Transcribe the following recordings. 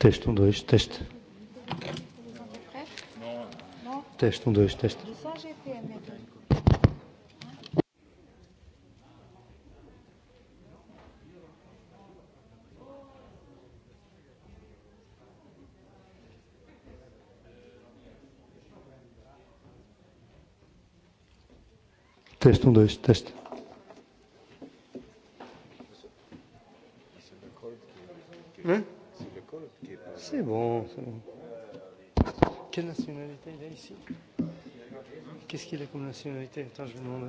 Teste 1, um, 2, teste. Teste 1, um, 2, teste. Teste 1, um, 2, teste. qu'il a comme nationalité Attends, je vais demander.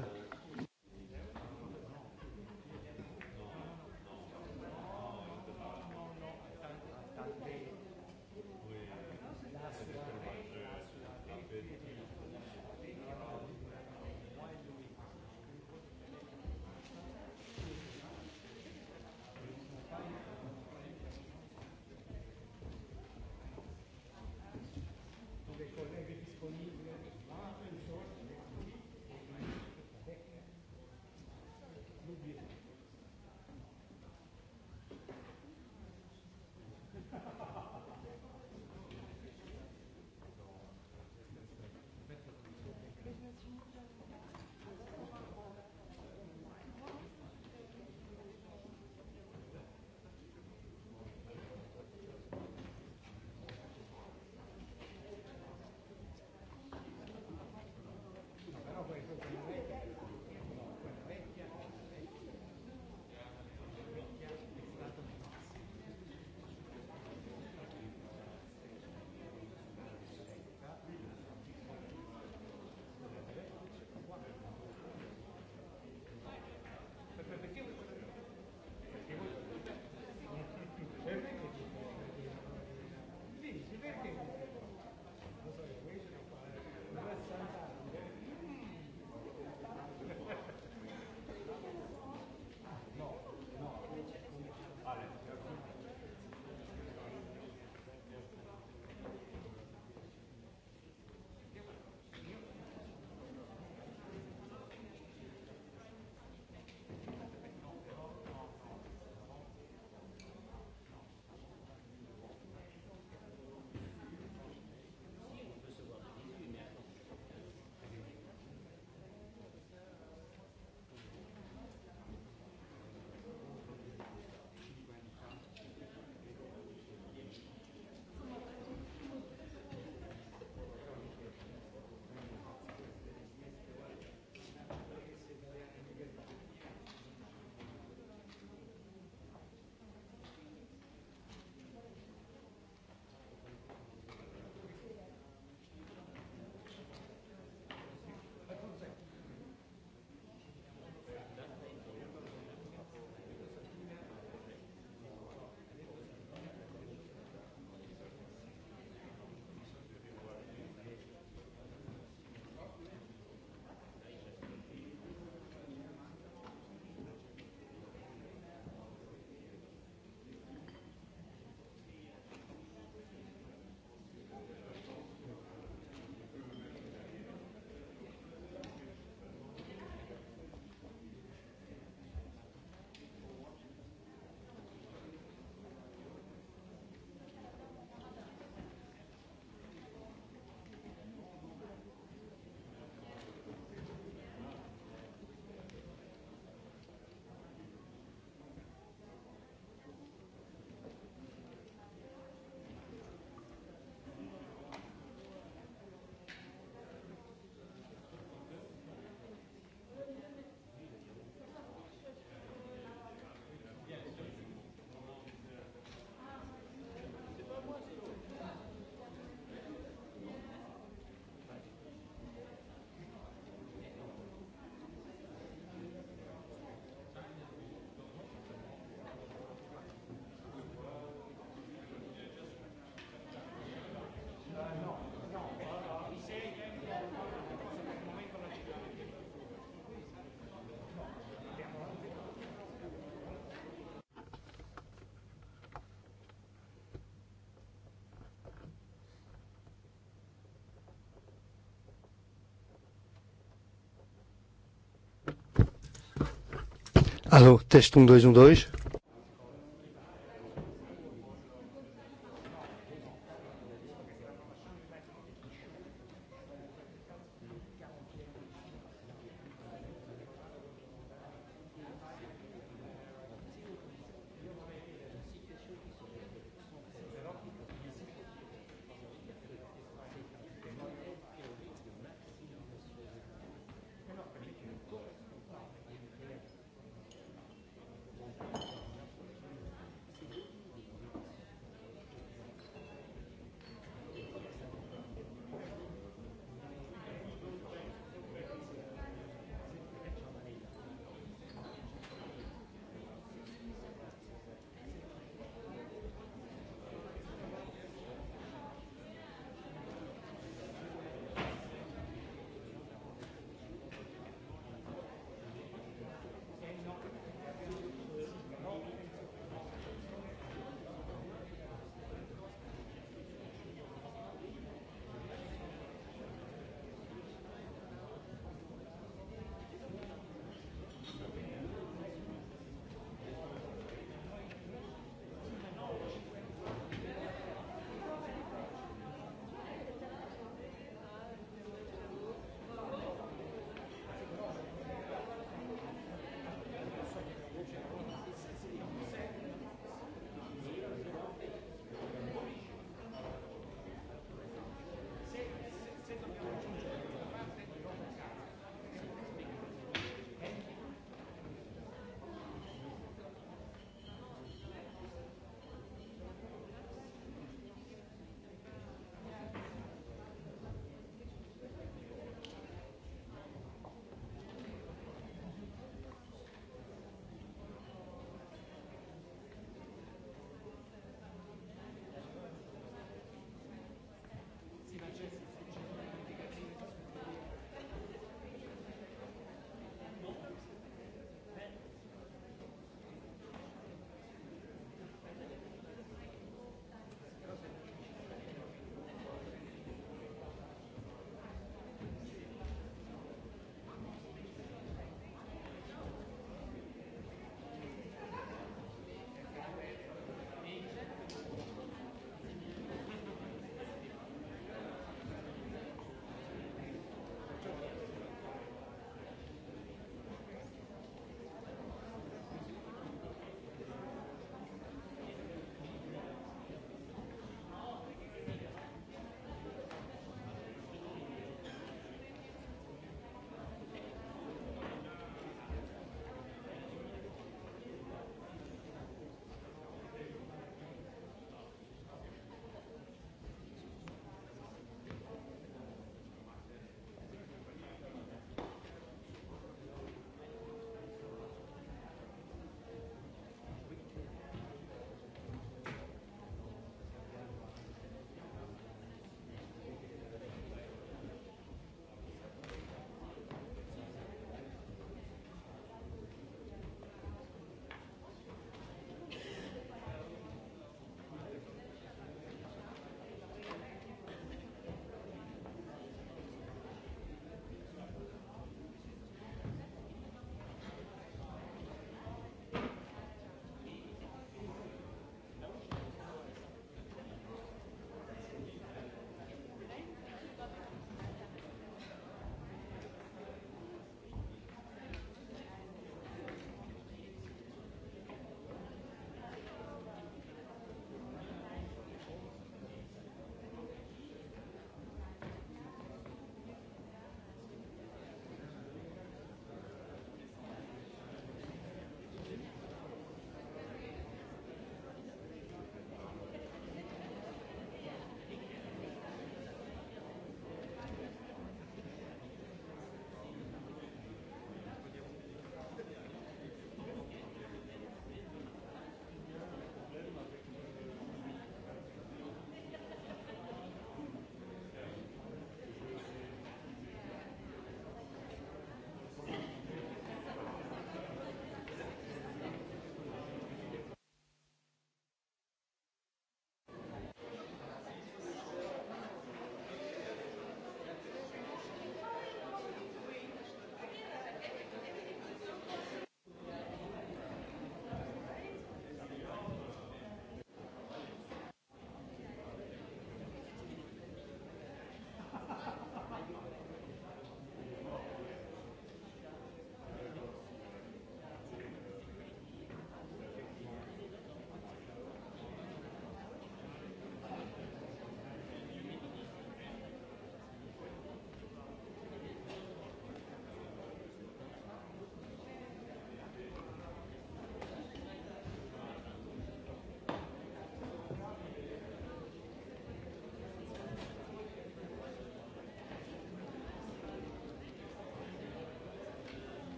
Alô, teste 1212? Um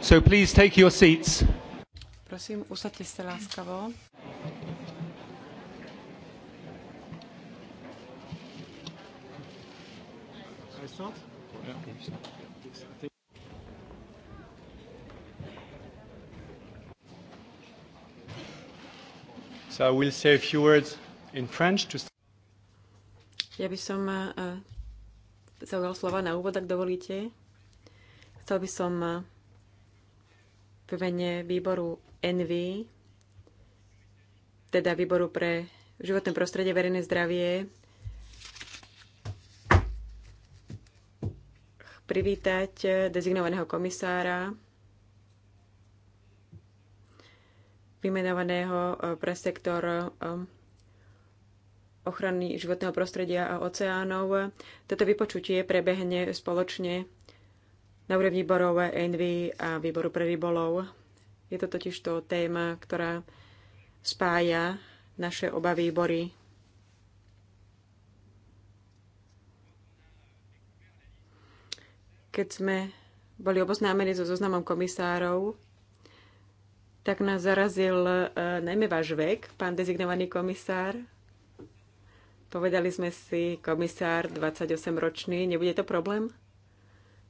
So please take your seats. Prosím, usadte sa láskavo. So I will say a few words in French to Ja by som uh, zaujal slova na úvod, ak dovolíte. Chcel by som uh, v výboru ENVY, teda výboru pre životné prostredie, verejné zdravie, privítať dezignovaného komisára, vymenovaného eh, pre sektor eh, ochrany životného prostredia a oceánov. Toto vypočutie prebehne spoločne na úrovni výborov Envy a výboru pre rybolov. Je to totiž to téma, ktorá spája naše oba výbory. Keď sme boli oboznámení so zoznamom komisárov, tak nás zarazil e, najmä váš vek, pán dezignovaný komisár. Povedali sme si, komisár 28-ročný, nebude to problém?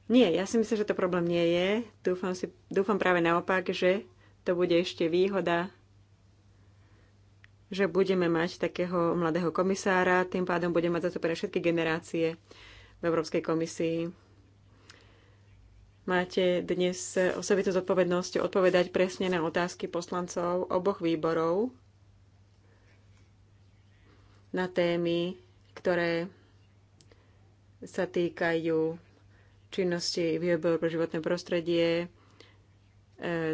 Nie, ja si myslím, že to problém nie je. Dúfam, si, dúfam práve naopak, že to bude ešte výhoda, že budeme mať takého mladého komisára, tým pádom budeme mať zastúpené všetky generácie v Európskej komisii. Máte dnes osobitú zodpovednosť odpovedať presne na otázky poslancov oboch výborov na témy, ktoré sa týkajú činnosti výboru pre životné prostredie, eh,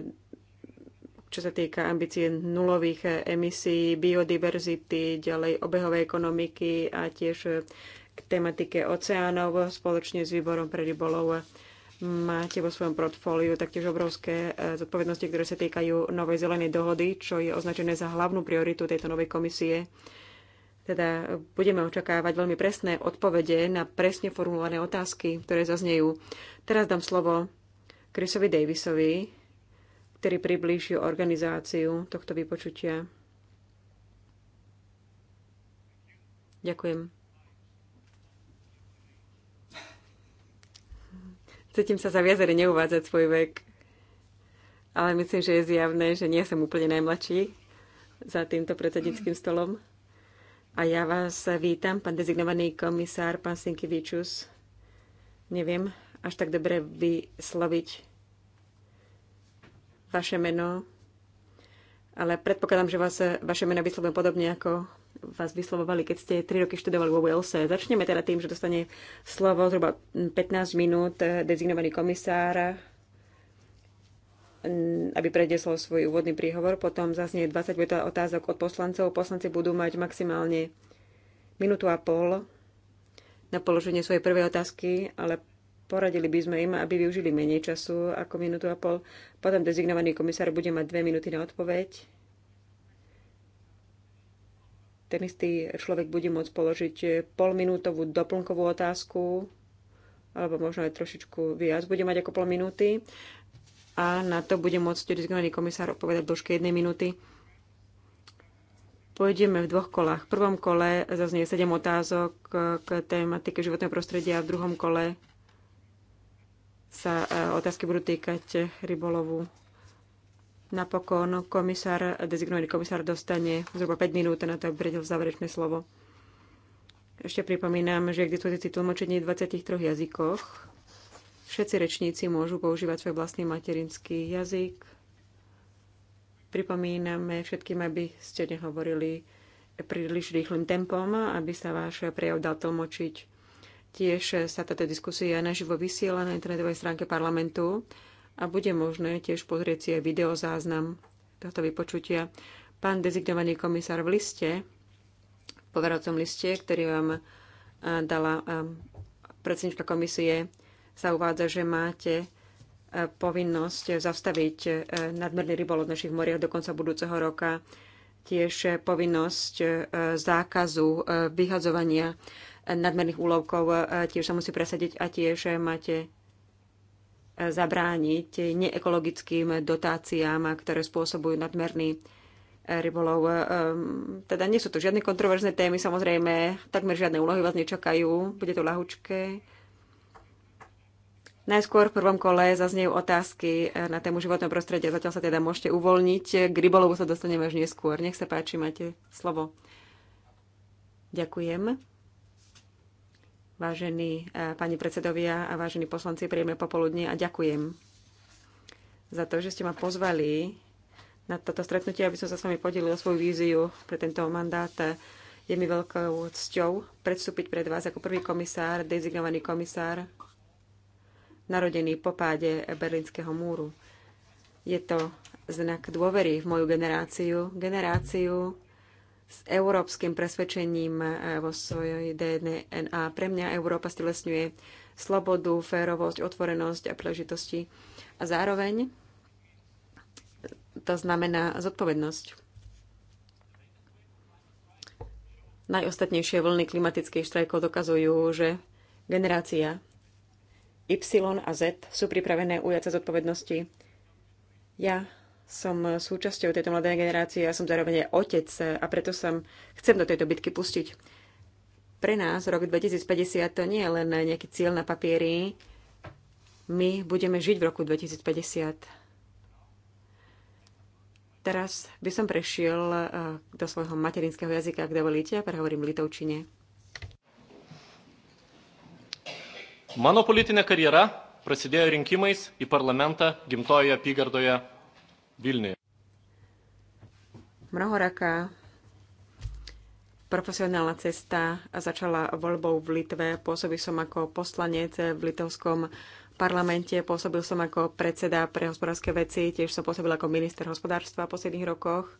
čo sa týka ambície nulových emisí, biodiverzity, ďalej obehovej ekonomiky a tiež k tematike oceánov spoločne s výborom pre rybolov máte vo svojom portfóliu taktiež obrovské eh, zodpovednosti, ktoré sa týkajú novej zelenej dohody, čo je označené za hlavnú prioritu tejto novej komisie. Teda budeme očakávať veľmi presné odpovede na presne formulované otázky, ktoré zaznejú. Teraz dám slovo Chrisovi Davisovi, ktorý priblíži organizáciu tohto vypočutia. Ďakujem. Cítim sa zaviazere neuvádzať svoj vek, ale myslím, že je zjavné, že nie som úplne najmladší za týmto predsedníckým stolom. A ja vás vítam, pán dezignovaný komisár, pán Sinkivičus. Neviem až tak dobre vysloviť vaše meno, ale predpokladám, že vás, vaše meno vyslovujem podobne, ako vás vyslovovali, keď ste 3 roky študovali vo Walese. Začneme teda tým, že dostane slovo zhruba 15 minút dezignovaný komisár Mm, aby predeslo svoj úvodný príhovor. Potom zaznie 20 otázok od poslancov. Poslanci budú mať maximálne minútu a pol na položenie svojej prvej otázky, ale poradili by sme im, aby využili menej času ako minútu a pol. Potom dezignovaný komisár bude mať dve minúty na odpoveď. Ten istý človek bude môcť položiť polminútovú doplnkovú otázku, alebo možno aj trošičku viac bude mať ako pol minúty a na to bude môcť rezignovaný komisár odpovedať dĺžke jednej minúty. Pôjdeme v dvoch kolách. V prvom kole zaznie sedem otázok k tematike životného prostredia a v druhom kole sa e, otázky budú týkať rybolovu. Napokon komisár, dezignovaný komisár dostane zhruba 5 minút na to, aby predel záverečné slovo. Ešte pripomínam, že je k dispozícii tlmočenie v 23 jazykoch Všetci rečníci môžu používať svoj vlastný materinský jazyk. Pripomíname všetkým, aby ste nehovorili príliš rýchlým tempom, aby sa váš prejav dal tlmočiť. Tiež sa táto diskusia naživo vysiela na internetovej stránke parlamentu a bude možné tiež pozrieť si aj videozáznam tohto vypočutia. Pán dezignovaný komisár v liste, v poveracom liste, ktorý vám eh, dala eh, predsednička komisie, sa uvádza, že máte e, povinnosť zastaviť e, nadmerný rybolov v našich moriach do konca budúceho roka, tiež povinnosť e, zákazu vyhadzovania nadmerných úlovkov tiež sa musí presadiť a tiež máte zabrániť neekologickým dotáciám, ktoré spôsobujú nadmerný rybolov. Teda nie sú to žiadne kontroverzné témy, samozrejme, takmer žiadne úlohy vás nečakajú, bude to ľahučké. Najskôr v prvom kole zaznejú otázky e, na tému životného prostredia. Zatiaľ sa teda môžete uvoľniť. K rybolovu sa dostaneme až neskôr. Nech sa páči, máte slovo. Ďakujem. Vážení e, pani predsedovia a vážení poslanci, príjemné popoludne a ďakujem za to, že ste ma pozvali na toto stretnutie, aby som sa s vami podelil svoju víziu pre tento mandát. Je mi veľkou cťou predstúpiť pred vás ako prvý komisár, dezignovaný komisár narodený po páde Berlínskeho múru. Je to znak dôvery v moju generáciu, generáciu s európskym presvedčením e, vo svojej DNA. Pre mňa Európa stelesňuje slobodu, férovosť, otvorenosť a príležitosti. A zároveň to znamená zodpovednosť. Najostatnejšie vlny klimatických štrajkov dokazujú, že generácia Y a Z sú pripravené ujať sa zodpovednosti. Ja som súčasťou tejto mladej generácie, ja som zároveň otec a preto som chcem do tejto bitky pustiť. Pre nás rok 2050 to nie je len nejaký cieľ na papieri. My budeme žiť v roku 2050. Teraz by som prešiel eh, do svojho materinského jazyka, ak dovolíte, a prehovorím litovčine. Mano politinė karjera prasidėjo rinkimais į parlamentą gimtojoje apygardoje Vilniuje. Mnohoraká profesionálna cesta začala voľbou v Litve. Pôsobil som ako poslanec v litovskom parlamente, pôsobil som ako predseda pre hospodárske veci, tiež som pôsobil ako minister hospodárstva v posledných rokoch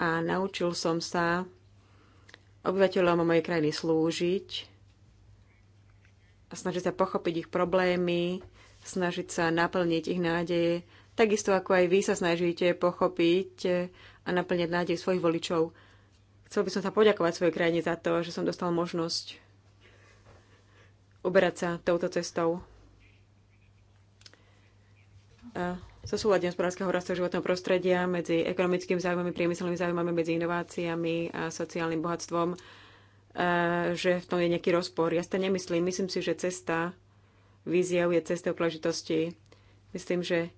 a naučil som sa obyvateľom mojej krajiny slúžiť a snažiť sa pochopiť ich problémy, snažiť sa naplniť ich nádeje, takisto ako aj vy sa snažíte pochopiť e, a naplniť nádej svojich voličov. Chcel by som sa poďakovať svojej krajine za to, že som dostal možnosť uberať sa touto cestou. So súľadím hospodárskeho rastu životného prostredia medzi ekonomickými záujmami, priemyselnými záujmami, medzi inováciami a sociálnym bohatstvom že v tom je nejaký rozpor. Ja si to nemyslím. Myslím si, že cesta víziev je cestou príležitosti. Myslím, že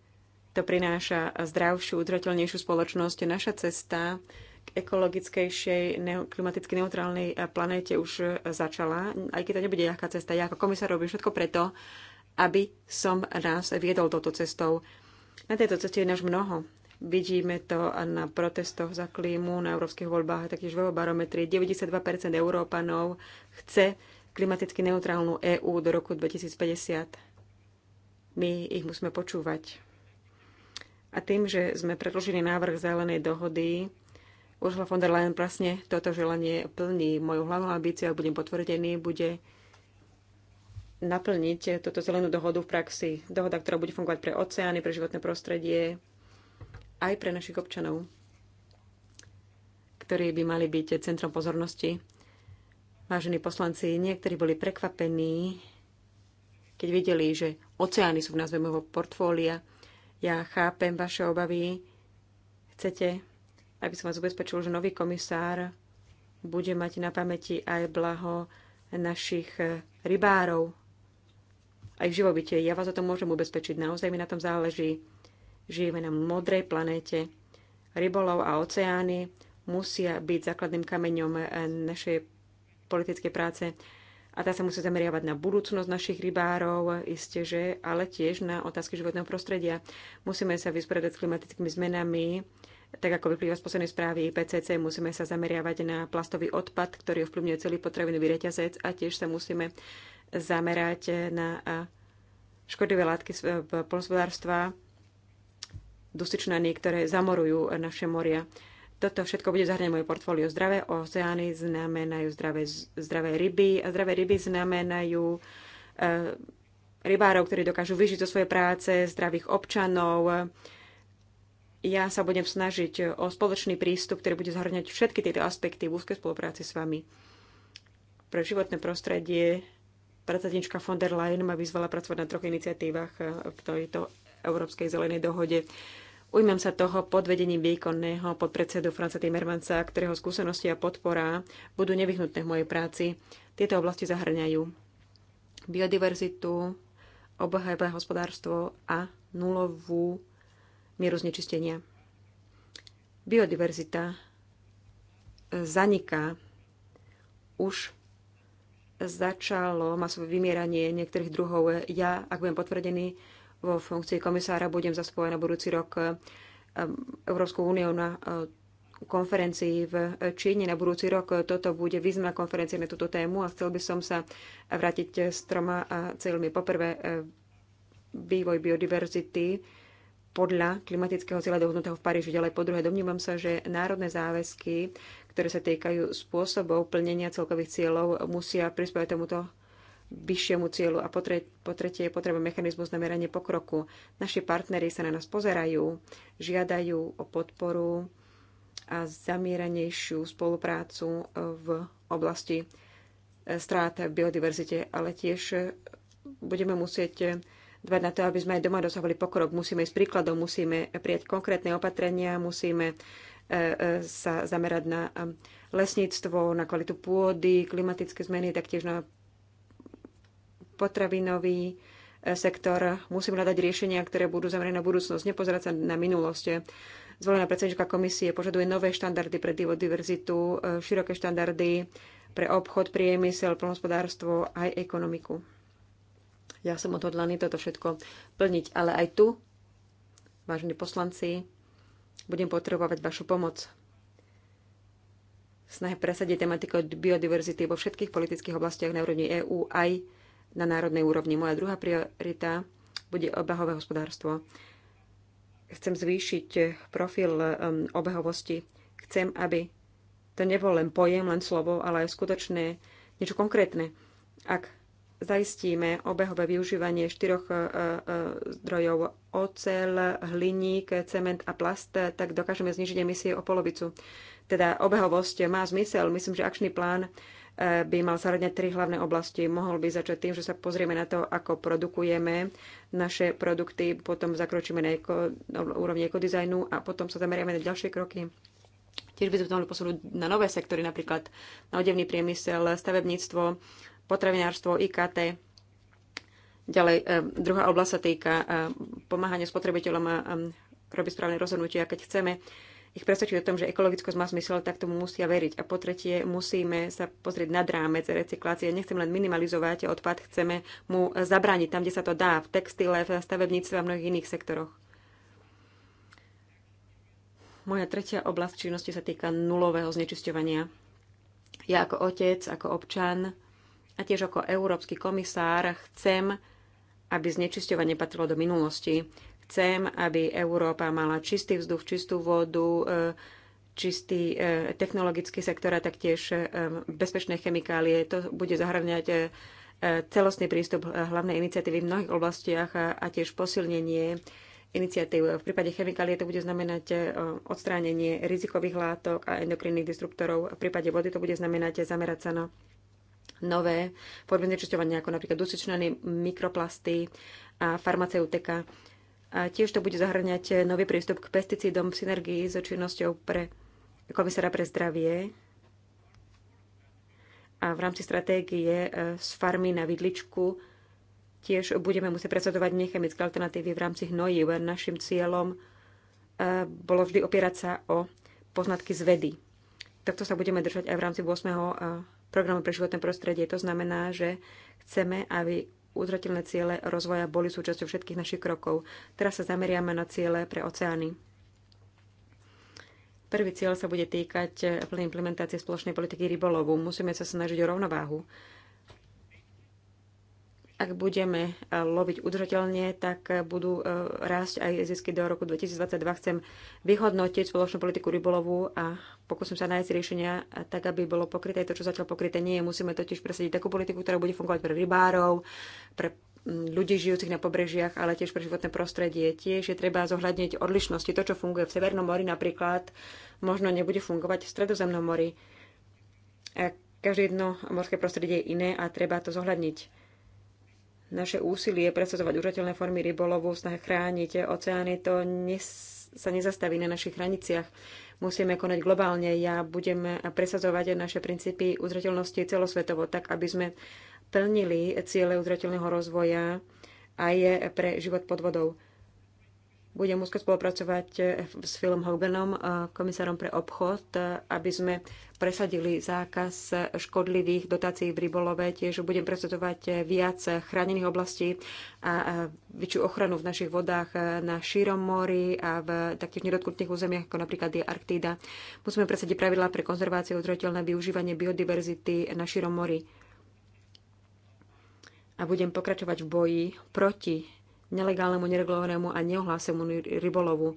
to prináša zdravšiu, udrateľnejšiu spoločnosť. Naša cesta k ekologickejšej, klimaticky neutrálnej planéte už začala, aj keď to nebude ľahká cesta. Ja ako komisár robím všetko preto, aby som nás viedol touto cestou. Na tejto ceste je náš mnoho Vidíme to na protestoch za klímu, na európskych voľbách a taktiež v barometrii. 92% Európanov chce klimaticky neutrálnu EÚ do roku 2050. My ich musíme počúvať. A tým, že sme predložili návrh zelenej dohody, Ursula von der Leyen vlastne toto želanie plní. Mojou hlavnou ambíciou, ak budem potvrdený, bude naplniť túto zelenú dohodu v praxi. Dohoda, ktorá bude fungovať pre oceány, pre životné prostredie, aj pre našich občanov, ktorí by mali byť centrom pozornosti. Vážení poslanci, niektorí boli prekvapení, keď videli, že oceány sú v názve môjho portfólia. Ja chápem vaše obavy. Chcete, aby som vás ubezpečil, že nový komisár bude mať na pamäti aj blaho našich rybárov, aj v živobytie. Ja vás o tom môžem ubezpečiť, naozaj mi na tom záleží. Žijeme na modrej planéte. Rybolov a oceány musia byť základným kameňom eh, našej politickej práce a tá sa musí zameriavať na budúcnosť našich rybárov, isteže, ale tiež na otázky životného prostredia. Musíme sa vysporiadať s klimatickými zmenami, tak ako vyplýva z poslednej správy IPCC, musíme sa zameriavať na plastový odpad, ktorý ovplyvňuje celý potravinový reťazec a tiež sa musíme zamerať na eh, škodlivé látky eh, v polnospodárstva dusičnany, ktoré zamorujú naše moria. Toto všetko bude zahrňať moje portfólio. Zdravé oceány znamenajú zdravé, zdravé ryby a zdravé ryby znamenajú e, rybárov, ktorí dokážu vyžiť zo svojej práce, zdravých občanov. Ja sa budem snažiť o spoločný prístup, ktorý bude zahrňať všetky tieto aspekty v úzkej spolupráci s vami. Pre životné prostredie predsednička von der Leyen ma vyzvala pracovať na troch iniciatívach eh, v tejto Európskej zelenej dohode. Ujmem sa toho pod vedením výkonného podpredsedu Franca Timmermansa, ktorého skúsenosti a podpora budú nevyhnutné v mojej práci. Tieto oblasti zahrňajú biodiverzitu, obhajové hospodárstvo a nulovú mieru znečistenia. Biodiverzita zaniká. Už začalo masové vymieranie niektorých druhov. Ja, ak budem potvrdený, vo funkcii komisára budem na budúci rok eh, Európskou úniou na eh, konferencii v Číne na budúci rok. Toto bude významná konferencia na túto tému a chcel by som sa vrátiť s troma eh, cieľmi. Poprvé, vývoj biodiverzity podľa klimatického cieľa dohodnutého v Paríži. Ďalej po druhé, domnívam sa, že národné záväzky, ktoré sa týkajú spôsobov plnenia celkových cieľov, musia prispievať tomuto vyššiemu cieľu. A po, tre- po tretie je potreba mechanizmus na meranie pokroku. Naši partnery sa na nás pozerajú, žiadajú o podporu a zamieranejšiu spoluprácu v oblasti e, strát v biodiverzite, ale tiež e, budeme musieť e, dbať na to, aby sme aj doma dosahovali pokrok. Musíme ísť príkladom, musíme prijať konkrétne opatrenia, musíme sa zamerať na lesníctvo, na kvalitu pôdy, klimatické zmeny, taktiež na potravinový e, sektor. Musíme hľadať riešenia, ktoré budú zamerané na budúcnosť, nepozerať sa na minulosť. Zvolená predsednička komisie požaduje nové štandardy pre biodiverzitu, e, široké štandardy pre obchod, priemysel, plnohospodárstvo aj ekonomiku. Ja som odhodlaný toto všetko plniť, ale aj tu, vážení poslanci, budem potrebovať vašu pomoc. Snahe presadiť tematiku biodiverzity vo všetkých politických oblastiach na úrovni EÚ aj na národnej úrovni. Moja druhá priorita bude obehové hospodárstvo. Chcem zvýšiť profil um, obehovosti. Chcem, aby to nebol len pojem, len slovo, ale aj skutočné, niečo konkrétne. Ak zaistíme obehové využívanie štyroch uh, uh, zdrojov ocel, hliník, cement a plast, tak dokážeme znižiť emisie o polovicu. Teda obehovosť má zmysel. Myslím, že akčný plán by mal zahrňať tri hlavné oblasti. Mohol by začať tým, že sa pozrieme na to, ako produkujeme naše produkty, potom zakročíme na eko, úrovni ekodizajnu a potom sa zameriame na ďalšie kroky. Tiež by sme to mohli posunúť na nové sektory, napríklad na odevný priemysel, stavebníctvo, potravinárstvo, IKT. Ďalej, e, druhá oblasť sa týka e, pomáhania spotrebiteľom a robiť správne rozhodnutia, keď chceme ich presvedčiť o tom, že ekologickosť má zmysel, tak tomu musia veriť. A po tretie, musíme sa pozrieť nad rámec recyklácie. Nechcem len minimalizovať odpad, chceme mu zabrániť tam, kde sa to dá, v textile, v stavebníctve a v mnohých iných sektoroch. Moja tretia oblasť činnosti sa týka nulového znečisťovania. Ja ako otec, ako občan a tiež ako európsky komisár chcem, aby znečisťovanie patrilo do minulosti. Chcem, aby Európa mala čistý vzduch, čistú vodu, e, čistý e, technologický sektor a taktiež e, bezpečné chemikálie. To bude zahrňať celostný prístup hlavnej iniciatívy v mnohých oblastiach a tiež posilnenie iniciatív. V prípade chemikálie to bude znamenať odstránenie rizikových látok a endokrinných disruptorov. V prípade vody to bude znamenať zamerať sa na nové formy znečisťovania, ako napríklad dusičnany, mikroplasty a farmaceutika. A tiež to bude zahrňať nový prístup k pesticídom v synergii so činnosťou pre komisára pre zdravie a v rámci stratégie e, z farmy na vidličku tiež budeme musieť presadovať nechemické alternatívy v rámci hnojív. Našim cieľom e, bolo vždy opierať sa o poznatky z vedy. Takto sa budeme držať aj v rámci 8. E, programu pre životné prostredie. To znamená, že chceme, aby udržateľné ciele rozvoja boli súčasťou všetkých našich krokov. Teraz sa zameriame na ciele pre oceány. Prvý cieľ sa bude týkať plnej implementácie spoločnej politiky rybolovu. Musíme sa snažiť o rovnováhu ak budeme e, loviť udržateľne, tak e, budú e, rásť aj zisky do roku 2022. Chcem vyhodnotiť spoločnú politiku rybolovu a pokúsim sa nájsť riešenia tak, aby bolo pokryté to, čo zatiaľ pokryté nie je. Musíme totiž presadiť takú politiku, ktorá bude fungovať pre rybárov, pre ľudí žijúcich na pobrežiach, ale tiež pre životné prostredie. Tiež je treba zohľadniť odlišnosti. To, čo funguje v Severnom mori napríklad, možno nebude fungovať v Stredozemnom mori. Každé jedno morské prostredie je iné a treba to zohľadniť naše úsilie presadzovať užateľné formy rybolovu, snahe chrániť oceány, to nes- sa nezastaví na našich hraniciach. Musíme konať globálne. Ja budem presadzovať naše princípy udržateľnosti celosvetovo, tak aby sme plnili ciele udržateľného rozvoja aj pre život pod vodou. Budem úzko spolupracovať eh, s Philom Hoganom, eh, komisárom pre obchod, eh, aby sme presadili zákaz škodlivých dotácií v rybolove. Tiež budem presadovať viac chránených oblastí a väčšiu ochranu v našich vodách na šírom mori a v takých nedotknutých územiach, ako napríklad je Arktída. Musíme presadiť pravidlá pre konzerváciu, udržateľné využívanie biodiverzity na šírom mori. A budem pokračovať v boji proti nelegálnemu, neregulovanému a neohlásenému rybolovu.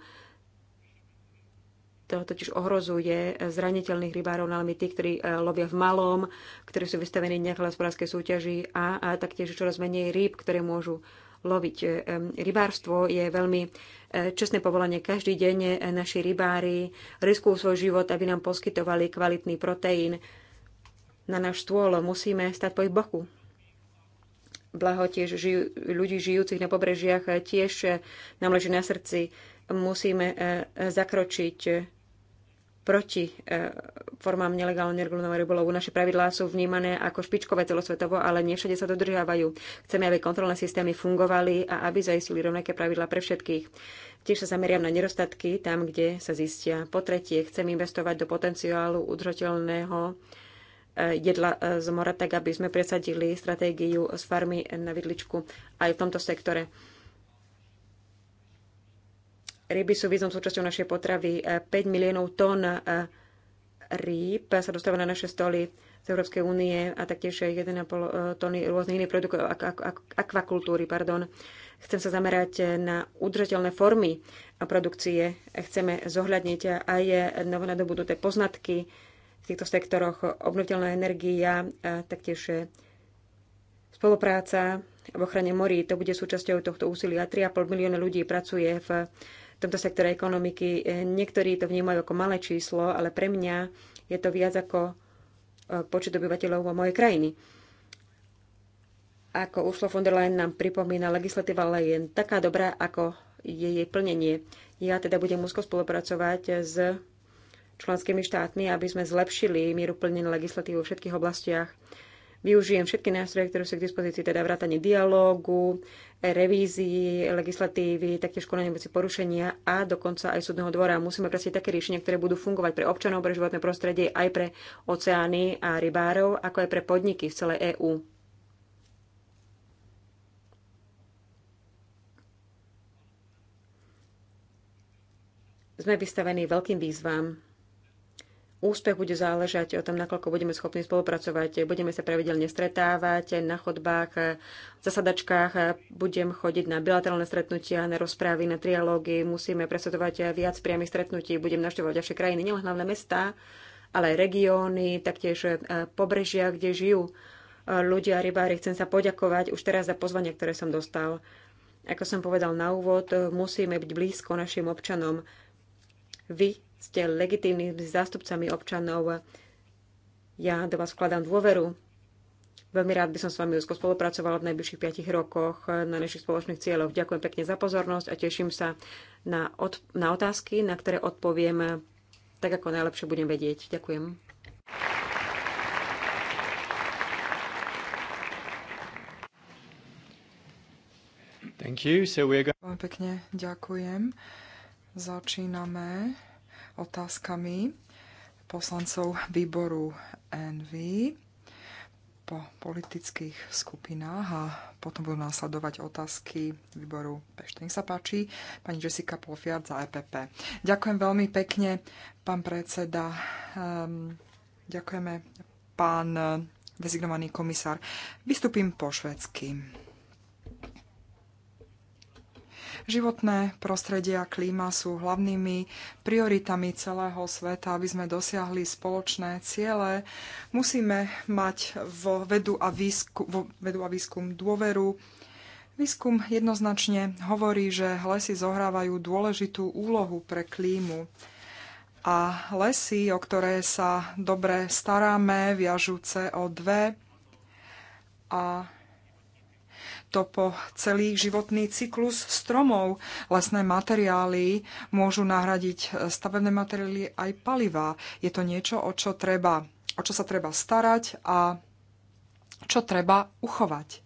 To totiž ohrozuje zraniteľných rybárov, no ale tí, ktorí e, lovia v malom, ktorí sú vystavení nejaké hospodárskej súťaži a, a taktiež čoraz menej rýb, ktoré môžu loviť. E, rybárstvo je veľmi e, čestné povolanie. Každý deň naši rybári riskujú svoj život, aby nám poskytovali kvalitný proteín. Na náš stôl musíme stať po ich boku blaho tiež žiju, ľudí žijúcich na pobrežiach eh, tiež eh, nám leží na srdci. Musíme eh, zakročiť proti formám nelegálneho neregulovaného rybolovu. Naše pravidlá sú vnímané ako špičkové celosvetovo, ale nie všade sa dodržiavajú. Chceme, aby kontrolné systémy fungovali a aby zaistili rovnaké pravidlá pre všetkých. Tiež sa zameriam na nedostatky tam, kde sa zistia. Po tretie, chcem investovať do potenciálu udržateľného Eh, jedla eh, z mora, tak aby sme presadili stratégiu z farmy na vidličku aj v tomto sektore. Ryby sú význam súčasťou našej potravy. 5 eh, miliónov tón rýb sa dostáva na naše stoly z Európskej únie a taktiež 1,5 tóny rôznych iných produktov, ak, ak, ak, akvakultúry. Pardon. Chcem sa zamerať na udržateľné formy produkcie. Chceme zohľadniť aj novonadobudnuté poznatky, v týchto sektoroch obnoviteľná energia, taktiež spolupráca v ochrane morí. To bude súčasťou tohto úsilia. 3,5 milióna ľudí pracuje v tomto sektore ekonomiky. Niektorí to vnímajú ako malé číslo, ale pre mňa je to viac ako e, počet obyvateľov vo mojej krajiny. Ako Ursula von der Leyen nám pripomína, legislatíva ale je taká dobrá, ako je jej plnenie. Ja teda budem úzko spolupracovať s členskými štátmi, aby sme zlepšili mieru plnenia legislatívy vo všetkých oblastiach. Využijem všetky nástroje, ktoré sú k dispozícii, teda vrátanie dialógu, revízii legislatívy, taktiež konanie veci porušenia a dokonca aj súdneho dvora. Musíme presne také riešenia, ktoré budú fungovať pre občanov, pre životné prostredie, aj pre oceány a rybárov, ako aj pre podniky v celej EÚ. Sme vystavení veľkým výzvam úspech bude záležať o tom, nakoľko budeme schopní spolupracovať. Budeme sa pravidelne stretávať na chodbách, v zasadačkách, budem chodiť na bilaterálne stretnutia, na rozprávy, na trialógy, musíme presadovať viac priamých stretnutí, budem navštevovať ďalšie krajiny, nielen hlavné mesta, ale aj regióny, taktiež e, pobrežia, kde žijú e, ľudia, a rybári. Chcem sa poďakovať už teraz za pozvanie, ktoré som dostal. Ako som povedal na úvod, musíme byť blízko našim občanom. Vy ste legitímnymi zástupcami občanov. Ja do vás vkladám dôveru. Veľmi rád by som s vami úzko spolupracovala v najbližších 5 rokoch na našich spoločných cieľoch. Ďakujem pekne za pozornosť a teším sa na, od, na otázky, na ktoré odpoviem tak, ako najlepšie budem vedieť. Ďakujem. Thank you. So we're going... Pekne ďakujem. Začíname otázkami poslancov výboru NV po politických skupinách a potom budú následovať otázky výboru Pešte. Nech sa páči, pani Jessica Polfiard za EPP. Ďakujem veľmi pekne, pán predseda. Ehm, ďakujeme, pán eh, dezignovaný komisár. Vystupím po švedsky. Životné prostredie a klíma sú hlavnými prioritami celého sveta. Aby sme dosiahli spoločné ciele, musíme mať vo vedu a výskum, vo vedu a výskum dôveru. Výskum jednoznačne hovorí, že lesy zohrávajú dôležitú úlohu pre klímu. A lesy, o ktoré sa dobre staráme, viažú CO2 a to po celý životný cyklus stromov. Lesné materiály môžu nahradiť e, stavebné materiály aj palivá. Je to niečo, o čo, treba, o čo sa treba starať a čo treba uchovať.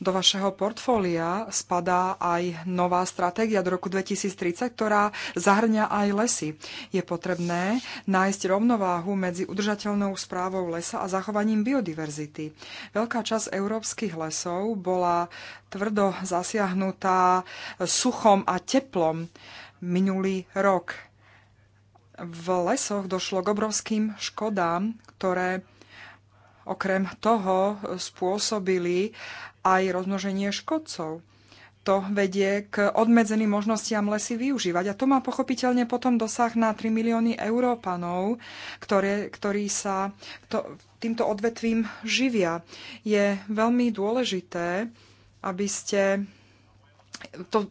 Do vašeho portfólia spadá aj nová stratégia do roku 2030, ktorá zahrňa aj lesy. Je potrebné nájsť rovnováhu medzi udržateľnou správou lesa a zachovaním biodiverzity. Veľká časť európskych lesov bola tvrdo zasiahnutá suchom a teplom minulý rok. V lesoch došlo k obrovským škodám, ktoré okrem toho spôsobili aj rozmnoženie škodcov. To vedie k obmedzeným možnostiam lesy využívať. A to má pochopiteľne potom dosah na 3 milióny Európanov, ktoré, ktorí sa to, týmto odvetvím živia. Je veľmi dôležité, aby ste to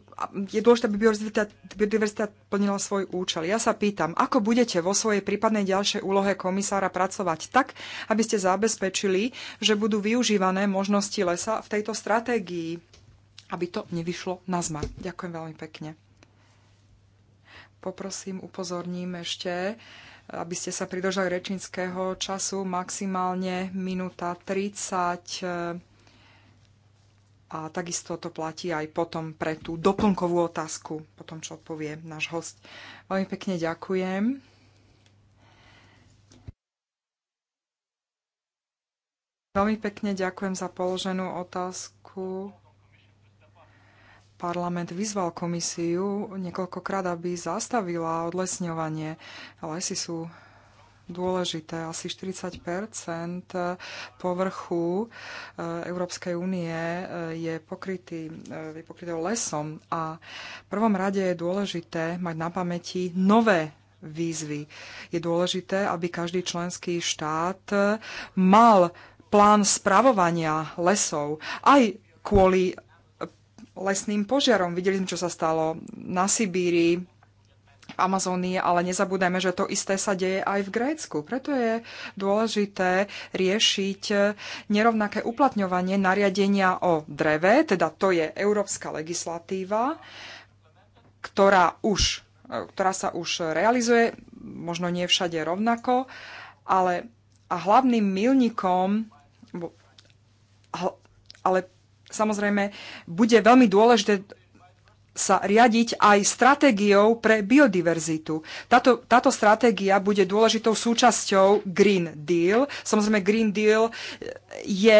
je dôležité, aby biodiverzita, biodiverzita plnila svoj účel. Ja sa pýtam, ako budete vo svojej prípadnej ďalšej úlohe komisára pracovať tak, aby ste zabezpečili, že budú využívané možnosti lesa v tejto stratégii, aby to nevyšlo na zmar. Ďakujem veľmi pekne. Poprosím, upozorním ešte, aby ste sa pridržali rečníckého času maximálne minúta 30 a takisto to platí aj potom pre tú doplnkovú otázku, potom, čo odpovie náš host. Veľmi pekne ďakujem. Veľmi pekne ďakujem za položenú otázku. Parlament vyzval komisiu niekoľkokrát, aby zastavila odlesňovanie. Lesy sú dôležité. Asi 40 povrchu eh, Európskej únie eh, je pokrytý, eh, je pokrytý lesom a v prvom rade je dôležité mať na pamäti nové výzvy. Je dôležité, aby každý členský štát mal plán spravovania lesov aj kvôli lesným požiarom. Videli sme, čo sa stalo na Sibírii, Amazónii, ale nezabúdajme, že to isté sa deje aj v Grécku. Preto je dôležité riešiť nerovnaké uplatňovanie nariadenia o dreve, teda to je európska legislatíva, ktorá, už, ktorá sa už realizuje, možno nie všade rovnako, ale a hlavným milníkom, ale samozrejme bude veľmi dôležité sa riadiť aj stratégiou pre biodiverzitu. Táto, táto stratégia bude dôležitou súčasťou Green Deal. Samozrejme, Green Deal, eh, je,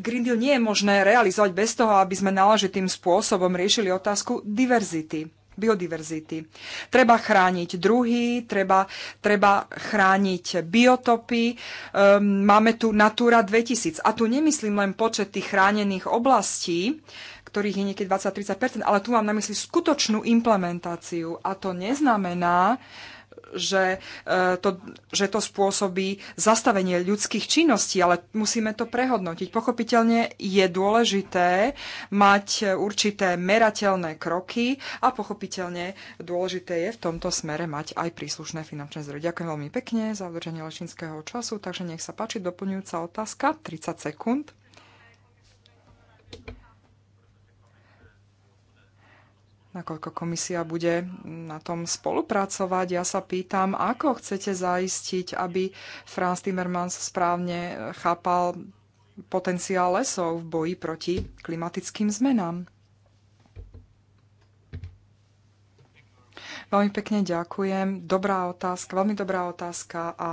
Green Deal nie je možné realizovať bez toho, aby sme náležitým spôsobom riešili otázku diverzity biodiverzity. Treba chrániť druhy, treba, treba chrániť biotopy. Um, máme tu Natura 2000. A tu nemyslím len počet tých chránených oblastí, ktorých je niekedy 20-30%, ale tu mám na mysli skutočnú implementáciu a to neznamená, že e, to, že to spôsobí zastavenie ľudských činností, ale musíme to prehodnotiť. Pochopiteľne je dôležité mať určité merateľné kroky a pochopiteľne dôležité je v tomto smere mať aj príslušné finančné zdroje. Ďakujem veľmi pekne za udržanie lešinského času, takže nech sa páči doplňujúca otázka, 30 sekúnd. nakoľko komisia bude na tom spolupracovať. Ja sa pýtam, ako chcete zaistiť, aby Franz Timmermans správne chápal potenciál lesov v boji proti klimatickým zmenám. Veľmi pekne ďakujem. Dobrá otázka, veľmi dobrá otázka a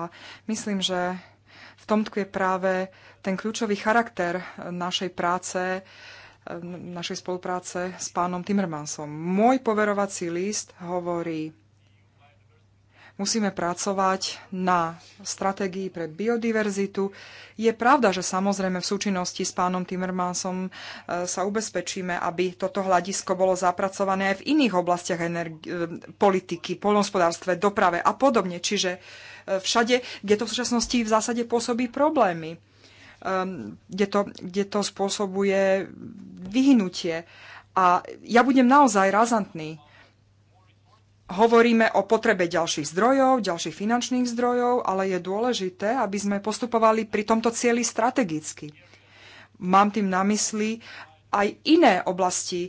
myslím, že v tom je práve ten kľúčový charakter našej práce, E, našej spolupráce s pánom Timmermansom. Môj poverovací list hovorí, musíme pracovať na stratégii pre biodiverzitu. Je pravda, že samozrejme v súčinnosti s pánom Timmermansom e, sa ubezpečíme, aby toto hľadisko bolo zapracované aj v iných oblastiach e, politiky, polnospodárstve, doprave a podobne. Čiže všade, kde to v súčasnosti v zásade pôsobí problémy um, kde, to, kde to spôsobuje vyhnutie. A ja budem naozaj razantný. Hovoríme o potrebe ďalších zdrojov, ďalších finančných zdrojov, ale je dôležité, aby sme postupovali pri tomto cieli strategicky. Mám tým na mysli aj iné oblasti,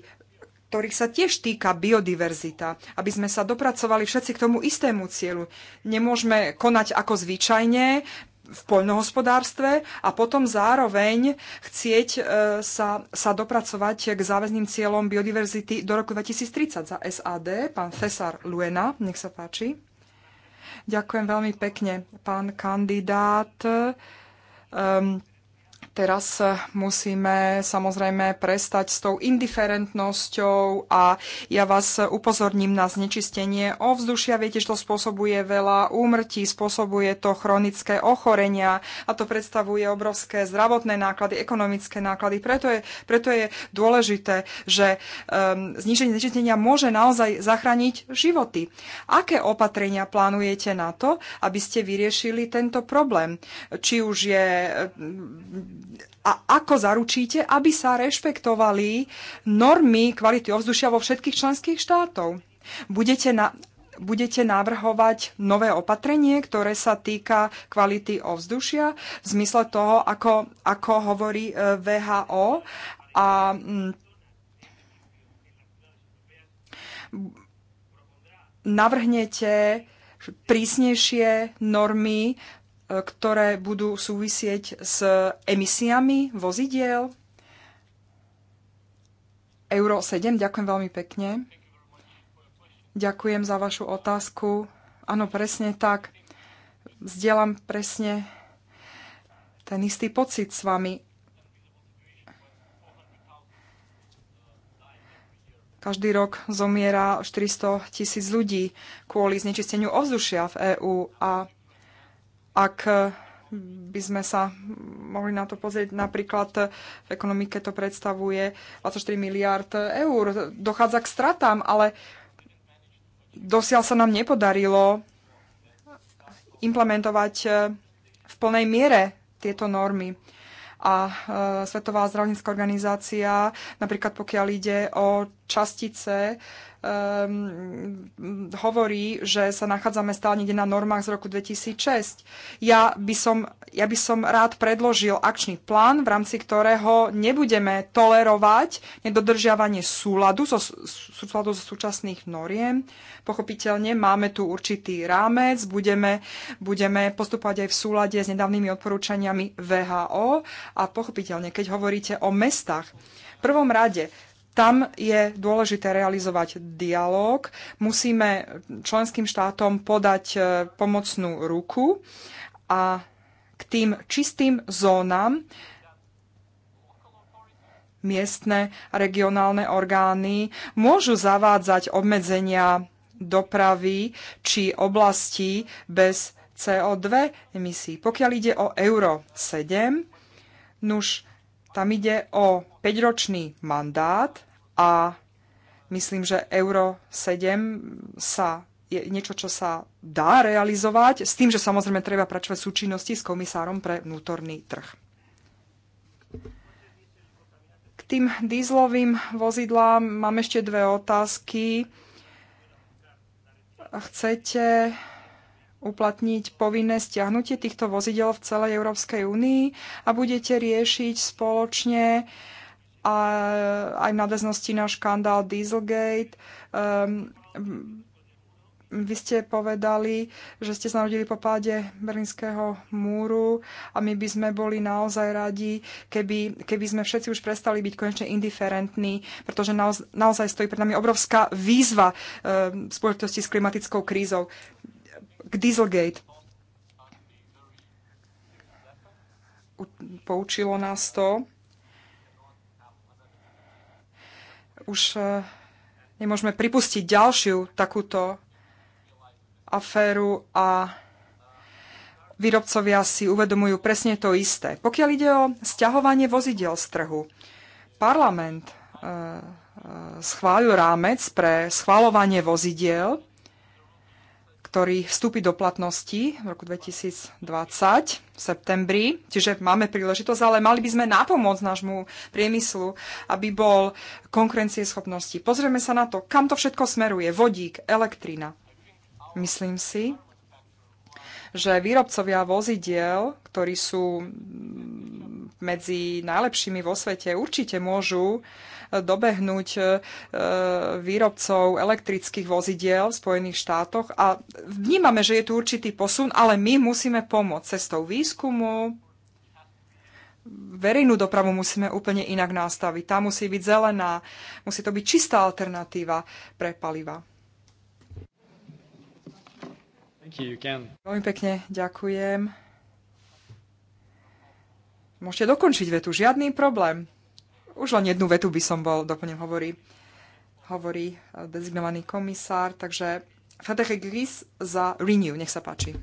ktorých sa tiež týka biodiverzita, aby sme sa dopracovali všetci k tomu istému cieľu. Nemôžeme konať ako zvyčajne, v poľnohospodárstve a potom zároveň chcieť e, sa, sa dopracovať k záväzným cieľom biodiverzity do roku 2030 za SAD. Pán Fesar Luena, nech sa páči. Ďakujem veľmi pekne, pán kandidát. Um, Teraz eh, musíme samozrejme prestať s tou indiferentnosťou a ja vás eh, upozorním na znečistenie ovzdušia. Viete, že to spôsobuje veľa úmrtí, spôsobuje to chronické ochorenia a to predstavuje obrovské zdravotné náklady, ekonomické náklady. Preto je, preto je dôležité, že um, ehm, zniženie znečistenia môže naozaj zachrániť životy. Aké opatrenia plánujete na to, aby ste vyriešili tento problém? Či už je eh, a ako zaručíte, aby sa rešpektovali normy kvality ovzdušia vo všetkých členských štátov? Budete, na, budete navrhovať nové opatrenie, ktoré sa týka kvality ovzdušia v zmysle toho, ako, ako hovorí e, VHO. A mm, navrhnete prísnejšie normy ktoré budú súvisieť s emisiami vozidiel. Euro 7, ďakujem veľmi pekne. Ďakujem za vašu otázku. Áno, presne tak. Zdieľam presne ten istý pocit s vami. Každý rok zomiera 400 tisíc ľudí kvôli znečisteniu ovzdušia v EÚ a ak eh, by sme sa mohli na to pozrieť. Napríklad eh, v ekonomike to predstavuje 24 miliard eur. Dochádza k stratám, ale dosiaľ sa nám nepodarilo implementovať eh, v plnej miere tieto normy. A Svetová zdravotnícká organizácia, napríklad pokiaľ ide o častice, um, hovorí, že sa nachádzame stále niekde na normách z roku 2006. Ja by, som, ja by som rád predložil akčný plán, v rámci ktorého nebudeme tolerovať nedodržiavanie súladu zo, súladu zo súčasných noriem. Pochopiteľne máme tu určitý rámec, budeme, budeme postupovať aj v súlade s nedávnymi odporúčaniami VHO a pochopiteľne, keď hovoríte o mestách, v prvom rade tam je dôležité realizovať dialog. Musíme členským štátom podať e, pomocnú ruku a k tým čistým zónam miestne a regionálne orgány môžu zavádzať obmedzenia dopravy či oblasti bez CO2 emisí. Pokiaľ ide o Euro 7, nuž tam ide o 5-ročný mandát a myslím, že Euro 7 sa je niečo, čo sa dá realizovať, s tým, že samozrejme treba pračovať súčinnosti s komisárom pre vnútorný trh. K tým dízlovým vozidlám mám ešte dve otázky. Chcete uplatniť povinné stiahnutie týchto vozidel v celej Európskej únii a budete riešiť spoločne a aj v nadväznosti na škandál Dieselgate. Um, vy ste povedali, že ste sa narodili po páde Berlínskeho múru a my by sme boli naozaj radi, keby, keby sme všetci už prestali byť konečne indiferentní, pretože naozaj stojí pred nami obrovská výzva ehm, v spoločnosti s klimatickou krízou. K Dieselgate. Poučilo nás to. Už e, nemôžeme pripustiť ďalšiu takúto aféru a výrobcovia si uvedomujú presne to isté. Pokiaľ ide o stiahovanie vozidiel z trhu, parlament e, e, schválil rámec pre schváľovanie vozidiel ktorý vstúpi do platnosti v roku 2020 v septembri. Čiže máme príležitosť, ale mali by sme napomôcť nášmu priemyslu, aby bol schopnosti. Pozrieme sa na to, kam to všetko smeruje. Vodík, elektrina. Myslím si, že výrobcovia vozidiel, ktorí sú medzi najlepšími vo svete, určite môžu uh, dobehnúť e, výrobcov elektrických vozidiel v Spojených štátoch a vnímame, že je tu určitý posun, ale my musíme pomôcť cestou výskumu, verejnú dopravu musíme úplne inak nastaviť. Tá musí byť zelená, musí to byť čistá alternatíva pre paliva. Veľmi pekne ďakujem. Môžete dokončiť vetu, žiadny problém. Už len jednu vetu by som bol, doplním, hovorí, hovorí eh, dezignovaný komisár, takže Frederic Gris za Renew, nech sa páči.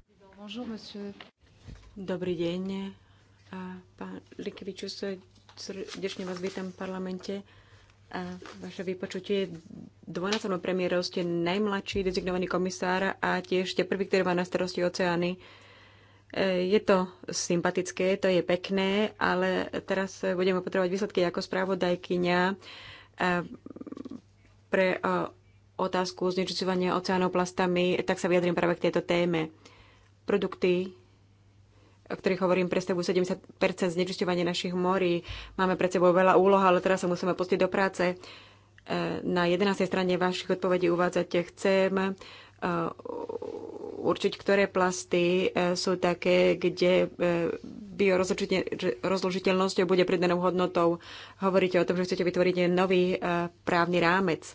Dobrý deň, eh, pán Likevičus, eh, srdečne vás vítam v parlamente. A vaše vypočutie je dvojnásobnou premiérou, ste najmladší dezignovaný komisár a tiež ste prvý, ktorý má na starosti oceány. E, je to sympatické, to je pekné, ale teraz budeme potrebovať výsledky ako správodajkyňa e, pre e, otázku znečisťovania oceánov plastami, tak sa vyjadrím práve k tejto téme. Produkty, o ktorých hovorím, predstavujú 70 znečisťovania našich morí. Máme pred sebou veľa úloh, ale teraz sa musíme pustiť do práce. Na 11. strane vašich odpovedí uvádzate, chcem Eh, určiť, ktoré plasty eh, sú také, kde eh, biorozložiteľnosť bude pridanou hodnotou. Hovoríte o tom, že chcete vytvoriť nový právny rámec.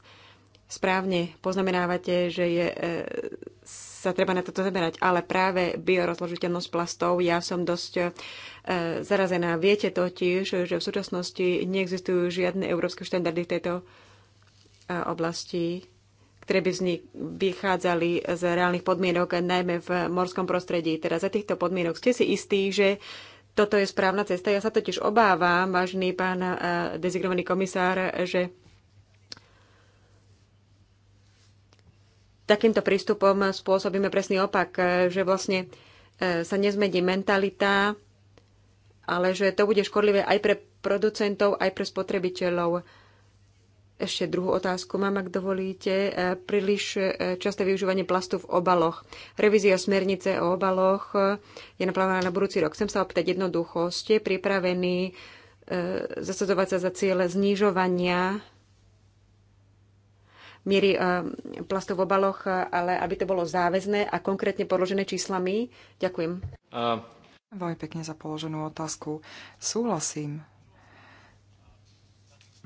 Správne poznamenávate, že je, sa treba na toto zamerať, ale práve biorozložiteľnosť plastov, ja som dosť zarazená. Viete totiž, že v súčasnosti neexistujú žiadne európske štandardy v tejto oblasti ktoré by vznik, vychádzali z reálnych podmienok, najmä v morskom prostredí. Teda za týchto podmienok ste si istí, že toto je správna cesta. Ja sa totiž obávam, vážny pán eh, dezignovaný komisár, že takýmto prístupom spôsobíme presný opak, že vlastne eh, sa nezmedí mentalita, ale že to bude škodlivé aj pre producentov, aj pre spotrebiteľov ešte druhú otázku mám, ak dovolíte. E, príliš e, časté využívanie plastu v obaloch. Revízia smernice o obaloch e, je naplánovaná na budúci rok. Chcem sa opýtať jednoducho, ste pripravení zasadzovať sa za cieľe znižovania miery plastov v obaloch, ale aby to bolo záväzné a konkrétne podložené číslami? Ďakujem. Uh. Veľmi pekne za položenú otázku. Súhlasím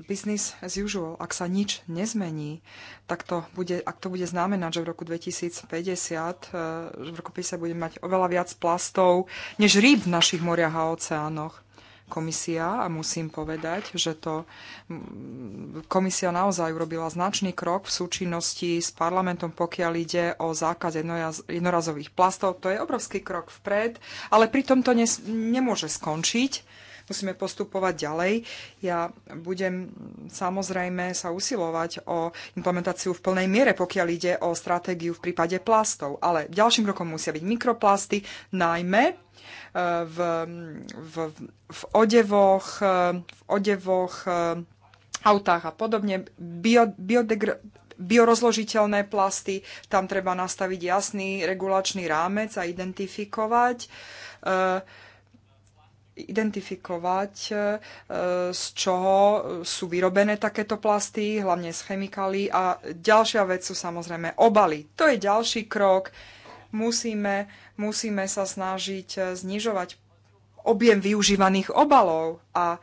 business as usual. Ak sa nič nezmení, tak to bude, ak to bude znamenať, že v roku 2050, e, že v roku 50 budeme mať oveľa viac plastov, než rýb v našich moriach a oceánoch komisia a musím povedať, že to komisia naozaj urobila značný krok v súčinnosti s parlamentom, pokiaľ ide o zákaz jednorazových plastov. To je obrovský krok vpred, ale pritom to nemôže skončiť musíme postupovať ďalej. Ja budem samozrejme sa usilovať o implementáciu v plnej miere, pokiaľ ide o stratégiu v prípade plastov. Ale ďalším krokom musia byť mikroplasty, najmä e, v, v, v odevoch, e, v odevoch, e, autách a podobne. Bio, biodegr- biorozložiteľné plasty, tam treba nastaviť jasný regulačný rámec a identifikovať. Uh, identifikovať, e, z čoho sú vyrobené takéto plasty, hlavne z chemikálií. A ďalšia vec sú samozrejme obaly. To je ďalší krok. Musíme, musíme sa snažiť e, znižovať objem využívaných obalov a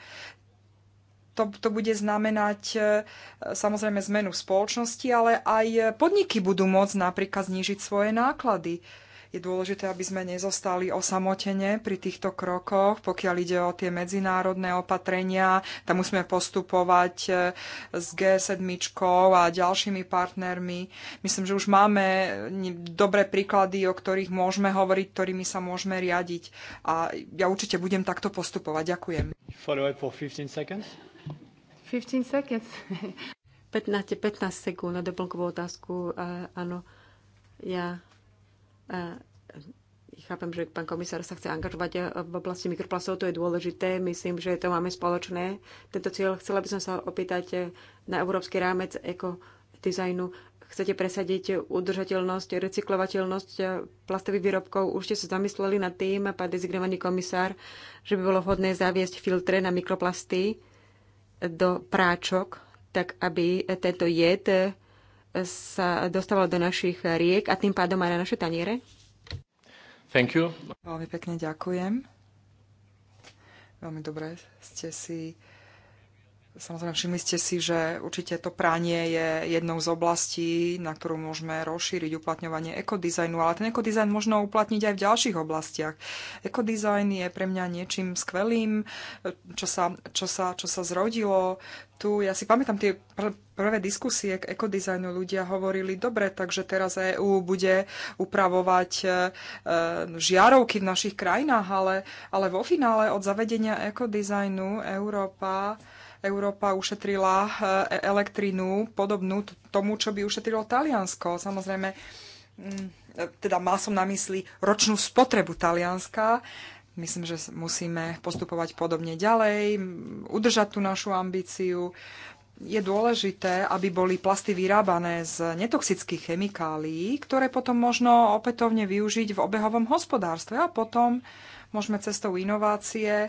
to, to bude znamenať e, samozrejme zmenu v spoločnosti, ale aj podniky budú môcť napríklad znížiť svoje náklady. Je dôležité, aby sme nezostali osamotene pri týchto krokoch, pokiaľ ide o tie medzinárodné opatrenia. Tam musíme postupovať e, s G7 a ďalšími partnermi. Myslím, že už máme dobré príklady, o ktorých môžeme hovoriť, ktorými sa môžeme riadiť. A ja určite budem takto postupovať. Ďakujem. 15 seconds. 15 seconds. 15, 15 sekúnd na doplnkovú otázku. Áno, ja E, chápem, že pán komisár sa chce angažovať e, v oblasti mikroplastov, to je dôležité, myslím, že to máme spoločné. Tento cieľ, chcela by som sa opýtať e, na európsky rámec ekodizajnu. Chcete presadiť udržateľnosť, recyklovateľnosť plastových výrobkov? Už ste sa zamysleli nad tým, pán dezignovaný komisár, že by bolo vhodné zaviesť filtre na mikroplasty do práčok, tak aby tento jed sa dostávalo do našich riek a tým pádom aj na naše taniere? Thank you. Veľmi pekne ďakujem. Veľmi dobre ste si Samozrejme, všimli ste si, že určite to pranie je jednou z oblastí, na ktorú môžeme rozšíriť uplatňovanie ekodizajnu, ale ten ekodizajn možno uplatniť aj v ďalších oblastiach. Ekodizajn je pre mňa niečím skvelým, čo sa, čo sa, čo sa zrodilo. Tu, ja si pamätám tie pr- prvé diskusie k ekodizajnu, ľudia hovorili, dobre, takže teraz EÚ bude upravovať e, e, žiarovky v našich krajinách, ale, ale vo finále od zavedenia ekodizajnu Európa Európa ušetrila e, elektrínu podobnú tomu, čo by ušetrilo Taliansko. Samozrejme, mm, e, teda mal som na mysli ročnú spotrebu Talianska. Myslím, že musíme postupovať podobne ďalej, udržať tú našu ambíciu. Je dôležité, aby boli plasty vyrábané z netoxických chemikálií, ktoré potom možno opätovne využiť v obehovom hospodárstve a potom môžeme cestou inovácie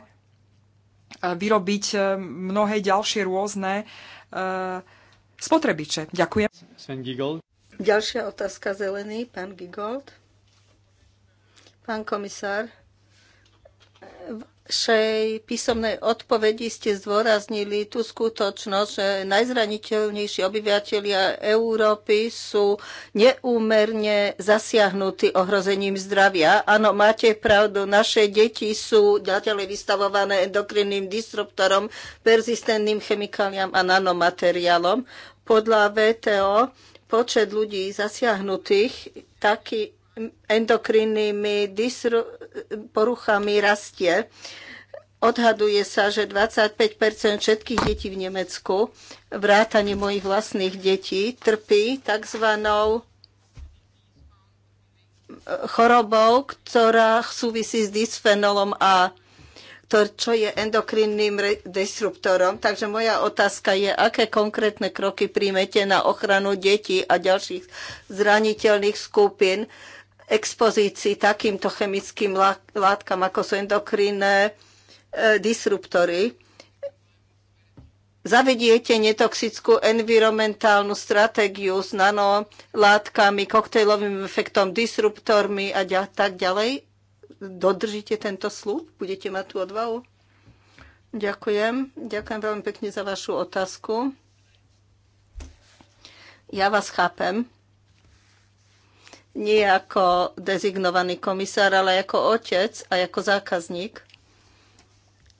vyrobiť e, mnohé ďalšie rôzne e, spotrebiče. Ďakujem. Ďalšia otázka zelený, pán Gigold. Pán komisár, vašej písomnej odpovedi ste zdôraznili tú skutočnosť, že najzraniteľnejší obyvateľia Európy sú neúmerne zasiahnutí ohrozením zdravia. Áno, máte pravdu, naše deti sú ďalej vystavované endokrinným disruptorom, persistentným chemikáliám a nanomateriálom. Podľa VTO počet ľudí zasiahnutých taký endokrinnými poruchami rastie. Odhaduje sa, že 25 všetkých detí v Nemecku, vrátane mojich vlastných detí, trpí tzv. E, chorobou, ktorá súvisí s dysfenolom A, čo je endokrinným disruptorom. Takže moja otázka je, aké konkrétne kroky príjmete na ochranu detí a ďalších zraniteľných skupín, expozícii takýmto chemickým látkam, ako sú endokrinné e, disruptory. Zavediete netoxickú environmentálnu stratégiu s nanolátkami, koktejlovým efektom, disruptormi a tak ďalej? Dodržíte tento slúb? Budete mať tú odvahu? Ďakujem. Ďakujem veľmi pekne za vašu otázku. Ja vás chápem nie ako dezignovaný komisár, ale ako otec a ako zákazník.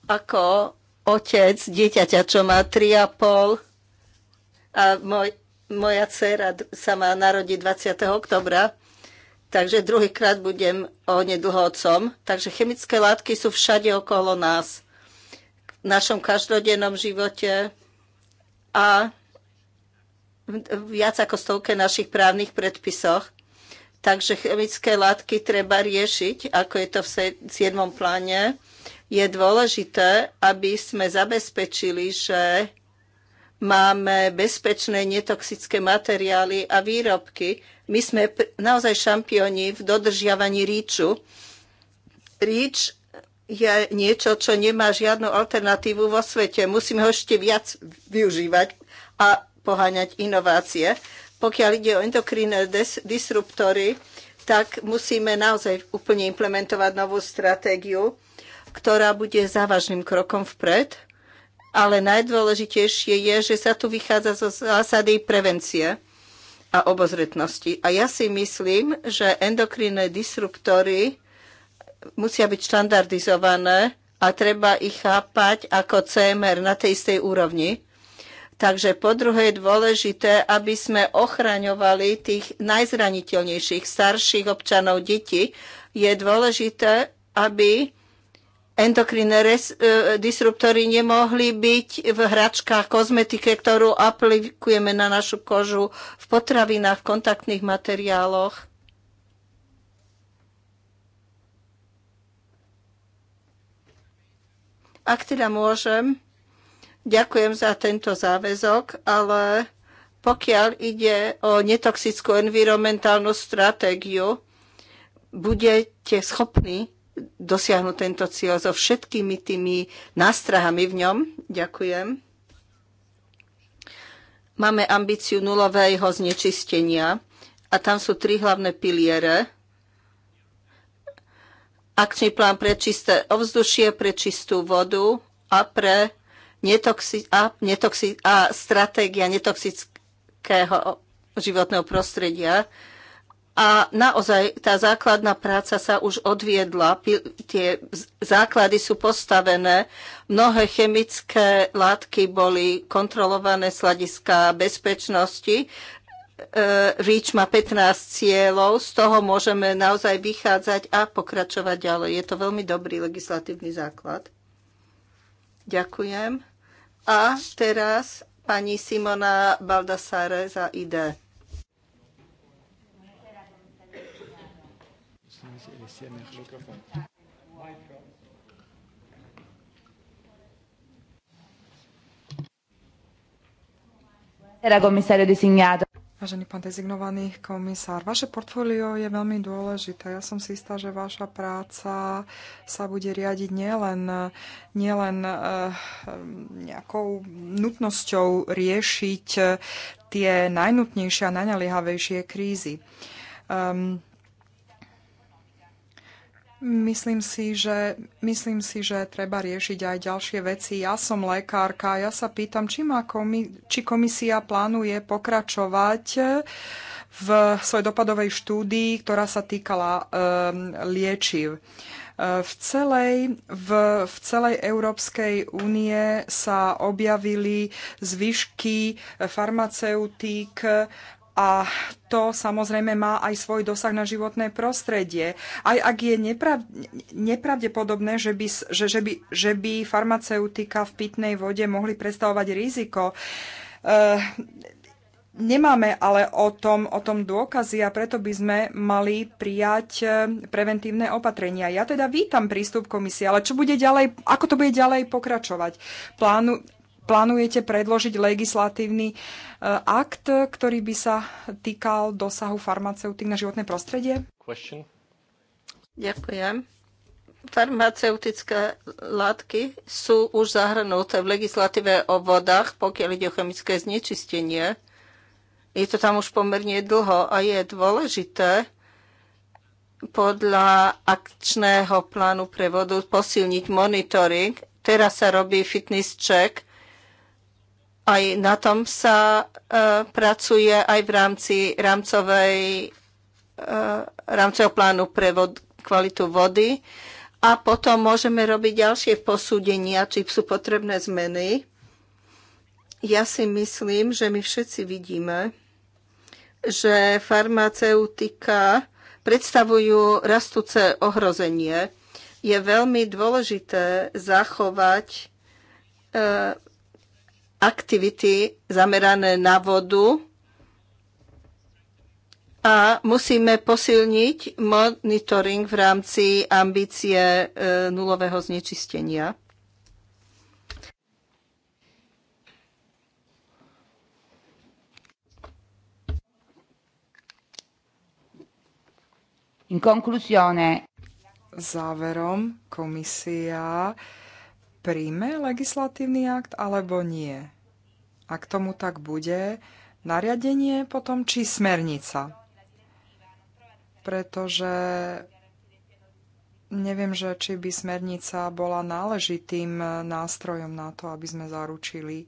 Ako otec dieťaťa, čo má 3,5 a môj, moja dcera sa má narodiť 20. oktobra, takže druhýkrát budem o nedlho otcom. Takže chemické látky sú všade okolo nás, v našom každodennom živote a viac ako stovke našich právnych predpisoch. Takže chemické látky treba riešiť, ako je to v 7. pláne. Je dôležité, aby sme zabezpečili, že máme bezpečné netoxické materiály a výrobky. My sme naozaj šampióni v dodržiavaní ríču. Ríč je niečo, čo nemá žiadnu alternatívu vo svete. Musíme ho ešte viac využívať a poháňať inovácie pokiaľ ide o endokrinné disruptory, tak musíme naozaj úplne implementovať novú stratégiu, ktorá bude závažným krokom vpred. Ale najdôležitejšie je, že sa tu vychádza zo zásady prevencie a obozretnosti. A ja si myslím, že endokrinné disruptory musia byť štandardizované a treba ich chápať ako CMR na tej istej úrovni Takže po druhé je dôležité, aby sme ochraňovali tých najzraniteľnejších, starších občanov, detí. Je dôležité, aby endokrinné res, e, disruptory nemohli byť v hračkách, kozmetike, ktorú aplikujeme na našu kožu, v potravinách, v kontaktných materiáloch. Ak teda môžem, Ďakujem za tento záväzok, ale pokiaľ ide o netoxickú environmentálnu stratégiu, budete schopní dosiahnuť tento cieľ so všetkými tými nástrahami v ňom. Ďakujem. Máme ambíciu nulového znečistenia a tam sú tri hlavné piliere. Akčný plán pre čisté ovzdušie, pre čistú vodu a pre netoxi- a, netoxi- a stratégia netoxického životného prostredia. A naozaj tá základná práca sa už odviedla, tie základy sú postavené, mnohé chemické látky boli kontrolované z hľadiska bezpečnosti, e, REACH má 15 cieľov, z toho môžeme naozaj vychádzať a pokračovať ďalej. Je to veľmi dobrý legislatívny základ. Ďakujem. A teraz pani Simona Baldassare za ID. Era commissario designato. Vážený pán dezignovaný komisár, vaše portfólio je veľmi dôležité. Ja som si istá, že vaša práca sa bude riadiť nielen, nielen eh, nejakou nutnosťou riešiť tie najnutnejšie a najnaliehavejšie krízy. Um, Myslím si, že, myslím si, že treba riešiť aj ďalšie veci. Ja som lekárka, ja sa pýtam, či, má komi- či komisia plánuje pokračovať eh, v svojej dopadovej štúdii, ktorá sa týkala um, liečiv. Eh, v celej, v, v celej Európskej únie sa objavili zvyšky farmaceutík a to samozrejme má aj svoj dosah na životné prostredie. Aj ak je neprav, nepravdepodobné, že by, že, že, by, že by farmaceutika v pitnej vode mohli predstavovať riziko, e, Nemáme ale o tom, o tom dôkazy a preto by sme mali prijať eh, preventívne opatrenia. Ja teda vítam prístup komisie, ale čo bude ďalej, ako to bude ďalej pokračovať? Plánu, plánujete predložiť legislatívny e, akt, ktorý by sa týkal dosahu farmaceutík na životné prostredie? Question. Ďakujem. Farmaceutické látky sú už zahrnuté v legislatíve o vodách, pokiaľ ide o chemické znečistenie. Je to tam už pomerne dlho a je dôležité podľa akčného plánu prevodu posilniť monitoring. Teraz sa robí fitness check aj na tom sa e, pracuje aj v rámci rámcovej, e, rámcového plánu pre vod, kvalitu vody. A potom môžeme robiť ďalšie posúdenia, či sú potrebné zmeny. Ja si myslím, že my všetci vidíme, že farmaceutika predstavujú rastúce ohrozenie. Je veľmi dôležité zachovať e, aktivity zamerané na vodu a musíme posilniť monitoring v rámci ambície e, nulového znečistenia. In conclusione. Záverom komisia príjme legislatívny akt alebo nie. Ak tomu tak bude, nariadenie potom či smernica. Pretože neviem, že či by smernica bola náležitým e, nástrojom na to, aby sme zaručili e,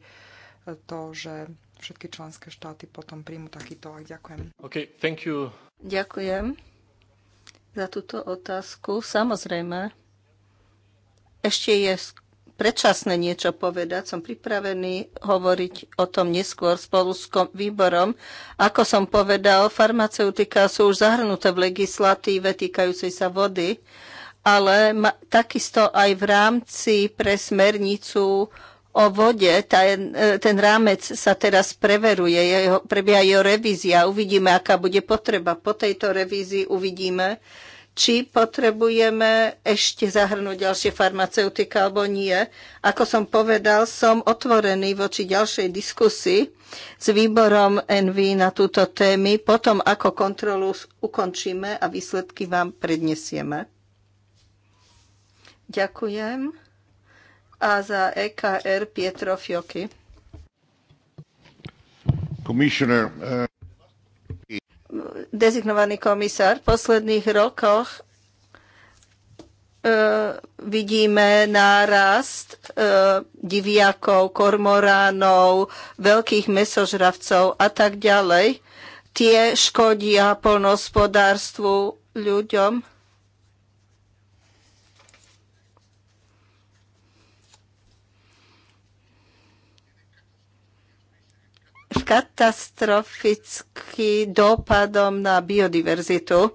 to, že všetky členské štáty potom príjmu takýto akt. Ďakujem. Okay, thank you. Ďakujem za túto otázku. Samozrejme, ešte je predčasné niečo povedať. Som pripravený hovoriť o tom neskôr spolu s výborom. Ako som povedal, farmaceutika sú už zahrnuté v legislatíve týkajúcej sa vody, ale ma, takisto aj v rámci pre smernicu o vode, ten, e, ten rámec sa teraz preveruje, jeho, prebieha jeho revízia, uvidíme, aká bude potreba. Po tejto revízii uvidíme, či potrebujeme ešte zahrnúť ďalšie farmaceutika alebo nie. Ako som povedal, som otvorený voči ďalšej diskusii s výborom NV na túto témy, potom ako kontrolu ukončíme a výsledky vám prednesieme. Ďakujem. A za EKR Pietro Fioky. Commissioner, uh dezignovaný komisár, v posledných rokoch e, vidíme nárast e, diviakov, kormoránov, veľkých mesožravcov a tak ďalej. Tie škodia polnospodárstvu, ľuďom katastrofickým dopadom na biodiverzitu.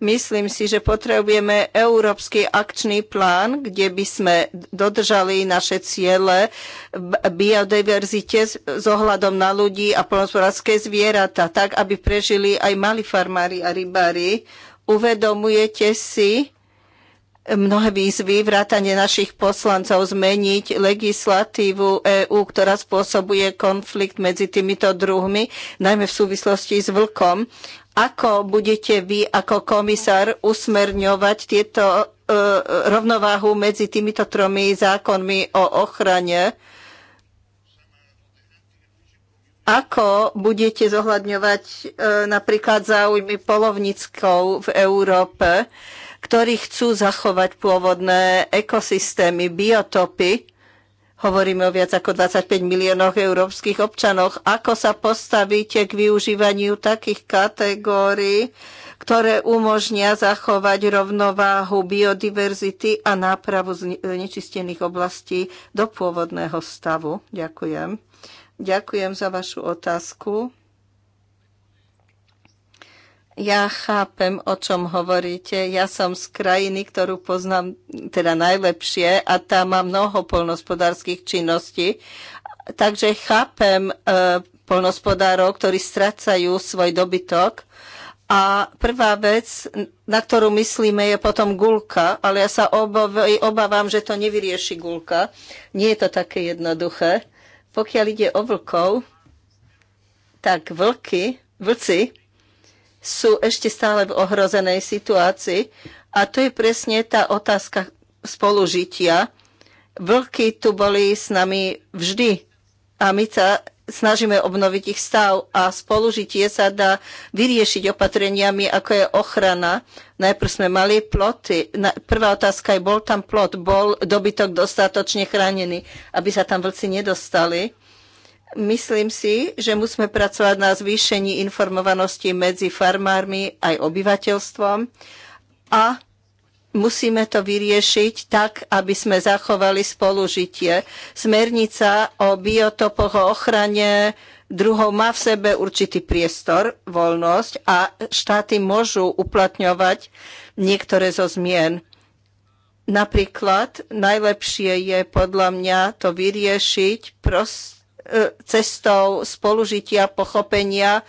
Myslím si, že potrebujeme európsky akčný plán, kde by sme dodržali naše ciele v biodiverzite s ohľadom na ľudí a polnospodárske zvieratá, tak aby prežili aj mali farmári a rybári. Uvedomujete si, mnohé výzvy, vrátanie našich poslancov zmeniť legislatívu EÚ, ktorá spôsobuje konflikt medzi týmito druhmi, najmä v súvislosti s vlkom. Ako budete vy ako komisár usmerňovať tieto e, rovnováhu medzi týmito tromi zákonmi o ochrane? Ako budete zohľadňovať e, napríklad záujmy polovníckov v Európe? E, ktorí chcú zachovať pôvodné ekosystémy, biotopy. Hovoríme o viac ako 25 miliónoch európskych občanoch. Ako sa postavíte k využívaniu takých kategórií, ktoré umožnia zachovať rovnováhu biodiverzity a nápravu znečistených oblastí do pôvodného stavu. Ďakujem. Ďakujem za vašu otázku. Ja chápem, o čom hovoríte. Ja som z krajiny, ktorú poznám teda najlepšie a tam má mnoho polnospodárských činností. Takže chápem e, polnospodárov, ktorí strácajú svoj dobytok. A prvá vec, na ktorú myslíme, je potom gulka, ale ja sa obávam, že to nevyrieši gulka. Nie je to také jednoduché. Pokiaľ ide o vlkov, tak vlky, vlci, sú ešte stále v ohrozenej situácii. A to je presne tá otázka spolužitia. Vlky tu boli s nami vždy a my sa snažíme obnoviť ich stav a spolužitie sa dá vyriešiť opatreniami, ako je ochrana. Najprv sme mali ploty. Prvá otázka je, bol tam plot, bol dobytok dostatočne chránený, aby sa tam vlci nedostali. Myslím si, že musíme pracovať na zvýšení informovanosti medzi farmármi aj obyvateľstvom a musíme to vyriešiť tak, aby sme zachovali spolužitie. Smernica o biotopoch, o ochrane druhov má v sebe určitý priestor, voľnosť a štáty môžu uplatňovať niektoré zo zmien. Napríklad najlepšie je podľa mňa to vyriešiť prost cestou spolužitia, pochopenia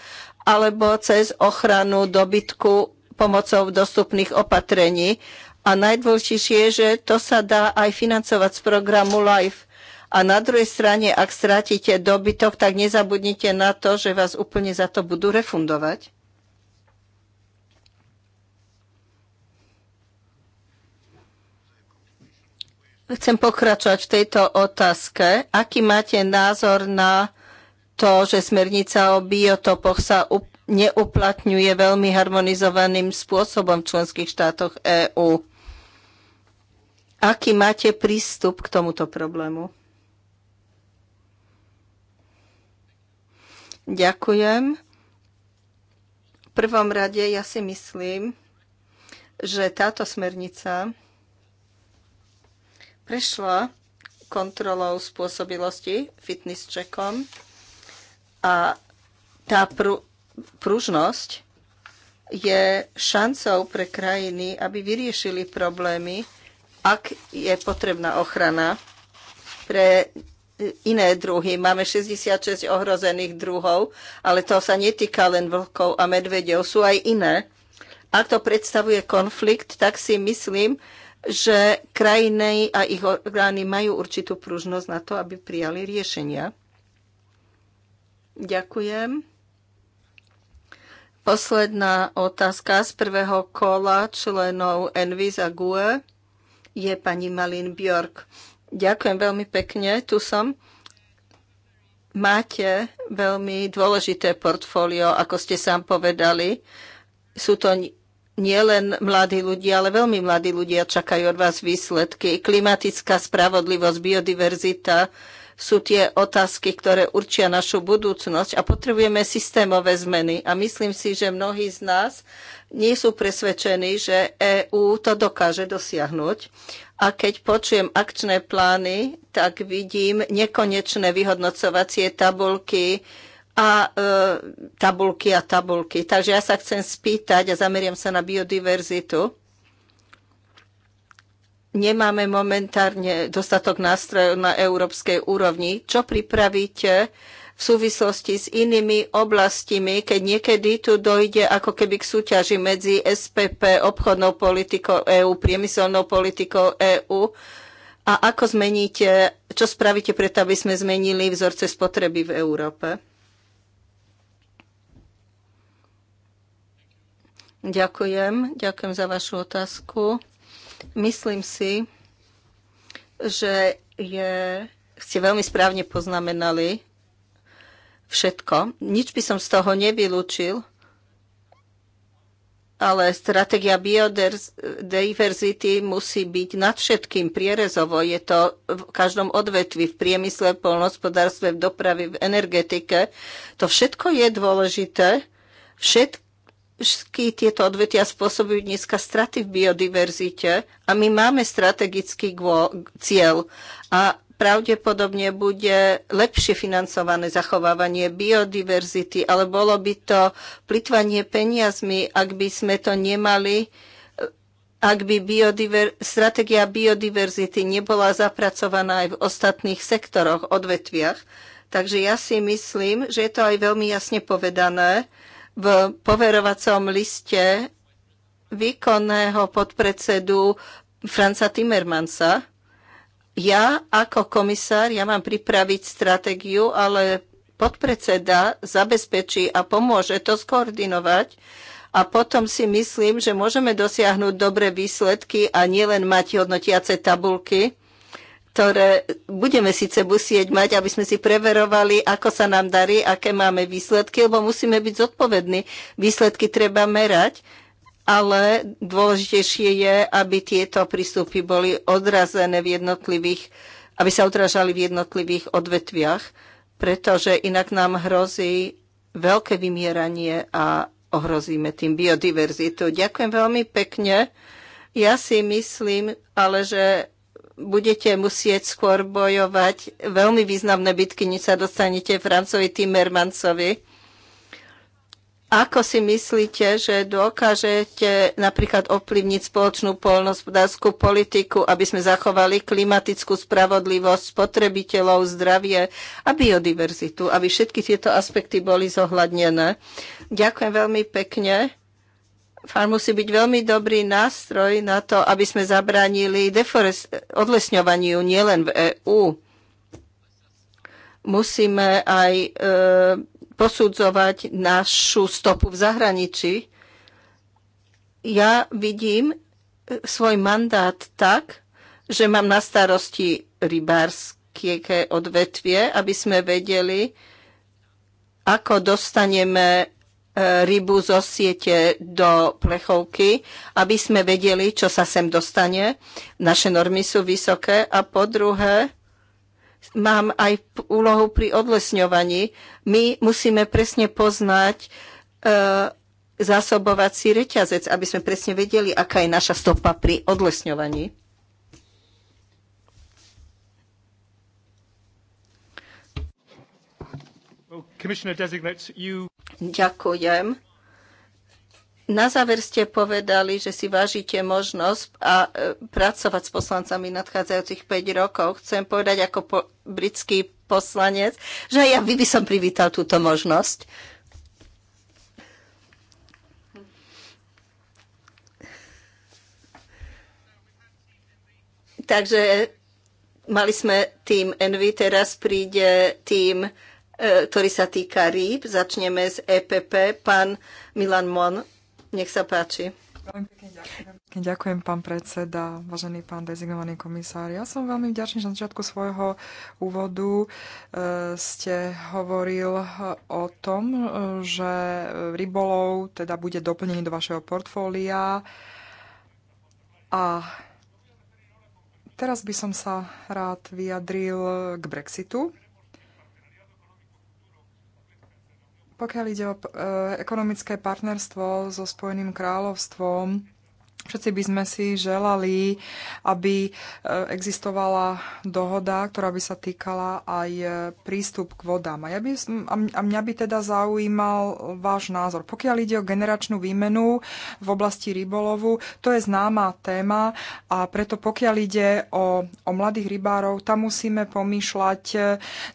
alebo cez ochranu dobytku pomocou dostupných opatrení. A najdôležitejšie je, že to sa dá aj financovať z programu LIFE. A na druhej strane, ak strátite dobytok, tak nezabudnite na to, že vás úplne za to budú refundovať. Chcem pokračovať v tejto otázke. Aký máte názor na to, že smernica o biotopoch sa neuplatňuje veľmi harmonizovaným spôsobom v členských štátoch EÚ? Aký máte prístup k tomuto problému? Ďakujem. V prvom rade ja si myslím, že táto smernica prešla kontrolou spôsobilosti, fitness checkom a tá prú, pružnosť je šancou pre krajiny, aby vyriešili problémy, ak je potrebná ochrana pre e, iné druhy. Máme 66 ohrozených druhov, ale to sa netýka len vlkov a medvedov, sú aj iné. Ak to predstavuje konflikt, tak si myslím, že krajiny a ich orgány majú určitú pružnosť na to, aby prijali riešenia. Ďakujem. Posledná otázka z prvého kola členov Envis a GUE je pani Malin Bjork. Ďakujem veľmi pekne, tu som. Máte veľmi dôležité portfólio, ako ste sám povedali. Sú to nielen mladí ľudia, ale veľmi mladí ľudia čakajú od vás výsledky. Klimatická spravodlivosť, biodiverzita sú tie otázky, ktoré určia našu budúcnosť a potrebujeme systémové zmeny. A myslím si, že mnohí z nás nie sú presvedčení, že EÚ to dokáže dosiahnuť. A keď počujem akčné plány, tak vidím nekonečné vyhodnocovacie tabulky, a e, tabulky a tabulky. Takže ja sa chcem spýtať a zameriam sa na biodiverzitu. Nemáme momentárne dostatok nástrojov na európskej úrovni. Čo pripravíte v súvislosti s inými oblastimi, keď niekedy tu dojde ako keby k súťaži medzi SPP, obchodnou politikou EÚ, priemyselnou politikou EÚ? A ako zmeníte, čo spravíte preto, aby sme zmenili vzorce spotreby v Európe? Ďakujem, ďakujem za vašu otázku. Myslím si, že je, ste veľmi správne poznamenali všetko. Nič by som z toho nevylúčil, ale stratégia biodiverzity musí byť nad všetkým prierezovo. Je to v každom odvetvi, v priemysle, v polnospodárstve, v doprave, v energetike. To všetko je dôležité. Všetko Všetky tieto odvetia spôsobujú dneska straty v biodiverzite a my máme strategický cieľ a pravdepodobne bude lepšie financované zachovávanie biodiverzity, ale bolo by to plitvanie peniazmi, ak by sme to nemali ak by biodiver- stratégia biodiverzity nebola zapracovaná aj v ostatných sektoroch, odvetviach. Takže ja si myslím, že je to aj veľmi jasne povedané, v poverovacom liste výkonného podpredsedu Franca Timmermansa. Ja ako komisár, ja mám pripraviť stratégiu, ale podpredseda zabezpečí a pomôže to skoordinovať a potom si myslím, že môžeme dosiahnuť dobré výsledky a nielen mať hodnotiace tabulky ktoré budeme síce musieť mať, aby sme si preverovali, ako sa nám darí, aké máme výsledky, lebo musíme byť zodpovední. Výsledky treba merať, ale dôležitejšie je, aby tieto prístupy boli odrazené v jednotlivých, aby sa odrážali v jednotlivých odvetviach, pretože inak nám hrozí veľké vymieranie a ohrozíme tým biodiverzitu. Ďakujem veľmi pekne. Ja si myslím, ale že budete musieť skôr bojovať veľmi významné bitky, než sa dostanete Francovi Timmermansovi. Ako si myslíte, že dokážete napríklad ovplyvniť spoločnú polnospodárskú politiku, aby sme zachovali klimatickú spravodlivosť spotrebiteľov, zdravie a biodiverzitu, aby všetky tieto aspekty boli zohľadnené? Ďakujem veľmi pekne. Farm musí byť veľmi dobrý nástroj na to, aby sme zabránili odlesňovaniu nielen v EÚ. Musíme aj e, posudzovať našu stopu v zahraničí. Ja vidím e, svoj mandát tak, že mám na starosti rybárske odvetvie, aby sme vedeli, ako dostaneme rybu zo siete do plechovky, aby sme vedeli, čo sa sem dostane. Naše normy sú vysoké. A po druhé, mám aj úlohu pri odlesňovaní. My musíme presne poznať e, zásobovací reťazec, aby sme presne vedeli, aká je naša stopa pri odlesňovaní. You... Ďakujem. Na záver ste povedali, že si vážite možnosť a, e, pracovať s poslancami nadchádzajúcich 5 rokov. Chcem povedať ako po, britský poslanec, že aj ja by, by som privítal túto možnosť. Takže mali sme tým Envy, teraz príde tým E, ktorý sa týka rýb. Začneme z EPP. Pán Milan Mon, nech sa páči. Veľmi pekne ďakujem. Ďakujem, pán predseda, vážený pán dezignovaný komisár. Ja som veľmi vďačný, že na začiatku svojho úvodu e, ste hovoril o tom, e, že rybolov teda bude doplnený do vašeho portfólia. A teraz by som sa rád vyjadril k Brexitu. Pokiaľ ide o e, ekonomické partnerstvo so Spojeným kráľovstvom, všetci by sme si želali, aby e, existovala dohoda, ktorá by sa týkala aj e, prístup k vodám. A, ja by, a mňa by teda zaujímal váš názor. Pokiaľ ide o generačnú výmenu v oblasti rybolovu, to je známa téma a preto pokiaľ ide o, o mladých rybárov, tam musíme pomýšľať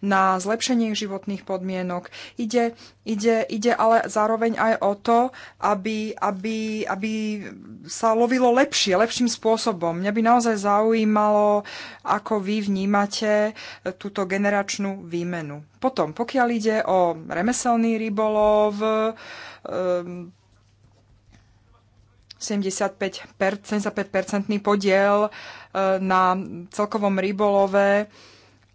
na zlepšenie ich životných podmienok. Ide Ide, ide ale zároveň aj o to, aby, aby, aby sa lovilo lepšie, lepším spôsobom. Mňa by naozaj zaujímalo, ako vy vnímate túto generačnú výmenu. Potom, pokiaľ ide o remeselný rybolov, 75-percentný ehm, podiel eh, na celkovom rybolove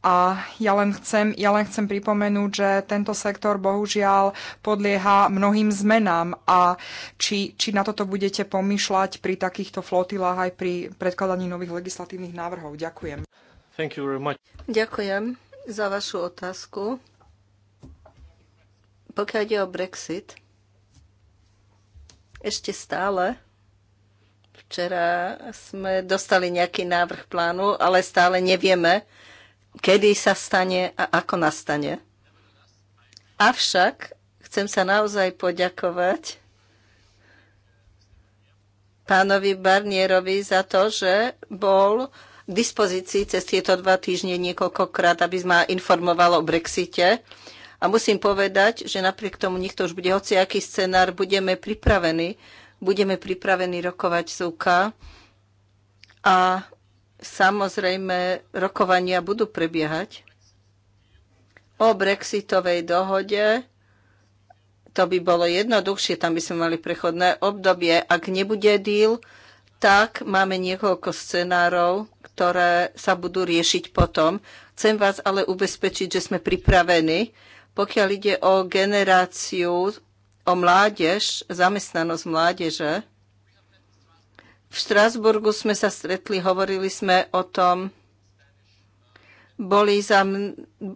a ja len, chcem, ja len chcem pripomenúť, že tento sektor bohužiaľ podlieha mnohým zmenám a či, či na toto budete pomýšľať pri takýchto flotilách aj pri predkladaní nových legislatívnych návrhov. Ďakujem. Thank you very much. Ďakujem za vašu otázku. Pokiaľ ide o Brexit, ešte stále včera sme dostali nejaký návrh plánu, ale stále nevieme, kedy sa stane a ako nastane. Avšak chcem sa naozaj poďakovať pánovi Barnierovi za to, že bol k dispozícii cez tieto dva týždne niekoľkokrát, aby ma informoval o Brexite. A musím povedať, že napriek tomu nikto už bude hociaký scenár, budeme pripravení. Budeme pripravení rokovať z UK a Samozrejme, rokovania budú prebiehať o brexitovej dohode. To by bolo jednoduchšie, tam by sme mali prechodné obdobie. Ak nebude deal, tak máme niekoľko scenárov, ktoré sa budú riešiť potom. Chcem vás ale ubezpečiť, že sme pripravení. Pokiaľ ide o generáciu, o mládež, zamestnanosť mládeže, v Štrásburgu sme sa stretli, hovorili sme o tom, boli za,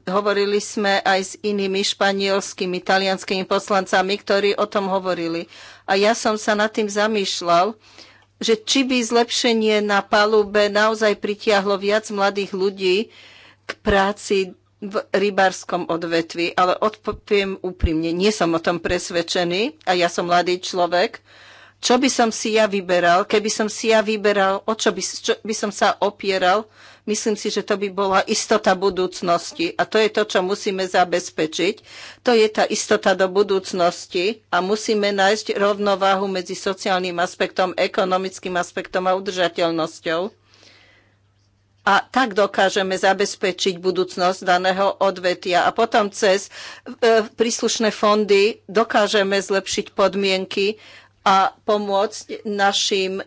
hovorili sme aj s inými španielskými, talianskými poslancami, ktorí o tom hovorili. A ja som sa nad tým zamýšľal, že či by zlepšenie na palube naozaj pritiahlo viac mladých ľudí k práci v rybárskom odvetvi, ale odpoviem úprimne, nie som o tom presvedčený a ja som mladý človek, čo by som si ja vyberal? Keby som si ja vyberal, o čo by, čo by som sa opieral? Myslím si, že to by bola istota budúcnosti. A to je to, čo musíme zabezpečiť. To je tá istota do budúcnosti a musíme nájsť rovnováhu medzi sociálnym aspektom, ekonomickým aspektom a udržateľnosťou. A tak dokážeme zabezpečiť budúcnosť daného odvetia. A potom cez e, príslušné fondy dokážeme zlepšiť podmienky a pomôcť našim e,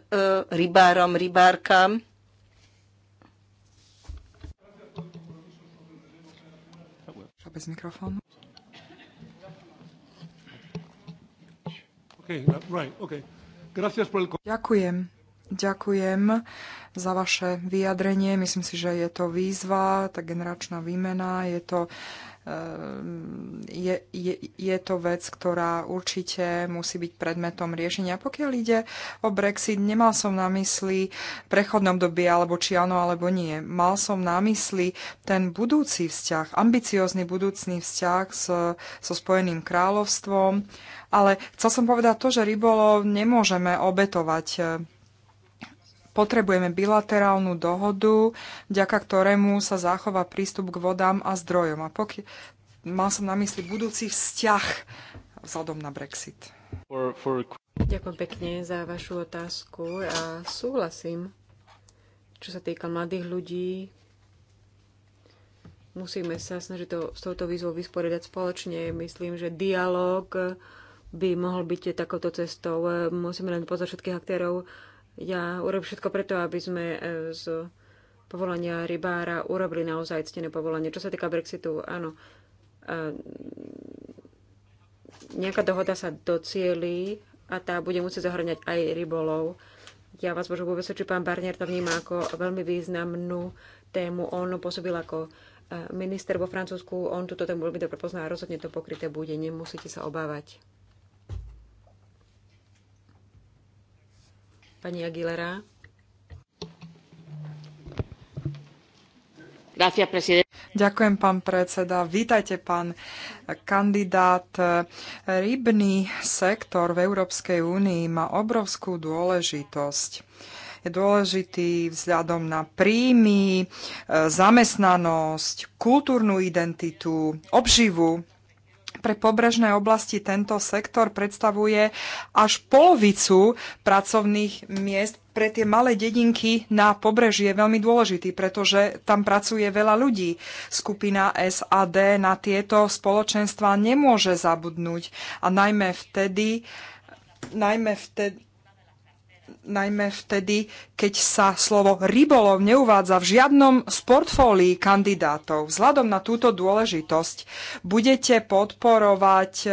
rybárom, rybárkam. Bez mikrofónu. Uh, Ďakujem. Ďakujem za vaše vyjadrenie. Myslím si, že je to výzva, tá generačná výmena, je to Ehm, je, je, je to vec, ktorá určite musí byť predmetom riešenia. Pokiaľ ide o Brexit, nemal som na mysli prechodnom obdobie, alebo či áno, alebo nie. Mal som na mysli ten budúci vzťah, ambiciózny budúcný vzťah so, so Spojeným kráľovstvom, ale chcel som povedať to, že rybolov nemôžeme obetovať Potrebujeme bilaterálnu dohodu, vďaka ktorému sa zachová prístup k vodám a zdrojom. A pokiaľ mal som na mysli budúci vzťah vzhľadom na Brexit. For, for... Ďakujem pekne za vašu otázku a súhlasím, čo sa týka mladých ľudí. Musíme sa snažiť to, s touto výzvou vysporiadať spoločne. Myslím, že dialog by mohol byť takouto cestou. Musíme len pozor všetkých aktérov, ja urobím všetko preto, aby sme e, z povolania rybára urobili naozaj ctené povolanie. Čo sa týka Brexitu, áno, e, nejaká dohoda sa docieli a tá bude musieť zahrňať aj rybolov. Ja vás môžem ubezpečiť, pán Barnier to vníma ako veľmi významnú tému. On pôsobil ako e, minister vo Francúzsku, on túto tému veľmi dobre pozná a rozhodne to pokryté bude. Nemusíte sa obávať. Pani Aguilera. Ďakujem, pán predseda. Vítajte, pán kandidát. Rybný sektor v Európskej únii má obrovskú dôležitosť. Je dôležitý vzhľadom na príjmy, e, zamestnanosť, kultúrnu identitu, obživu pre pobrežné oblasti tento sektor predstavuje až polovicu pracovných miest. Pre tie malé dedinky na pobreží je veľmi dôležitý, pretože tam pracuje veľa ľudí. Skupina SAD na tieto spoločenstva nemôže zabudnúť a najmä vtedy, najmä vtedy, najmä vtedy, keď sa slovo rybolov neuvádza v žiadnom z portfólií kandidátov. Vzhľadom na túto dôležitosť budete podporovať e,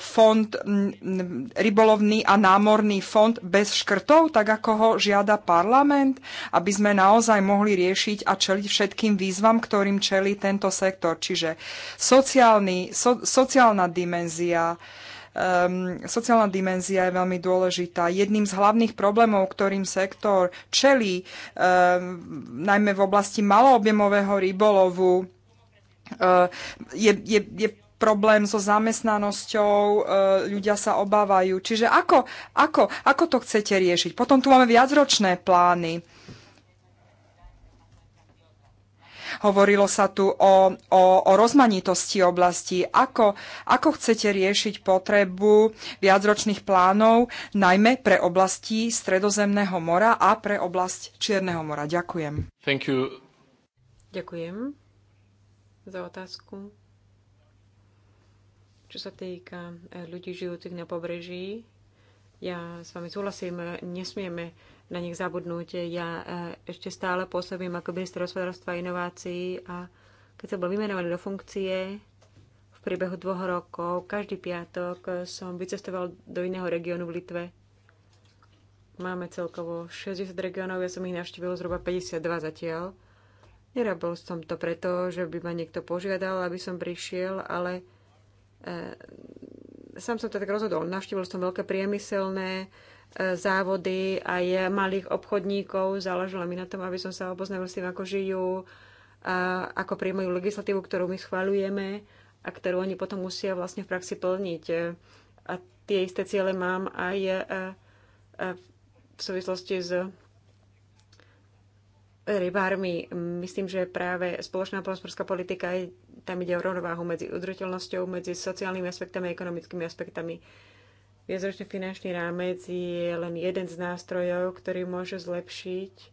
fond, rybolovný a námorný fond bez škrtov, tak ako ho žiada parlament, aby sme naozaj mohli riešiť a čeliť všetkým výzvam, ktorým čelí tento sektor. Čiže sociálny, so, sociálna dimenzia, Um, sociálna dimenzia je veľmi dôležitá. Jedným z hlavných problémov, ktorým sektor čelí, um, najmä v oblasti maloobjemového rybolovu, uh, je, je, je problém so zamestnanosťou, ľudia sa obávajú. Čiže ako, ako, ako to chcete riešiť? Potom tu máme viacročné plány Hovorilo sa tu o, o, o rozmanitosti oblasti. Ako, ako chcete riešiť potrebu viacročných plánov, najmä pre oblasti Stredozemného mora a pre oblasť Čierneho mora? Ďakujem. Thank you. Ďakujem za otázku. Čo sa týka eh, ľudí žijúcich na pobreží, ja s vami súhlasím, nesmieme na nich zabudnúť. Ja e, ešte stále pôsobím ako minister hospodárstva a inovácií a keď som bol vymenovaný do funkcie v priebehu dvoch rokov, každý piatok e, som vycestoval do iného regiónu v Litve. Máme celkovo 60 regiónov, ja som ich navštívil zhruba 52 zatiaľ. Nerabol som to preto, že by ma niekto požiadal, aby som prišiel, ale e, sám som to tak rozhodol. Navštívil som veľké priemyselné, závody aj malých obchodníkov. Záležilo mi na tom, aby som sa oboznámil s tým, ako žijú, ako príjmujú legislatívu, ktorú my schvaľujeme a ktorú oni potom musia vlastne v praxi plniť. A tie isté ciele mám aj e, e, v súvislosti s rybármi. Myslím, že práve spoločná prosporská politika, tam ide o rovnováhu medzi udržateľnosťou, medzi sociálnymi aspektami a ekonomickými aspektami. Viacročný finančný rámec je len jeden z nástrojov, ktorý môže zlepšiť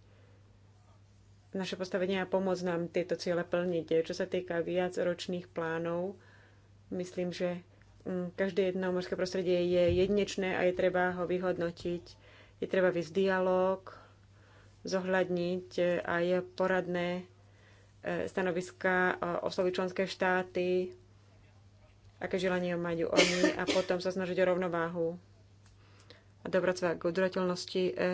naše postavenie a pomôcť nám tieto ciele plniť. Čo sa týka viacročných plánov, myslím, že mm, každé jedno morské prostredie je jednečné a je treba ho vyhodnotiť. Je treba vysť dialog, zohľadniť eh, aj poradné eh, stanoviska, eh, osloviť členské štáty, aké želanie majú oni a potom sa snažiť o rovnováhu a dobrať sa k udržateľnosti. E,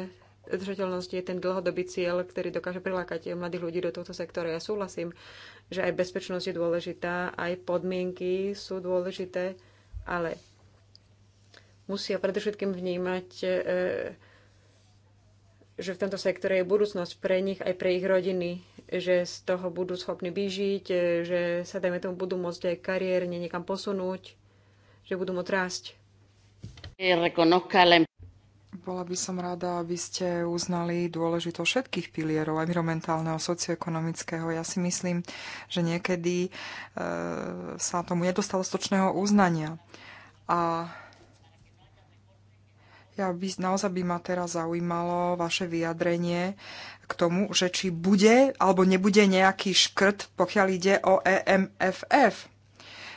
Udržateľnosť je ten dlhodobý cieľ, ktorý dokáže prilákať mladých ľudí do tohto sektora. Ja súhlasím, že aj bezpečnosť je dôležitá, aj podmienky sú dôležité, ale musia predovšetkým vnímať e, že v tomto sektore je budúcnosť pre nich aj pre ich rodiny, že z toho budú schopní vyžiť, že sa, dajme tomu, budú môcť aj kariérne niekam posunúť, že budú môcť rásť. Bola by som rada, aby ste uznali dôležitosť všetkých pilierov, environmentálneho, socioekonomického. Ja si myslím, že niekedy e, sa tomu nedostalo stočného uznania. A ja by, naozaj by ma teraz zaujímalo vaše vyjadrenie k tomu, že či bude alebo nebude nejaký škrt, pokiaľ ide o EMFF.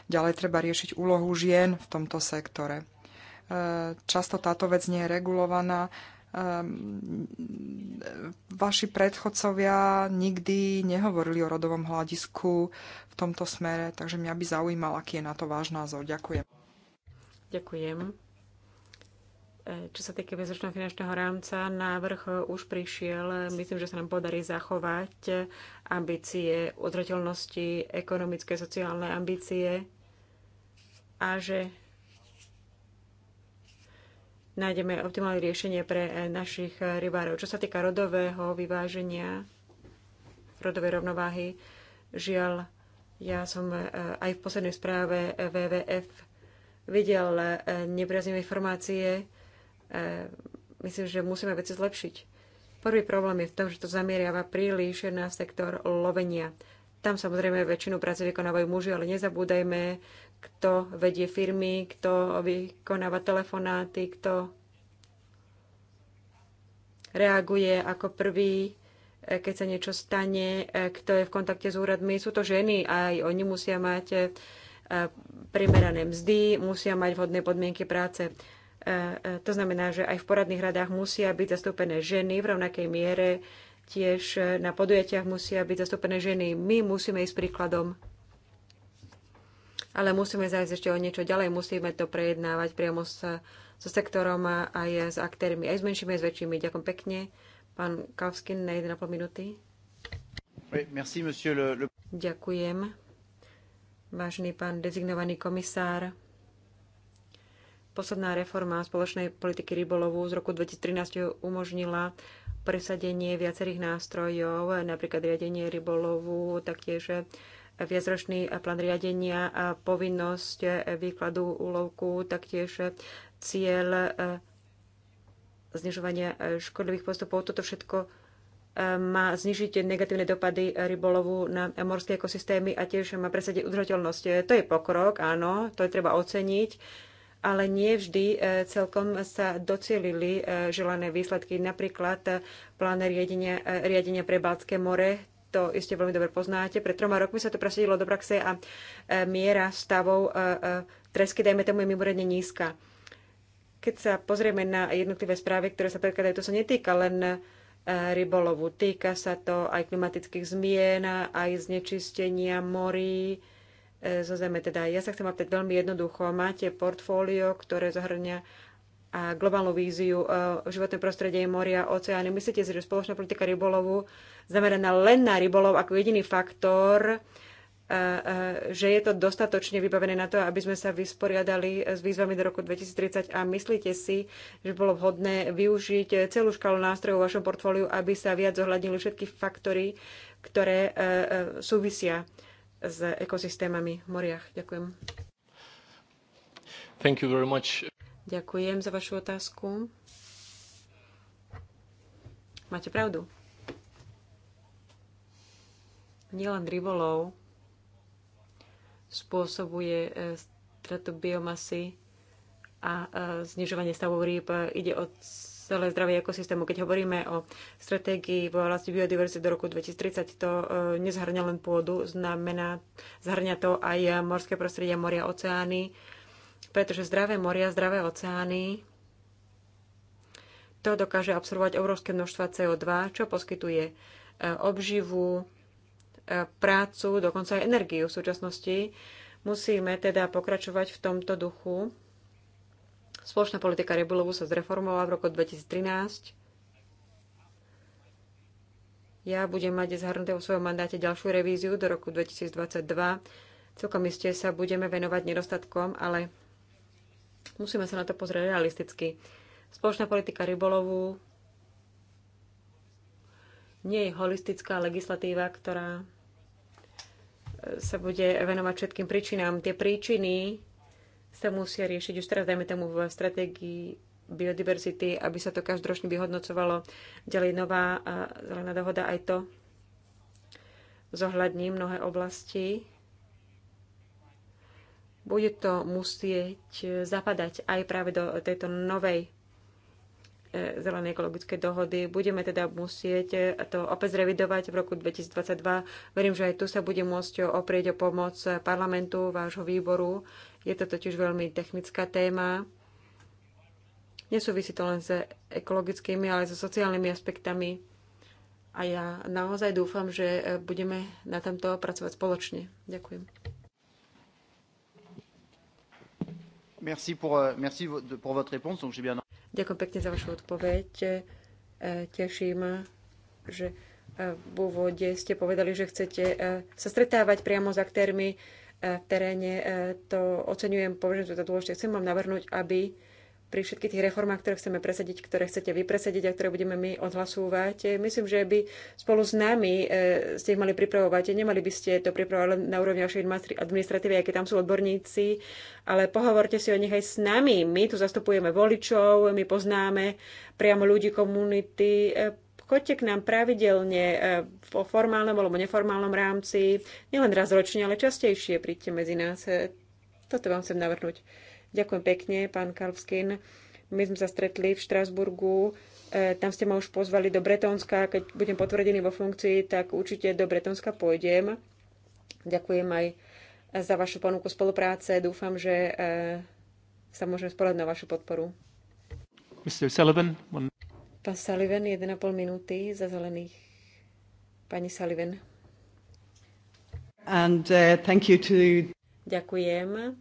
Ďalej treba riešiť úlohu žien v tomto sektore. E, často táto vec nie je regulovaná e, vaši predchodcovia nikdy nehovorili o rodovom hľadisku v tomto smere, takže mňa by zaujímal, aký je na to váš názor. Ďakujem. Ďakujem. Čo sa týka bezročného finančného rámca, návrh už prišiel. Myslím, že sa nám podarí zachovať ambície udržateľnosti, ekonomické, sociálne ambície a že nájdeme optimálne riešenie pre našich rybárov. Čo sa týka rodového vyváženia, rodovej rovnováhy, žiaľ, ja som e, aj v poslednej správe WWF videl e, nepriaznivé informácie, E, myslím, že musíme veci zlepšiť. Prvý problém je v tom, že to zameriava príliš na sektor lovenia. Tam samozrejme väčšinu práce vykonávajú muži, ale nezabúdajme, kto vedie firmy, kto vykonáva telefonáty, kto reaguje ako prvý, e, keď sa niečo stane, e, kto je v kontakte s úradmi. Sú to ženy a aj oni musia mať primerané mzdy, musia mať vhodné podmienky práce. E, e, to znamená, že aj v poradných radách musia byť zastúpené ženy v rovnakej miere, tiež na podujatiach musia byť zastúpené ženy. My musíme ísť príkladom, ale musíme zájsť ešte o niečo ďalej, musíme to prejednávať priamo s, so sektorom a aj s aktérmi, aj s menšími, aj s väčšími. Ďakujem pekne. Pán Kavskin na 1,5 minúty. pol merci, Ďakujem. Vážený pán dezignovaný komisár, Posledná reforma spoločnej politiky rybolovu z roku 2013 umožnila presadenie viacerých nástrojov, napríklad riadenie rybolovu, taktiež viacročný plán riadenia a povinnosť výkladu úlovku, taktiež cieľ eh, znižovania eh, škodlivých postupov. Toto všetko eh, má znižiť negatívne dopady rybolovu na morské ekosystémy a tiež má presadiť udržateľnosť. To je pokrok, áno, to je treba oceniť ale nie vždy e, celkom sa docielili e, želané výsledky. Napríklad e, plán riadenia, riadenia pre Baltské more, to iste veľmi dobre poznáte. Pred troma rokmi sa to presadilo do praxe a miera stavov tresky, dajme tomu, je mimoriadne nízka. Keď sa pozrieme na jednotlivé správy, ktoré sa predkladajú, to sa netýka len rybolovu. Týka sa to aj klimatických zmien, aj znečistenia morí, E, zo zeme. Teda ja sa chcem opýtať veľmi jednoducho. Máte portfólio, ktoré zahrňa a globálnu víziu e, životné prostredie, moria, oceány. Myslíte si, že spoločná politika rybolovu zameraná len na rybolov ako jediný faktor, e, že je to dostatočne vybavené na to, aby sme sa vysporiadali s výzvami do roku 2030 a myslíte si, že bolo vhodné využiť celú škálu nástrojov v vašom portfóliu, aby sa viac zohľadnili všetky faktory, ktoré súvisia s ekosystémami v moriach. Ďakujem. Thank you very much. Ďakujem za vašu otázku. Máte pravdu. Nielen rybolov spôsobuje eh, stratu biomasy a eh, znižovanie stavov rýb. Ide od celé zdravie ekosystému. Keď hovoríme o stratégii v oblasti biodiverzity do roku 2030, to e, nezhrňa len pôdu, znamená, zhrňa to aj morské prostredie, moria, oceány, pretože zdravé moria, zdravé oceány, to dokáže absorbovať obrovské množstva CO2, čo poskytuje e, obživu, e, prácu, dokonca aj energiu v súčasnosti. Musíme teda pokračovať v tomto duchu Spoločná politika rybolovu sa zreformovala v roku 2013. Ja budem mať zhrnuté vo svojom mandáte ďalšiu revíziu do roku 2022. Celkom iste sa budeme venovať nedostatkom, ale musíme sa na to pozrieť realisticky. Spoločná politika rybolovu nie je holistická legislatíva, ktorá sa bude venovať všetkým príčinám. Tie príčiny sa musia riešiť už teraz, dajme tomu v stratégii biodiverzity, aby sa to každoročne vyhodnocovalo. Ďalej nová zelená dohoda, aj to zohľadní mnohé oblasti. Bude to musieť zapadať aj práve do tejto novej E, zelené ekologické dohody. Budeme teda musieť to opäť zrevidovať v roku 2022. Verím, že aj tu sa bude môcť oprieť o pomoc parlamentu, vášho výboru. Je to totiž veľmi technická téma. Nesúvisí to len s ekologickými, ale so sociálnymi aspektami. A ja naozaj dúfam, že e, budeme na tomto pracovať spoločne. Ďakujem. Merci pour, euh, merci pour votre réponse. Donc j'ai bien Ďakujem pekne za vašu odpoveď. E, teším, že e, v úvode ste povedali, že chcete e, sa stretávať priamo s aktérmi v teréne. To oceňujem, považujem to za dôležité. Chcem vám navrhnúť, aby pri všetkých tých reformách, ktoré chceme presadiť, ktoré chcete vy presadiť a ktoré budeme my odhlasúvať. Eh, myslím, že by spolu s nami eh, ste ich mali pripravovať. Nemali by ste to pripravovať na úrovni vašej administratívy, aké tam sú odborníci, ale pohovorte si o nich aj s nami. My tu zastupujeme voličov, my poznáme priamo ľudí komunity, eh, Choďte k nám pravidelne vo formálnom alebo neformálnom rámci, nielen raz ročne, ale častejšie príďte medzi nás. Toto vám chcem navrhnúť. Ďakujem pekne, pán Kalvskin. My sme sa stretli v E, tam ste ma už pozvali do Bretonska. Keď budem potvrdený vo funkcii, tak určite do Bretonska pôjdem. Ďakujem aj za vašu ponuku spolupráce. Dúfam, že e, sa môžem spolať na vašu podporu. Mr. Sullivan, one... Pán Sullivan, 1,5 minúty za zelených. Pani Sullivan. And, uh, thank you to... Ďakujem.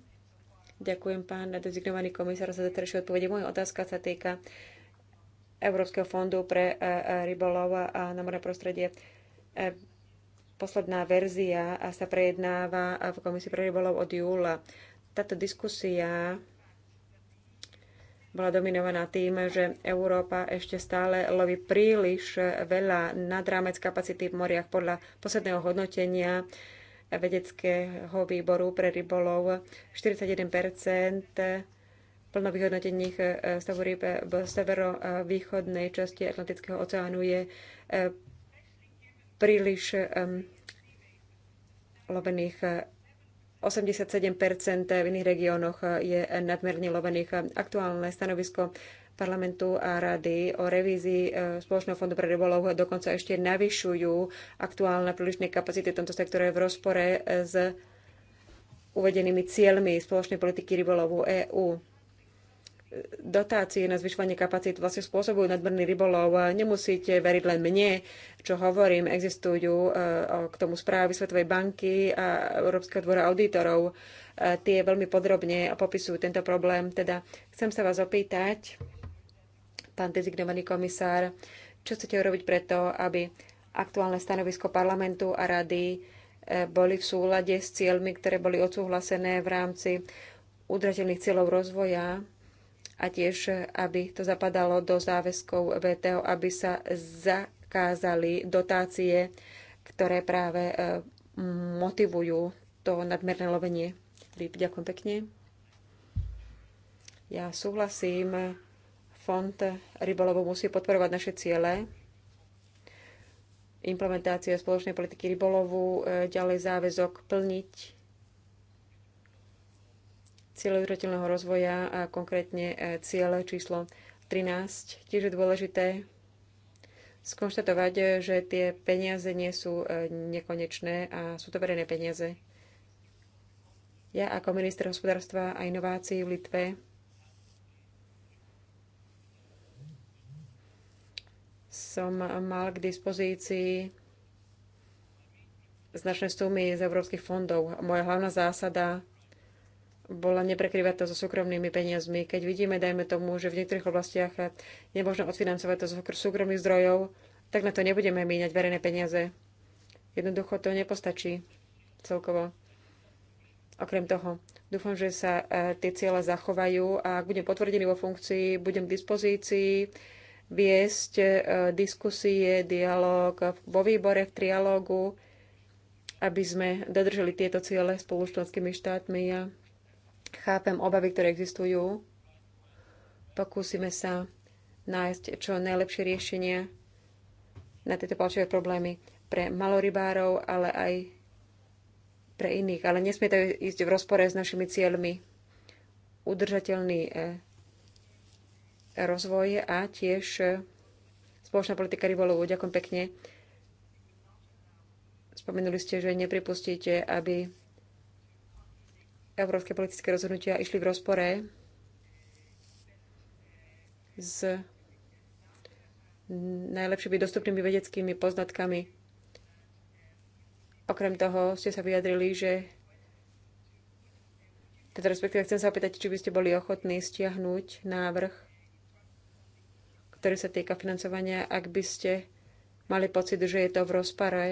Ďakujem, pán dezignovaný komisár, za zatrešie odpovede. Moja otázka sa týka Európskeho fondu pre e, e, rybolov a na námorné prostredie. E, posledná verzia sa prejednáva v Komisii pre rybolov od júla. Táto diskusia bola dominovaná tým, že Európa ešte stále loví príliš veľa nad rámec kapacity v moriach podľa posledného hodnotenia vedeckého výboru pre rybolov 41 plnovýhodnotených e, stavu ryb v severovýchodnej časti Atlantického oceánu je e, príliš e, lovených. 87 v iných regiónoch je nadmerne lovených. Aktuálne stanovisko parlamentu a rady o revízii e, Spoločného fondu pre rybolov dokonca ešte navyšujú aktuálne prílišné kapacity v tomto sektore v rozpore e, s uvedenými cieľmi spoločnej politiky rybolovu EÚ. Dotácie na zvyšovanie kapacít vlastne spôsobujú nadmerný rybolov. Nemusíte veriť len mne, čo hovorím. Existujú e, k tomu správy Svetovej banky a Európskeho dvora auditorov. Tie veľmi podrobne popisujú tento problém. Teda chcem sa vás opýtať, pán dezignovaný komisár. Čo chcete urobiť preto, aby aktuálne stanovisko parlamentu a rady eh, boli v súlade s cieľmi, ktoré boli odsúhlasené v rámci udržateľných cieľov rozvoja a tiež, aby to zapadalo do záväzkov VTO, aby sa zakázali dotácie, ktoré práve eh, motivujú to nadmerné lovenie Ďakujem pekne. Ja súhlasím Fond rybolovu musí podporovať naše ciele, implementácia spoločnej politiky rybolovu, e, ďalej záväzok plniť cieľe udržateľného rozvoja a konkrétne e, ciele číslo 13. Tiež je dôležité skonštatovať, že tie peniaze nie sú e, nekonečné a sú to verejné peniaze. Ja ako minister hospodárstva a inovácií v Litve som mal k dispozícii značné sumy z európskych fondov. Moja hlavná zásada bola neprekrývať to so súkromnými peniazmi. Keď vidíme, dajme tomu, že v niektorých oblastiach je možno odfinancovať to z súkromných zdrojov, tak na to nebudeme míňať verejné peniaze. Jednoducho to nepostačí celkovo. Okrem toho, dúfam, že sa e, tie ciele zachovajú a ak budem potvrdený vo funkcii, budem k dispozícii viesť e, diskusie, dialog e, vo výbore, v trialógu, aby sme dodržali tieto ciele spolu s členskými štátmi. Ja chápem obavy, ktoré existujú. Pokúsime sa nájsť čo najlepšie riešenie na tieto palčové problémy pre malorybárov, ale aj pre iných. Ale nesmie to ísť v rozpore s našimi cieľmi. Udržateľný e, rozvoj a tiež spoločná politika rybolovu. Ďakujem pekne. Spomenuli ste, že nepripustíte, aby európske politické rozhodnutia išli v rozpore s najlepšími dostupnými vedeckými poznatkami. Okrem toho ste sa vyjadrili, že teda respektíve chcem sa opýtať, či by ste boli ochotní stiahnuť návrh ktorý sa týka financovania, ak by ste mali pocit, že je to v rozpare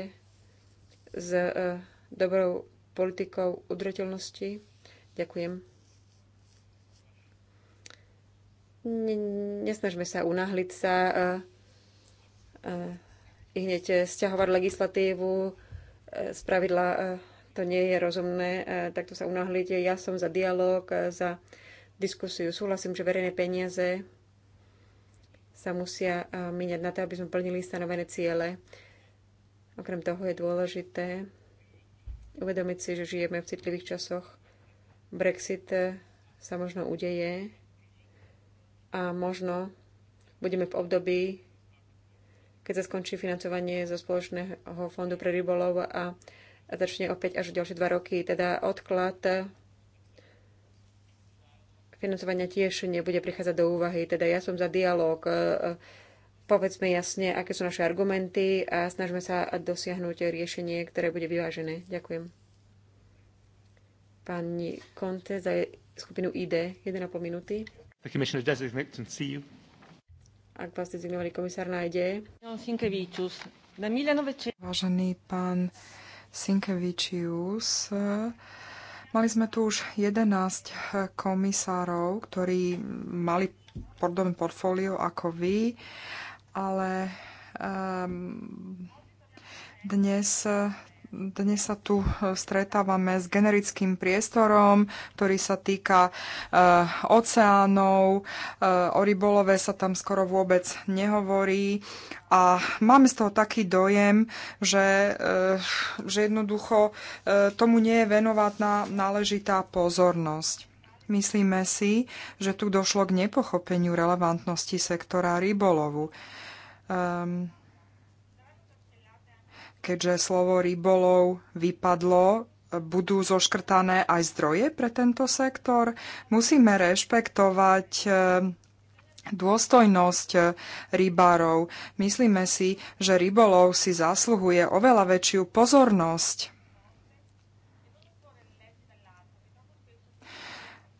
s e, dobrou politikou udržateľnosti. Ďakujem. Nesnažme sa unáhliť sa e, e, i hneď stiahovať legislatívu. Z pravidla to nie je rozumné, takto sa unáhliť. Ja som za dialog, za diskusiu. Súhlasím, že verejné peniaze sa musia eh, míňať na to, aby sme plnili stanovené ciele. Okrem toho je dôležité uvedomiť si, že žijeme v citlivých časoch. Brexit eh, sa možno udeje a možno budeme v období, keď sa skončí financovanie zo spoločného fondu pre rybolov a začne opäť až ďalšie dva roky, teda odklad eh, financovania tiež nebude prichádzať do úvahy. Teda ja som za dialog. E, povedzme jasne, aké sú naše argumenty a snažme sa dosiahnuť riešenie, ktoré bude vyvážené. Ďakujem. Pani Conte za skupinu ID, 1,5 minúty. Ak vás dezignovaný komisár nájde. Vážený pán Sinkevičius, Mali sme tu už 11 eh, komisárov, ktorí mali podobné portfólio ako vy, ale um, dnes eh, dnes sa tu e, stretávame s generickým priestorom, ktorý sa týka e, oceánov. E, o rybolove sa tam skoro vôbec nehovorí. A máme z toho taký dojem, že, e, že jednoducho e, tomu nie je venovaná náležitá pozornosť. Myslíme si, že tu došlo k nepochopeniu relevantnosti sektora rybolovu. Um, keďže slovo rybolov vypadlo, budú zoškrtané aj zdroje pre tento sektor. Musíme rešpektovať eh, dôstojnosť eh, rybárov. Myslíme si, že rybolov si zasluhuje oveľa väčšiu pozornosť.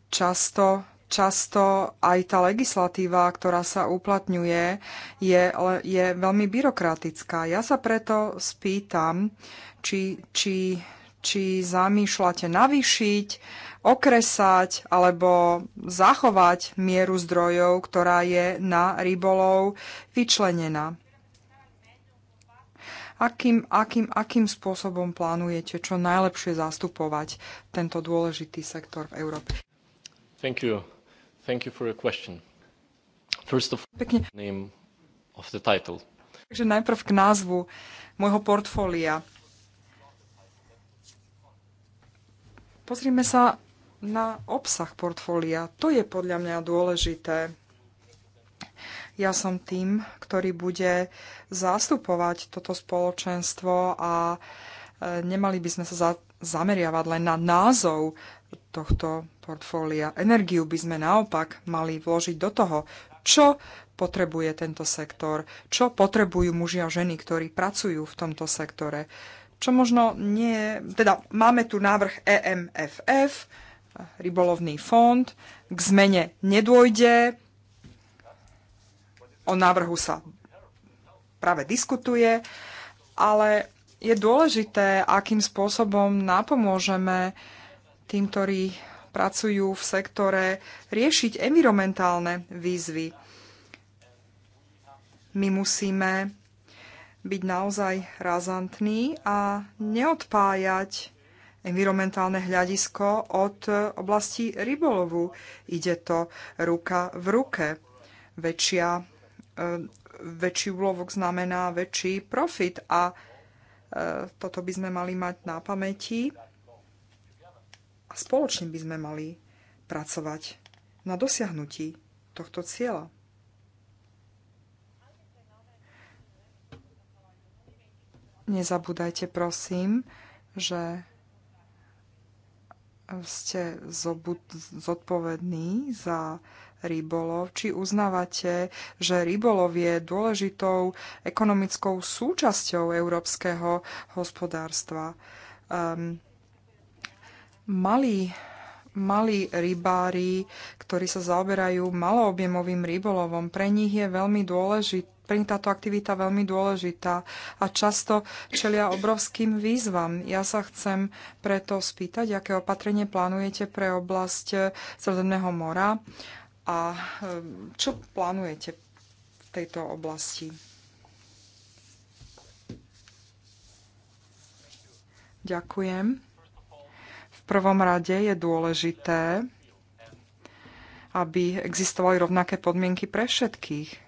Často často aj tá legislatíva, ktorá sa uplatňuje, je, je veľmi byrokratická. Ja sa preto spýtam, či, či, či zamýšľate navýšiť, okresať alebo zachovať mieru zdrojov, ktorá je na rybolov vyčlenená. Akým, akým, akým spôsobom plánujete čo najlepšie zastupovať tento dôležitý sektor v Európe? Thank you. Takže najprv k názvu môjho portfólia. Pozrime sa na obsah portfólia. To je podľa mňa dôležité. Ja som tým, ktorý bude zastupovať toto spoločenstvo a e, nemali by sme sa za, zameriavať len na názov tohto portfólia. Energiu by sme naopak mali vložiť do toho, čo potrebuje tento sektor, čo potrebujú muži a ženy, ktorí pracujú v tomto sektore. Čo možno nie... Teda máme tu návrh EMFF, rybolovný fond, k zmene nedôjde, o návrhu sa práve diskutuje, ale je dôležité, akým spôsobom napomôžeme tým, ktorí pracujú v sektore, riešiť environmentálne výzvy. My musíme byť naozaj razantní a neodpájať environmentálne hľadisko od oblasti rybolovu. Ide to ruka v ruke. Väčšia, e, väčší úlovok znamená väčší profit a e, toto by sme mali mať na pamäti spoločne by sme mali pracovať na dosiahnutí tohto cieľa. Nezabúdajte prosím, že ste zodpovední za rybolov, či uznávate, že rybolov je dôležitou ekonomickou súčasťou európskeho hospodárstva. Um, Malí, malí rybári, ktorí sa zaoberajú maloobjemovým rybolovom, pre nich je veľmi dôležité pre nich táto aktivita veľmi dôležitá a často čelia obrovským výzvam. Ja sa chcem preto spýtať, aké opatrenie plánujete pre oblasť Sredného mora a e, čo plánujete v tejto oblasti? Ďakujem prvom rade je dôležité, aby existovali rovnaké podmienky pre všetkých.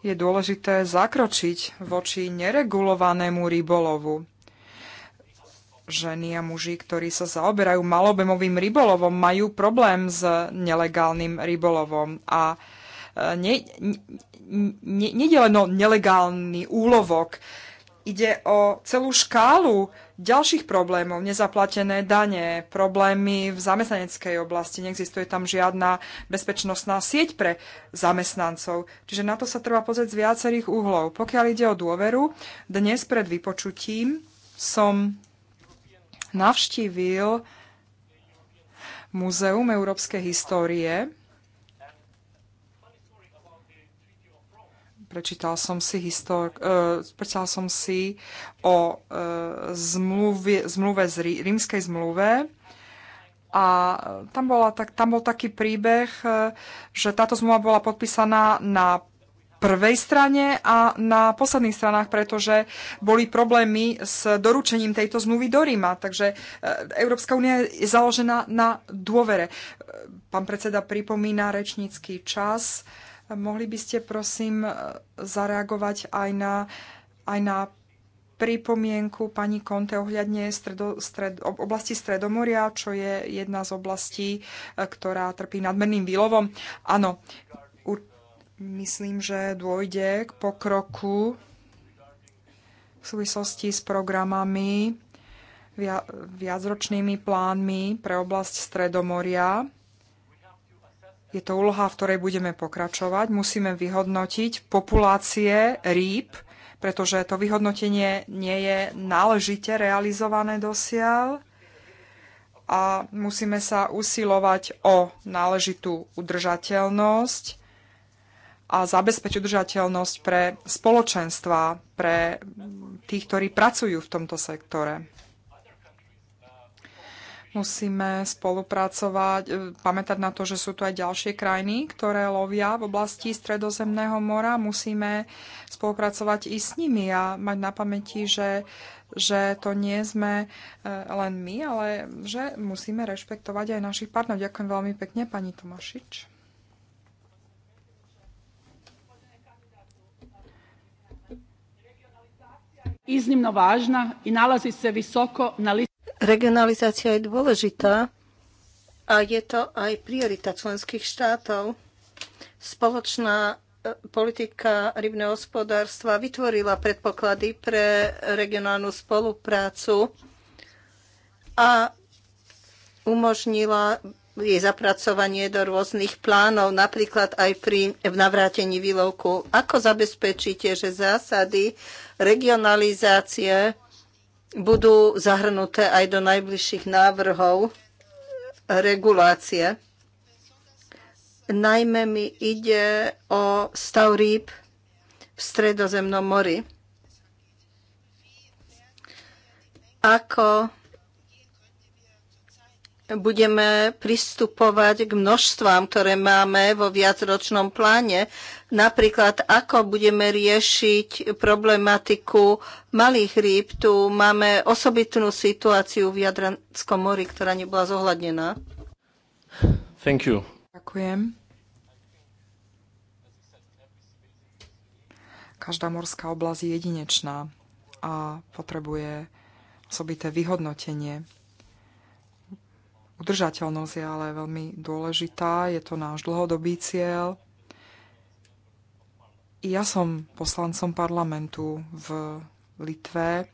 Je dôležité zakročiť voči neregulovanému rybolovu. Ženy a muži, ktorí sa zaoberajú malobemovým rybolovom, majú problém s nelegálnym rybolovom a nie, nie, nie, nie len nelegálny úlovok, ide o celú škálu ďalších problémov, nezaplatené dane, problémy v zamestnaneckej oblasti, neexistuje tam žiadna bezpečnostná sieť pre zamestnancov. Čiže na to sa treba pozrieť z viacerých uhlov. Pokiaľ ide o dôveru, dnes pred vypočutím som navštívil Múzeum európskej histórie prečítal som si, histor, uh, e, prečítal som si o uh, e, zmluve, zmluve z rí, rímskej zmluve a tam, bola, tak, tam bol taký príbeh, uh, že táto zmluva bola podpísaná na prvej strane a na posledných stranách, pretože boli problémy s doručením tejto zmluvy do Ríma. Takže Európska únia je založená na dôvere. Pán predseda pripomína rečnícky čas. Uh, Mohli by ste prosím e, zareagovať aj na, aj na pripomienku pani Konte ohľadne stredo, stred, oblasti Stredomoria, čo je jedna z oblastí, e, ktorá trpí nadmerným výlovom. Áno, u, myslím, že dôjde k pokroku v súvislosti s programami, via, viacročnými plánmi pre oblasť Stredomoria. Je to úloha, v ktorej budeme pokračovať. Musíme vyhodnotiť populácie rýb, pretože to vyhodnotenie nie je náležite realizované dosiaľ a musíme sa usilovať o náležitú udržateľnosť a zabezpečiť udržateľnosť pre spoločenstva, pre tých, ktorí pracujú v tomto sektore. Musíme spolupracovať, e, pamätať na to, že sú tu aj ďalšie krajiny, ktoré lovia v oblasti Stredozemného mora. Musíme spolupracovať i s nimi a mať na pamäti, že, že to nie sme e, len my, ale že musíme rešpektovať aj našich partnerov. Ďakujem veľmi pekne, pani Tomašič. iznimno važna i nalazi se visoko na listi Regionalizácia je dôležitá a je to aj priorita členských štátov. Spoločná e, politika rybného hospodárstva vytvorila predpoklady pre regionálnu spoluprácu a umožnila jej zapracovanie do rôznych plánov, napríklad aj pri navrátení výlovku. Ako zabezpečíte, že zásady regionalizácie budú zahrnuté aj do najbližších návrhov regulácie. Najmä mi ide o stav rýb v stredozemnom mori. Ako budeme pristupovať k množstvám, ktoré máme vo viacročnom pláne. Napríklad, ako budeme riešiť problematiku malých rýb. Tu máme osobitnú situáciu v Jadranskom mori, ktorá nebola zohľadnená. Thank you. Ďakujem. Každá morská oblasť je jedinečná a potrebuje osobité vyhodnotenie. Udržateľnosť je ale veľmi dôležitá, je to náš dlhodobý cieľ. Ja som poslancom parlamentu v Litve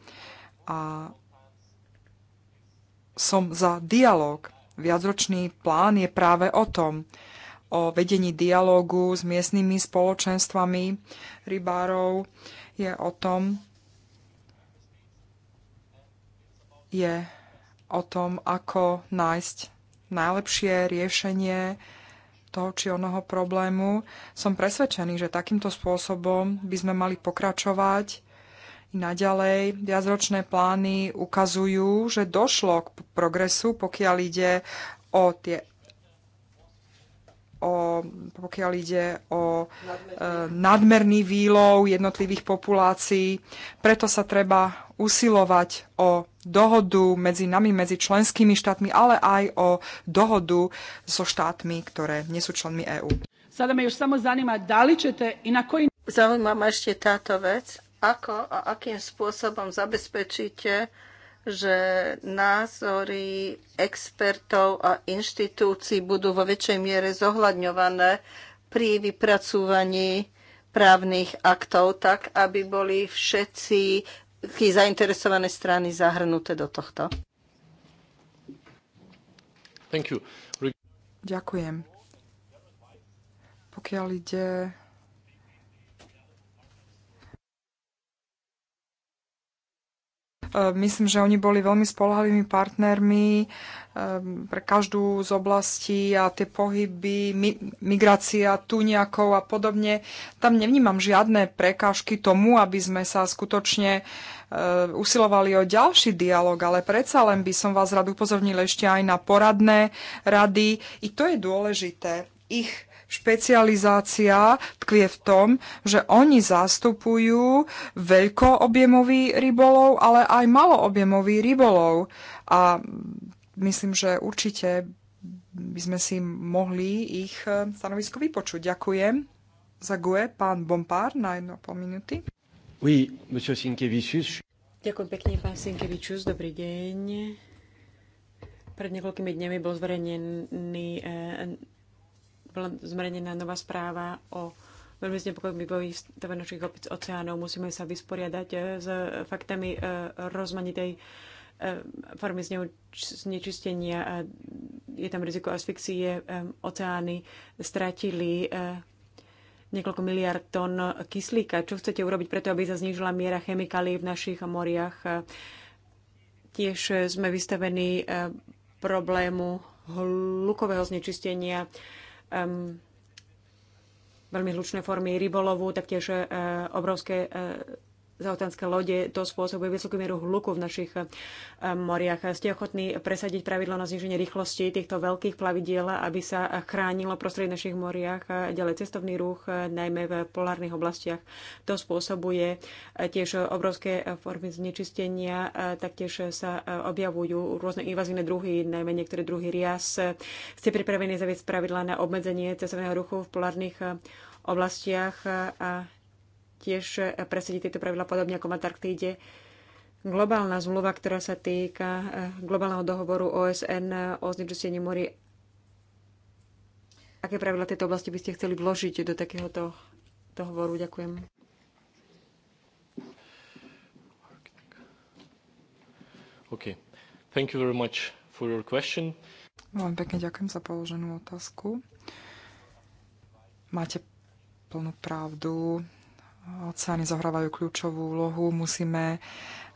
a som za dialog. Viacročný plán je práve o tom, o vedení dialógu s miestnymi spoločenstvami rybárov, je o tom, je o tom, ako nájsť najlepšie riešenie toho či onoho problému. Som presvedčený, že takýmto spôsobom by sme mali pokračovať i naďalej. Viacročné plány ukazujú, že došlo k progresu, pokiaľ ide o tie o, pokiaľ ide o nadmerný. nadmerný výlov jednotlivých populácií. Preto sa treba usilovať o dohodu medzi nami, medzi členskými štátmi, ale aj o dohodu so štátmi, ktoré nie sú členmi EÚ. Sada me samo zanima da li ćete i na koji... Zaujíma ma ešte táto vec. Ako a akým spôsobom zabezpečíte že názory expertov a inštitúcií budú vo väčšej miere zohľadňované pri vypracúvaní právnych aktov, tak aby boli všetci zainteresované strany zahrnuté do tohto. Ďakujem. Pokiaľ ide E, myslím, že oni boli veľmi spolahlivými partnermi e, pre každú z oblastí a tie pohyby, migrácia nejakou a podobne. Tam nevnímam žiadne prekážky tomu, aby sme sa skutočne e, usilovali o ďalší dialog, ale predsa len by som vás rád upozornil ešte aj na poradné rady. I to je dôležité. Ich špecializácia tkvie v tom, že oni zastupujú veľkoobjemový rybolov, ale aj maloobjemový rybolov. A myslím, že určite by sme si mohli ich e, stanovisko vypočuť. Ďakujem. Za GUE pán Bompár na 1,5 minúty. Oui, monsieur Sinkevičius. Ďakujem pekne, pán Sinkevičus. Dobrý deň. Pred niekoľkými dňami bol zverejnený e, zmerenená nová správa o veľmi znepokojivých bojových stavenočných opic oceánov. Musíme sa vysporiadať eh, s faktami eh, rozmanitej eh, formy znečistenia. Je tam riziko asfixie. Oceány stratili niekoľko miliard tón kyslíka. Čo chcete urobiť preto, aby sa znížila miera chemikálií v našich moriach? Tiež sme vystavení problému hlukového znečistenia um, veľmi hlučné formy rybolovu, taktiež eh, obrovské eh, zaotanské lode, to spôsobuje vysokú mieru hluku v našich eh, moriach. Ste ochotní presadiť pravidlo na zniženie rýchlosti týchto veľkých plavidiel, aby sa chránilo prostredie našich moriach a ďalej cestovný ruch, eh, najmä v polárnych oblastiach. To spôsobuje eh, tiež obrovské formy znečistenia, taktiež sa objavujú rôzne invazívne druhy, najmä niektoré druhy rias. Ste pripravení zaviesť pravidla na obmedzenie cestovného ruchu v polárnych oblastiach a tiež e, presadiť tieto pravidla podobne ako v Antarktíde. Globálna zmluva, ktorá sa týka e, globálneho dohovoru OSN e, o znečistení mori, aké pravidla tejto oblasti by ste chceli vložiť do takéhoto dohovoru? Ďakujem. OK. Thank you very much for your question. Veľmi pekne ďakujem za položenú otázku. Máte plnú pravdu oceány zohrávajú kľúčovú úlohu. Musíme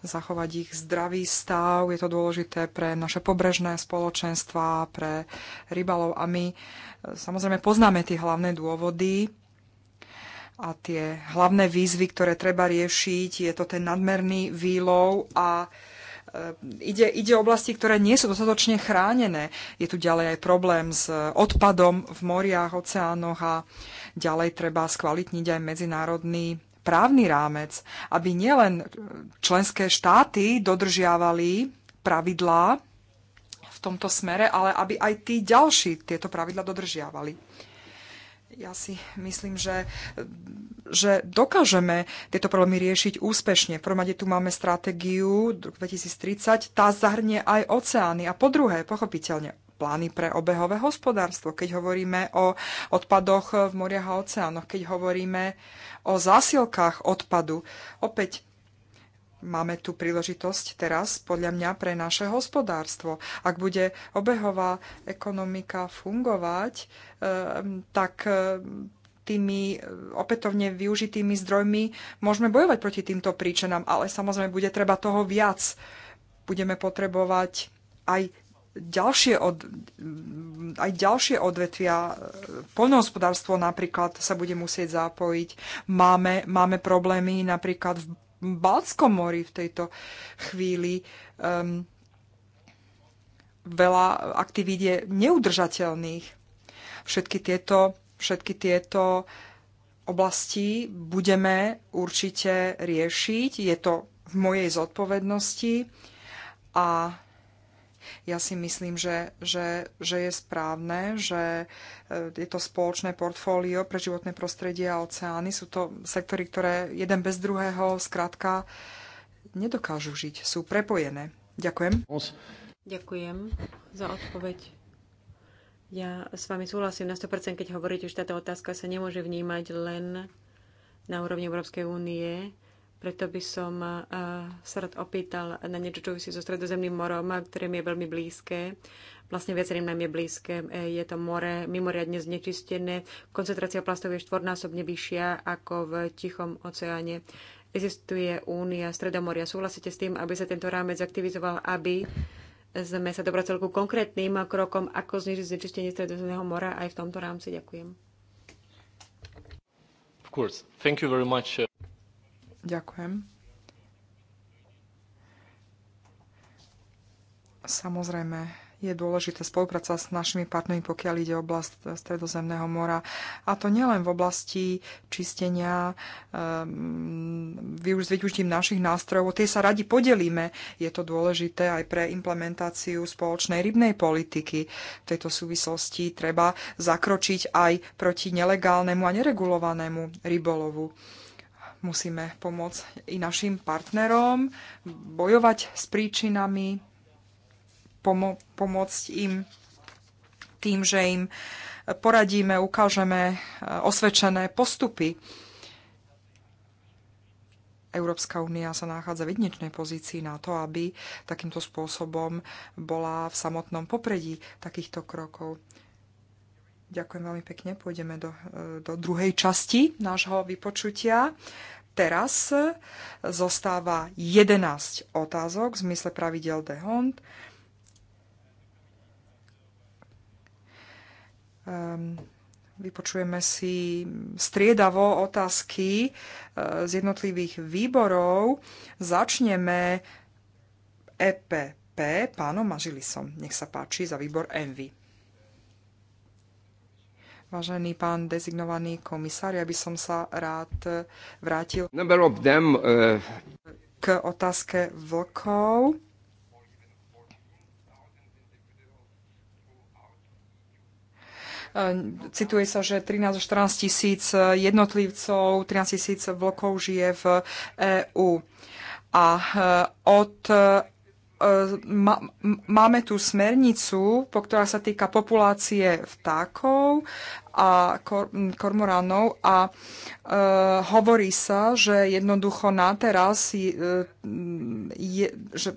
zachovať ich zdravý stav. Je to dôležité pre naše pobrežné spoločenstva, pre rybalov. A my e, samozrejme poznáme tie hlavné dôvody a tie hlavné výzvy, ktoré treba riešiť. Je to ten nadmerný výlov a E, ide, ide oblasti, ktoré nie sú dostatočne chránené. Je tu ďalej aj problém s e, odpadom v moriach, oceánoch a ďalej treba skvalitniť aj medzinárodný právny rámec, aby nielen členské štáty dodržiavali pravidlá v tomto smere, ale aby aj tí ďalší tieto pravidlá dodržiavali ja si myslím, že, že dokážeme tieto problémy riešiť úspešne. V prvom tu máme stratégiu 2030, tá zahrnie aj oceány. A po druhé, pochopiteľne, plány pre obehové hospodárstvo, keď hovoríme o odpadoch v moriach a oceánoch, keď hovoríme o zásilkách odpadu. Opäť máme tu príležitosť teraz, podľa mňa, pre naše hospodárstvo. Ak bude obehová ekonomika fungovať, eh, tak eh, tými eh, opätovne využitými zdrojmi môžeme bojovať proti týmto príčinám, ale samozrejme bude treba toho viac. Budeme potrebovať aj ďalšie, od, mm, aj ďalšie odvetvia, poľnohospodárstvo napríklad sa bude musieť zapojiť. Máme, máme problémy napríklad v Balckom mori v tejto chvíli. Um, veľa aktivít je neudržateľných. Všetky tieto, všetky tieto oblasti budeme určite riešiť. Je to v mojej zodpovednosti a ja si myslím, že, že, že je správne, že e, je to spoločné portfólio pre životné prostredie a oceány. Sú to sektory, ktoré jeden bez druhého zkrátka nedokážu žiť. Sú prepojené. Ďakujem. Ďakujem za odpoveď. Ja s vami súhlasím na 100%, keď hovoríte, že táto otázka sa nemôže vnímať len na úrovni Európskej únie, preto by som eh, sa rád opýtal na niečo, čo si so Stredozemným morom, ktoré mi je veľmi blízke. Vlastne viacerým nám je blízke. Eh, je to more mimoriadne znečistené. Koncentrácia plastov je štvornásobne vyššia ako v Tichom oceáne. Existuje únia Stredomoria. Súhlasíte s tým, aby sa tento rámec aktivizoval, aby sme sa dobrali ku konkrétnym krokom, ako znižiť znečistenie Stredozemného mora aj v tomto rámci. Ďakujem. Of course. Thank you very much. Eh, Ďakujem. Samozrejme, je dôležité spolupráca s našimi partnermi, pokiaľ ide oblast oblasť eh, Stredozemného mora. A to nielen v oblasti čistenia, um, využitím našich nástrojov, tie sa radi podelíme. Je to dôležité aj pre implementáciu spoločnej rybnej politiky. V tejto súvislosti treba zakročiť aj proti nelegálnemu a neregulovanému rybolovu musíme pomôcť i našim partnerom bojovať s príčinami, pomo- pomôcť im tým, že im poradíme, ukážeme e, osvedčené postupy. Európska únia sa nachádza v jedinečnej pozícii na to, aby takýmto spôsobom bola v samotnom popredí takýchto krokov. Ďakujem veľmi pekne. Pôjdeme do, e, do druhej časti nášho vypočutia. Teraz e, zostáva 11 otázok v zmysle pravidel de Hond. Ehm, vypočujeme si striedavo otázky e, z jednotlivých výborov. Začneme EPP pánom Mažilisom. Nech sa páči za výbor Envy. Vážený pán dezignovaný komisár, ja by som sa rád vrátil them, uh... k otázke vlkov. Ehm, cituje sa, že 13 až 14 tisíc jednotlivcov, 13 tisíc vlkov žije v EÚ. A e, od E, máme tu smernicu, po ktorá sa týka populácie vtákov a kor- kormoránov a e, hovorí sa, že jednoducho na teraz je, e, je, že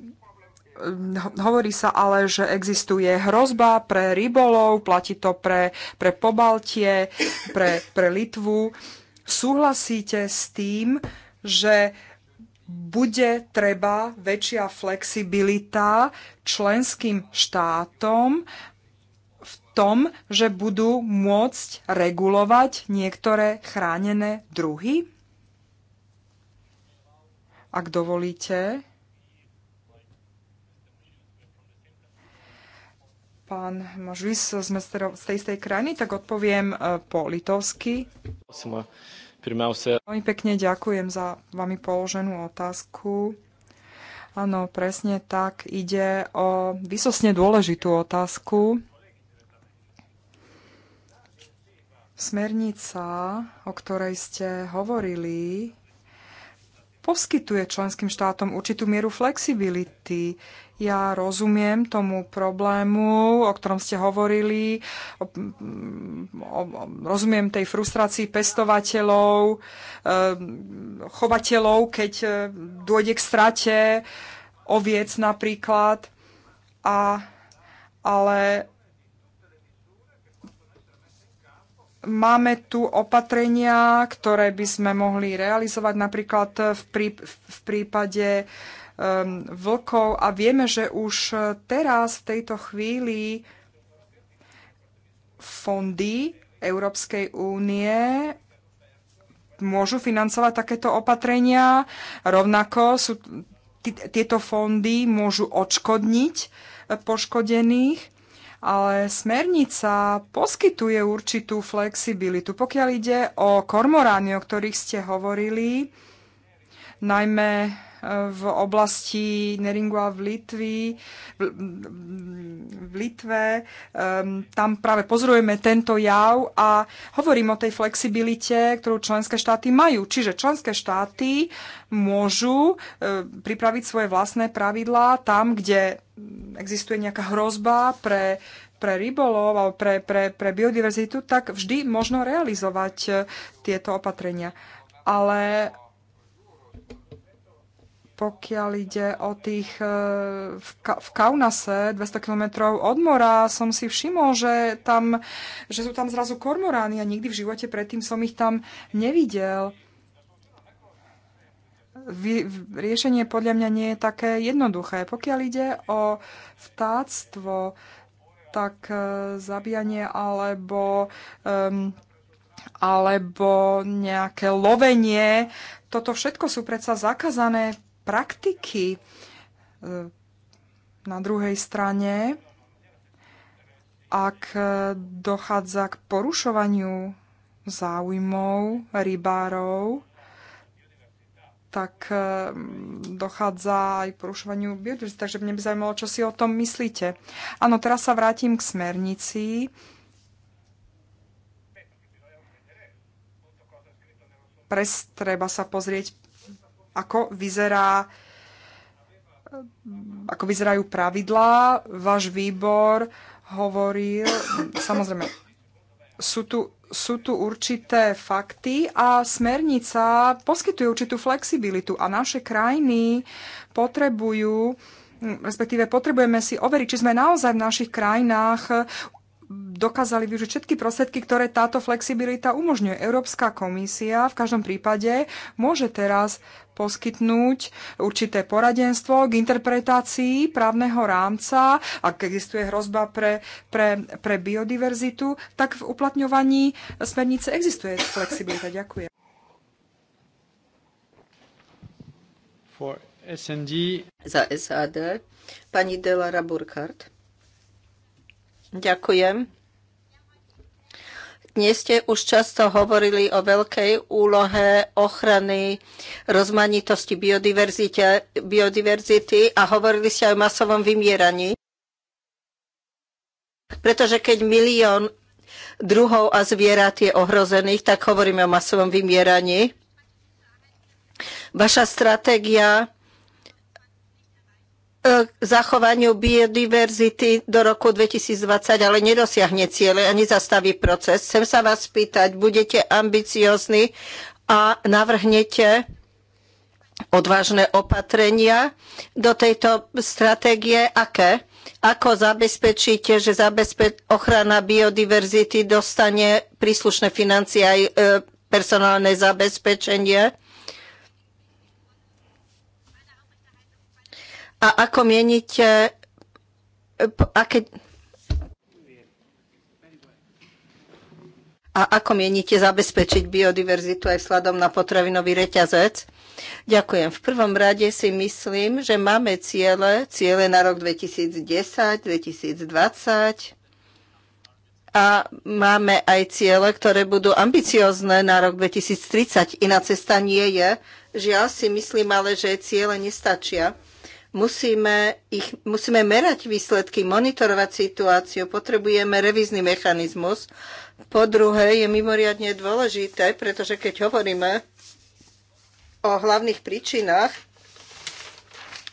e, hovorí sa ale, že existuje hrozba pre rybolov, platí to pre, pre Pobaltie, pre, pre Litvu. Súhlasíte s tým, že bude treba väčšia flexibilita členským štátom v tom, že budú môcť regulovať niektoré chránené druhy? Ak dovolíte. Pán Možvis, sme z tej istej krajiny, tak odpoviem eh, po litovsky. Prosím. Veľmi pekne ďakujem za vami položenú otázku. Áno, presne tak. Ide o vysosne dôležitú otázku. Smernica, o ktorej ste hovorili, poskytuje členským štátom určitú mieru flexibility. Ja rozumiem tomu problému, o ktorom ste hovorili, o, o, rozumiem tej frustrácii pestovateľov, e, chovateľov, keď eh, dôjde k strate oviec napríklad. A, ale Máme tu opatrenia, ktoré by sme mohli realizovať napríklad v, prí, v prípade um, vlkov a vieme, že už teraz v tejto chvíli fondy Európskej únie môžu financovať takéto opatrenia. Rovnako sú tieto fondy môžu odškodniť poškodených ale smernica poskytuje určitú flexibilitu. Pokiaľ ide o kormorány, o ktorých ste hovorili, najmä e, v oblasti Neringua v Litvi, v, v Litve. tam práve pozorujeme tento jav a hovorím o tej flexibilite, ktorú členské štáty majú. Čiže členské štáty môžu e, pripraviť svoje vlastné pravidlá tam, kde Mm, existuje nejaká hrozba pre, pre rybolov alebo pre, pre, pre biodiverzitu, tak vždy možno realizovať e, tieto opatrenia. Ale pokiaľ ide o tých e, v, Ka- v Kaunase, 200 km od mora, som si všimol, že, tam, že sú tam zrazu kormorány a nikdy v živote predtým som ich tam nevidel riešenie podľa mňa nie je také jednoduché. Pokiaľ ide o vtáctvo, tak e, zabíjanie alebo, um, alebo nejaké lovenie. Toto všetko sú predsa zakázané praktiky. E, na druhej strane, ak e, dochádza k porušovaniu záujmov rybárov, tak eh, dochádza aj k porušovaniu biodiverzity. Takže mne by zaujímalo, čo si o tom myslíte. Áno, teraz sa vrátim k smernici. Pres, treba sa pozrieť, ako vyzerá ako vyzerajú pravidlá. Váš výbor hovoril, samozrejme, sú tu, sú tu určité fakty a smernica poskytuje určitú flexibilitu a naše krajiny potrebujú respektíve potrebujeme si overiť, či sme naozaj v našich krajinách dokázali využiť všetky prostriedky, ktoré táto flexibilita umožňuje. Európska komisia v každom prípade môže teraz poskytnúť určité poradenstvo k interpretácii právneho rámca, ak existuje hrozba pre, pre, pre biodiverzitu, tak v uplatňovaní smernice existuje flexibilita. Ďakujem. For SND. Za SAD pani Delara Burkhardt. Ďakujem. Dnes ste už často hovorili o veľkej úlohe ochrany rozmanitosti biodiverzity a hovorili ste aj o masovom vymieraní. Pretože keď milión druhov a zvierat je ohrozených, tak hovoríme o masovom vymieraní. Vaša stratégia k zachovaniu biodiverzity do roku 2020, ale nedosiahne ciele a nezastaví proces. Chcem sa vás spýtať, budete ambiciozni a navrhnete odvážne opatrenia do tejto stratégie? Aké? Ako zabezpečíte, že zabezpe- ochrana biodiverzity dostane príslušné financie aj e, personálne zabezpečenie? A ako mienite, aké, a ako mienite zabezpečiť biodiverzitu aj sladom na potravinový reťazec? Ďakujem. V prvom rade si myslím, že máme ciele, ciele na rok 2010, 2020 a máme aj ciele, ktoré budú ambiciozne na rok 2030. Iná cesta nie je. Žiaľ si myslím ale, že ciele nestačia. Musíme, ich, musíme merať výsledky, monitorovať situáciu, potrebujeme revízny mechanizmus. Po druhé, je mimoriadne dôležité, pretože keď hovoríme o hlavných príčinách,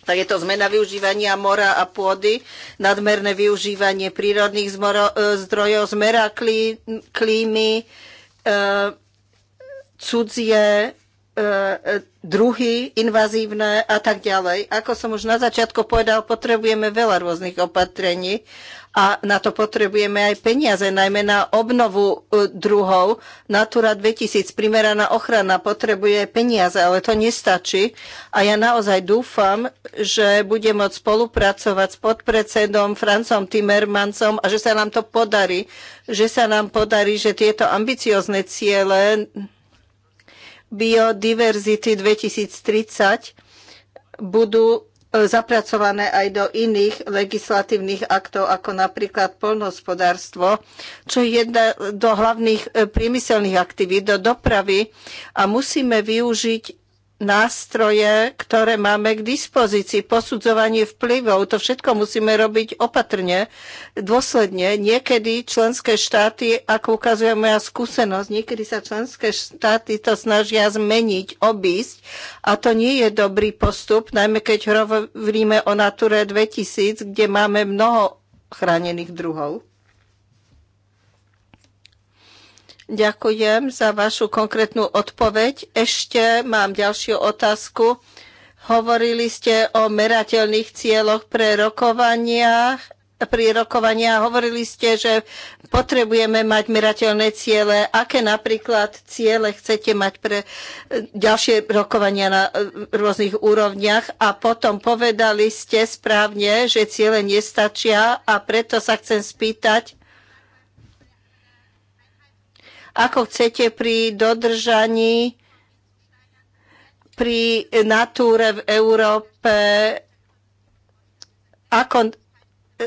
tak je to zmena využívania mora a pôdy, nadmerné využívanie prírodných zmoro, e, zdrojov, zmera klí, klímy, e, cudzie druhy invazívne a tak ďalej. Ako som už na začiatku povedal, potrebujeme veľa rôznych opatrení a na to potrebujeme aj peniaze, najmä na obnovu e, druhov. Natura 2000, primeraná ochrana potrebuje peniaze, ale to nestačí. A ja naozaj dúfam, že budem môcť spolupracovať s podpredsedom Francom Timmermansom a že sa nám to podarí, že sa nám podarí, že tieto ambiciozne ciele biodiverzity 2030 budú e, zapracované aj do iných legislatívnych aktov, ako napríklad polnohospodárstvo, čo je jedna do hlavných e, priemyselných aktivít, do dopravy a musíme využiť nástroje, ktoré máme k dispozícii, posudzovanie vplyvov, to všetko musíme robiť opatrne, dôsledne. Niekedy členské štáty, ako ukazuje moja skúsenosť, niekedy sa členské štáty to snažia zmeniť, obísť a to nie je dobrý postup, najmä keď hovoríme o Nature 2000, kde máme mnoho chránených druhov. Ďakujem za vašu konkrétnu odpoveď. Ešte mám ďalšiu otázku. Hovorili ste o merateľných cieľoch pre rokovaniach pri rokovania. Hovorili ste, že potrebujeme mať merateľné ciele. Aké napríklad ciele chcete mať pre e, ďalšie rokovania na e, rôznych úrovniach? A potom povedali ste správne, že ciele nestačia a preto sa chcem spýtať, ako chcete pri dodržaní pri natúre v Európe, ako,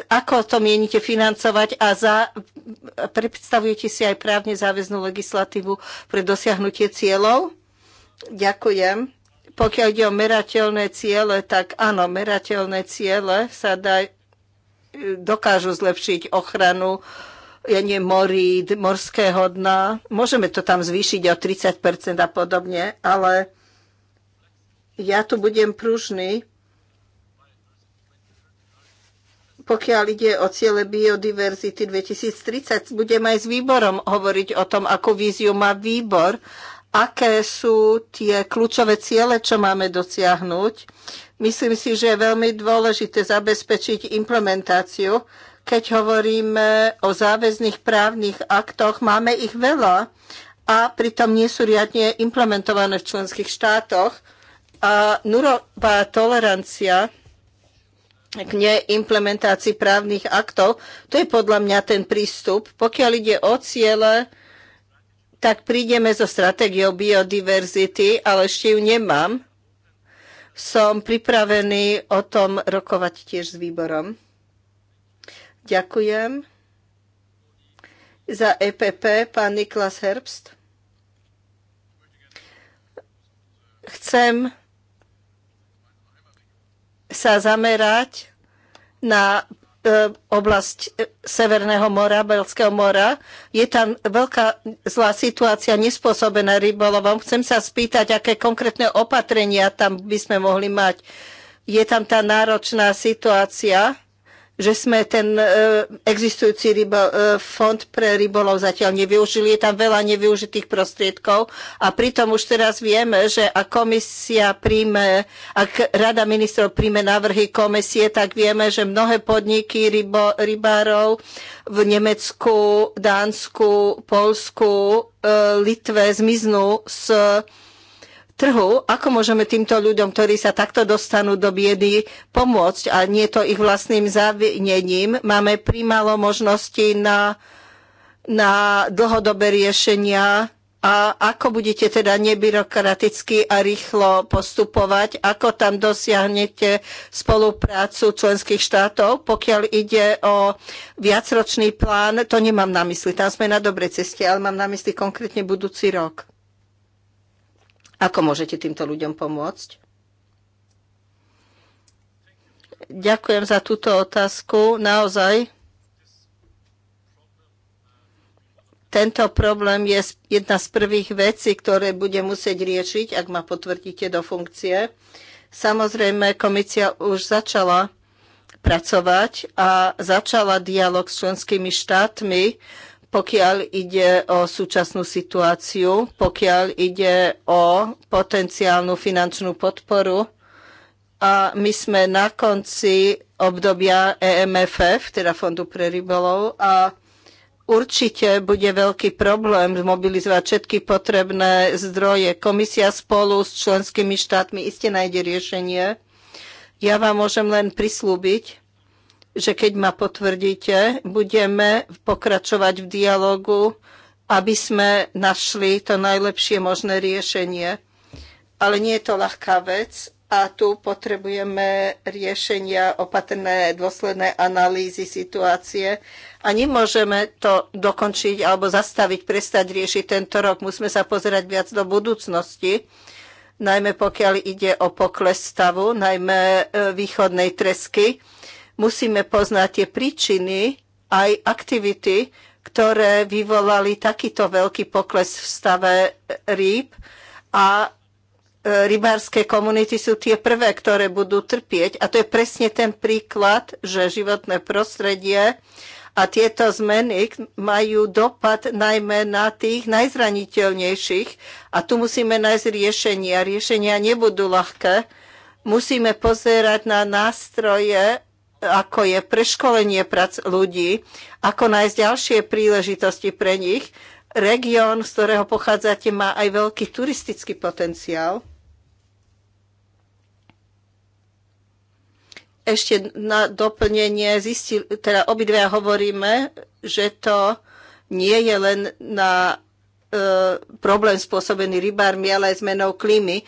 ako to mienite financovať a za, predstavujete si aj právne záväznú legislatívu pre dosiahnutie cieľov? Ďakujem. Pokiaľ ide o merateľné ciele, tak áno, merateľné ciele sa dá, dokážu zlepšiť ochranu uh, ja nie, morí, morského dna. Môžeme to tam zvýšiť o 30% a podobne, ale ja tu budem pružný, pokiaľ ide o ciele biodiverzity 2030, budem aj s výborom hovoriť o tom, akú víziu má výbor, aké sú tie kľúčové ciele, čo máme dosiahnuť. Myslím si, že je veľmi dôležité zabezpečiť implementáciu, keď hovoríme o záväzných právnych aktoch, máme ich veľa a pritom nie sú riadne implementované v členských štátoch. A nulová tolerancia k neimplementácii právnych aktov, to je podľa mňa ten prístup. Pokiaľ ide o ciele, tak prídeme so stratégiou biodiverzity, ale ešte ju nemám. Som pripravený o tom rokovať tiež s výborom. Ďakujem. Za EPP pán Niklas Herbst. Chcem sa zamerať na e, oblasť e, Severného mora, Belského mora. Je tam veľká zlá situácia nespôsobená rybolovom. Chcem sa spýtať, aké konkrétne opatrenia tam by sme mohli mať. Je tam tá náročná situácia že sme ten e, existujúci rybo, e, fond pre rybolov zatiaľ nevyužili. Je tam veľa nevyužitých prostriedkov a pritom už teraz vieme, že ak komisia príjme, ak Rada ministrov príjme návrhy komisie, tak vieme, že mnohé podniky rybo, rybárov v Nemecku, Dánsku, Polsku, e, Litve zmiznú z trhu, ako môžeme týmto ľuďom, ktorí sa takto dostanú do biedy, pomôcť a nie to ich vlastným zavinením. Máme primalo možnosti na, na dlhodobé riešenia a ako budete teda nebyrokraticky a rýchlo postupovať? Ako tam dosiahnete spoluprácu členských štátov? Pokiaľ ide o viacročný plán, to nemám na mysli. Tam sme na dobrej ceste, ale mám na mysli konkrétne budúci rok. Ako môžete týmto ľuďom pomôcť? Ďakujem za túto otázku. Naozaj tento problém je jedna z prvých vecí, ktoré bude musieť riešiť, ak ma potvrdíte do funkcie. Samozrejme, komisia už začala pracovať a začala dialog s členskými štátmi pokiaľ ide o súčasnú situáciu, pokiaľ ide o potenciálnu finančnú podporu. A my sme na konci obdobia EMFF, teda Fondu pre rybolov, a určite bude veľký problém zmobilizovať všetky potrebné zdroje. Komisia spolu s členskými štátmi iste nájde riešenie. Ja vám môžem len prislúbiť, že keď ma potvrdíte, budeme pokračovať v dialogu, aby sme našli to najlepšie možné riešenie. Ale nie je to ľahká vec a tu potrebujeme riešenia, opatrné, dôsledné analýzy situácie a nemôžeme to dokončiť alebo zastaviť, prestať riešiť tento rok. Musíme sa pozerať viac do budúcnosti, najmä pokiaľ ide o pokles stavu, najmä e, východnej tresky Musíme poznať tie príčiny aj aktivity, ktoré vyvolali takýto veľký pokles v stave rýb a e, rybárske komunity sú tie prvé, ktoré budú trpieť. A to je presne ten príklad, že životné prostredie a tieto zmeny majú dopad najmä na tých najzraniteľnejších. A tu musíme nájsť riešenia. Riešenia nebudú ľahké. Musíme pozerať na nástroje, ako je preškolenie prac ľudí, ako nájsť ďalšie príležitosti pre nich. Región, z ktorého pochádzate, má aj veľký turistický potenciál. Ešte na doplnenie, zistil, teda obidvia hovoríme, že to nie je len na e, problém spôsobený rybármi, ale aj zmenou klímy. E,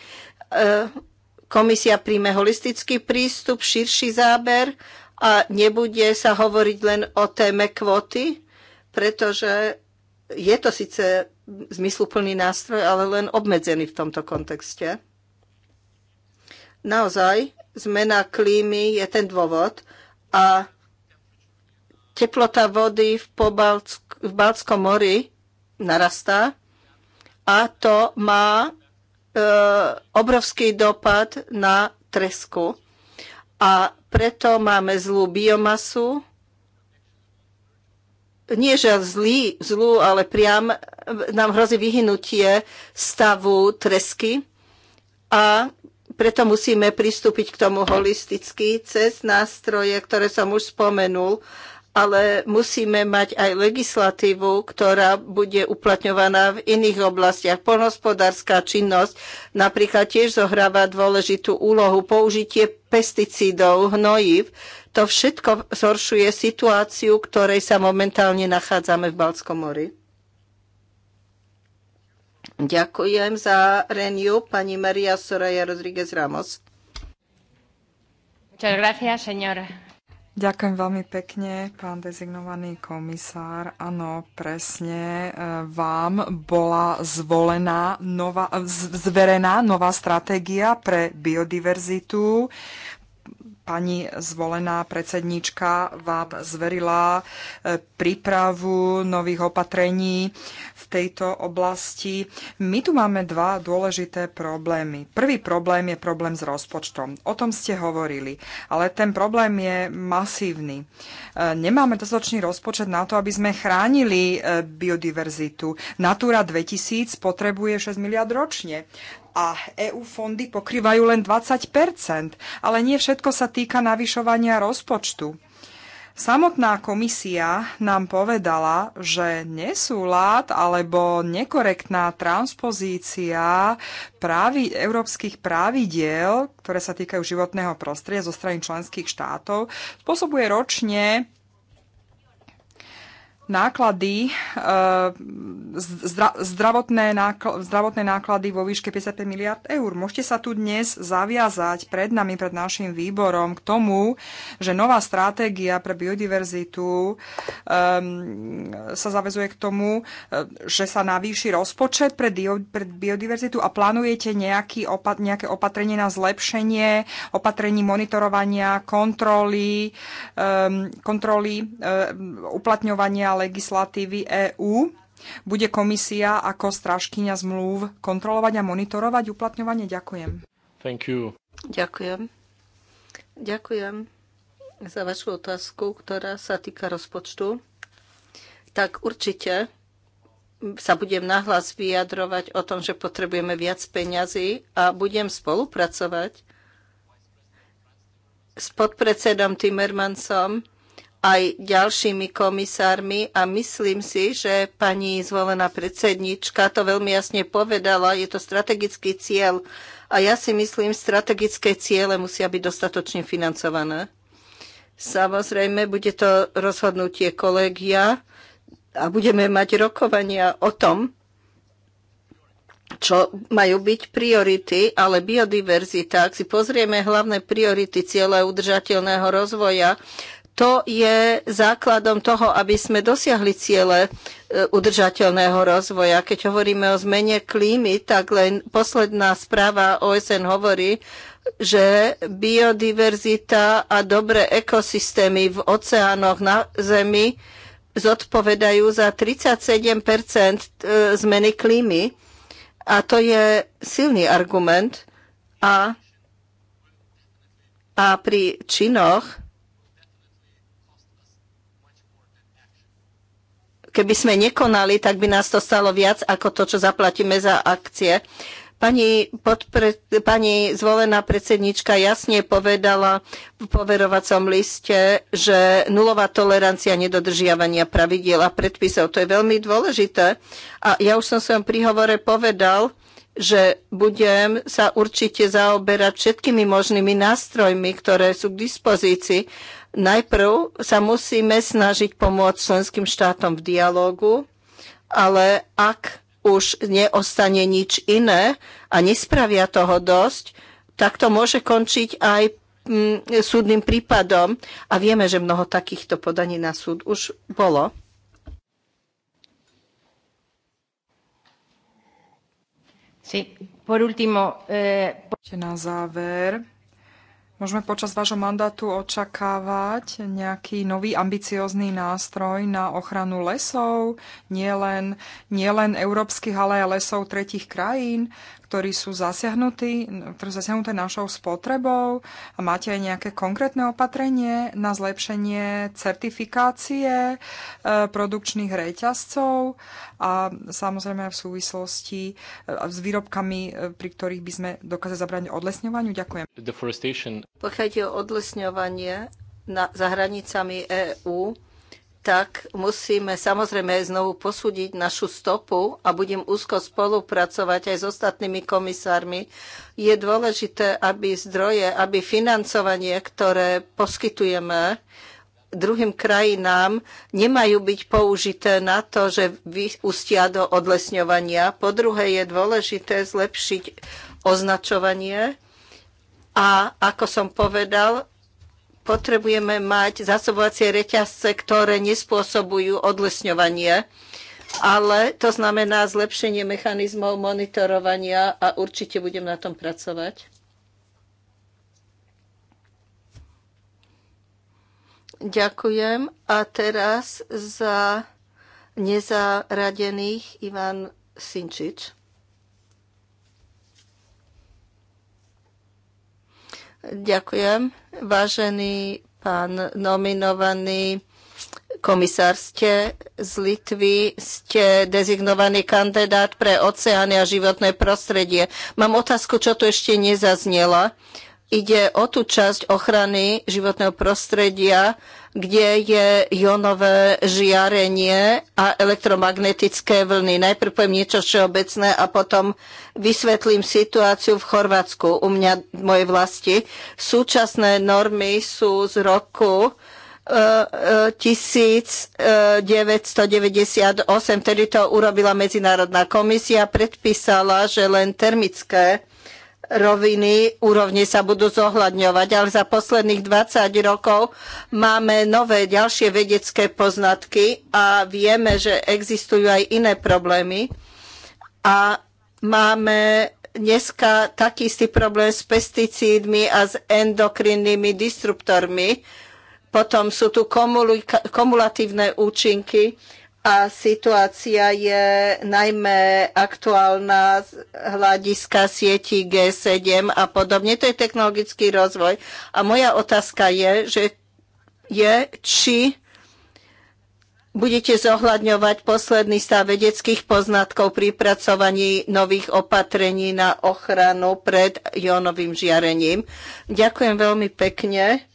komisia príjme holistický prístup, širší záber a nebude sa hovoriť len o téme kvóty, pretože je to síce zmysluplný nástroj, ale len obmedzený v tomto kontexte. Naozaj, zmena klímy je ten dôvod a teplota vody v, Pobalck- v Balckom mori narastá a to má e, obrovský dopad na tresku. A preto máme zlú biomasu. Nie, že zlý, zlú, ale priam nám hrozí vyhnutie stavu tresky a preto musíme pristúpiť k tomu holisticky cez nástroje, ktoré som už spomenul, ale musíme mať aj legislatívu, ktorá bude uplatňovaná v iných oblastiach. Polnospodárska činnosť napríklad tiež zohráva dôležitú úlohu. Použitie pesticídov, hnojiv, to všetko zhoršuje situáciu, ktorej sa momentálne nachádzame v Balskom mori. Ďakujem za Reniu, pani Maria Soraya Rodríguez Ramos. Muchas gracias, señor Ďakujem veľmi pekne, pán dezignovaný komisár. Áno, presne e, vám bola zvolená nová, zverená nová stratégia pre biodiverzitu pani zvolená predsedníčka vám zverila e, prípravu nových opatrení v tejto oblasti. My tu máme dva dôležité problémy. Prvý problém je problém s rozpočtom. O tom ste hovorili, ale ten problém je masívny. E, nemáme dostatočný rozpočet na to, aby sme chránili e, biodiverzitu. Natura 2000 potrebuje 6 miliard ročne a EU fondy pokrývajú len 20 ale nie všetko sa týka navyšovania rozpočtu. Samotná komisia nám povedala, že nesúlad alebo nekorektná transpozícia právi, európskych pravidiel, ktoré sa týkajú životného prostredia zo strany členských štátov, spôsobuje ročne náklady, eh, zdravotné, náklady, zdravotné náklady vo výške 55 miliard eur. Môžete sa tu dnes zaviazať pred nami, pred našim výborom k tomu, že nová stratégia pre biodiverzitu um, sa zavezuje k tomu, eh, že sa navýši rozpočet pre, dio, pre biodiverzitu a plánujete nejaký opat, nejaké opatrenie na zlepšenie, opatrení monitorovania, kontroly, um, kontroly um, uplatňovania legislatívy EÚ bude komisia ako strážkyňa zmluv kontrolovať a monitorovať uplatňovanie? Ďakujem. Thank you. Ďakujem. Ďakujem za vašu otázku, ktorá sa týka rozpočtu. Tak určite sa budem nahlas vyjadrovať o tom, že potrebujeme viac peňazí a budem spolupracovať s podpredsedom Timmermansom aj ďalšími komisármi a myslím si, že pani zvolená predsednička to veľmi jasne povedala, je to strategický cieľ a ja si myslím, strategické ciele musia byť dostatočne financované. Samozrejme, bude to rozhodnutie kolegia a budeme mať rokovania o tom, čo majú byť priority, ale biodiverzita, ak si pozrieme hlavné priority cieľa udržateľného rozvoja, to je základom toho, aby sme dosiahli ciele e, udržateľného rozvoja. Keď hovoríme o zmene klímy, tak len posledná správa OSN hovorí, že biodiverzita a dobré ekosystémy v oceánoch na Zemi zodpovedajú za 37 e, zmeny klímy. A to je silný argument. A, a pri činoch Keby sme nekonali, tak by nás to stalo viac ako to, čo zaplatíme za akcie. Pani, podpre, pani zvolená predsednička jasne povedala v poverovacom liste, že nulová tolerancia nedodržiavania pravidiel a predpisov. To je veľmi dôležité. A ja už som svojom príhovore povedal, že budem sa určite zaoberať všetkými možnými nástrojmi, ktoré sú k dispozícii, Najprv sa musíme snažiť pomôcť členským štátom v dialógu, ale ak už neostane nič iné a nespravia toho dosť, tak to môže končiť aj mm, súdnym prípadom. A vieme, že mnoho takýchto podaní na súd už bolo. Sí. Por último, eh... na záver, Môžeme počas vášho mandátu očakávať nejaký nový ambiciózny nástroj na ochranu lesov, nielen nie len európskych, ale aj lesov tretich krajín, ktorí sú zasiahnutí, ktoré sú zasiahnuté našou spotrebou? A máte aj nejaké konkrétne opatrenie na zlepšenie certifikácie e, produkčných reťazcov a samozrejme v súvislosti e, s výrobkami, e, pri ktorých by sme dokázali zabrániť odlesňovaniu? Ďakujem. Pokiaľ je odlesňovanie na, za hranicami EÚ, tak musíme samozrejme znovu posúdiť našu stopu a budem úzko spolupracovať aj s ostatnými komisármi. Je dôležité, aby zdroje, aby financovanie, ktoré poskytujeme druhým krajinám, nemajú byť použité na to, že vyústia do odlesňovania. Po druhé je dôležité zlepšiť označovanie a ako som povedal, potrebujeme mať zásobovacie reťazce, ktoré nespôsobujú odlesňovanie, ale to znamená zlepšenie mechanizmov monitorovania a určite budem na tom pracovať. Ďakujem. A teraz za nezaradených Ivan Sinčič. Ďakujem. Vážený pán nominovaný komisár, ste z Litvy, ste dezignovaný kandidát pre oceány a životné prostredie. Mám otázku, čo tu ešte nezaznelo ide o tú časť ochrany životného prostredia, kde je jonové žiarenie a elektromagnetické vlny. Najprv poviem niečo všeobecné a potom vysvetlím situáciu v Chorvátsku, u mňa, v mojej vlasti. Súčasné normy sú z roku 1998, e, e, vtedy to urobila Medzinárodná komisia, predpísala, že len termické roviny, úrovne sa budú zohľadňovať, ale za posledných 20 rokov máme nové ďalšie vedecké poznatky a vieme, že existujú aj iné problémy a máme dneska taký istý problém s pesticídmi a s endokrinnými disruptormi. Potom sú tu kumulatívne účinky a situácia je najmä aktuálna z hľadiska sieti G7 a podobne. To je technologický rozvoj. A moja otázka je, že je, či budete zohľadňovať posledný stav vedeckých poznatkov pri pracovaní nových opatrení na ochranu pred jónovým žiarením. Ďakujem veľmi pekne.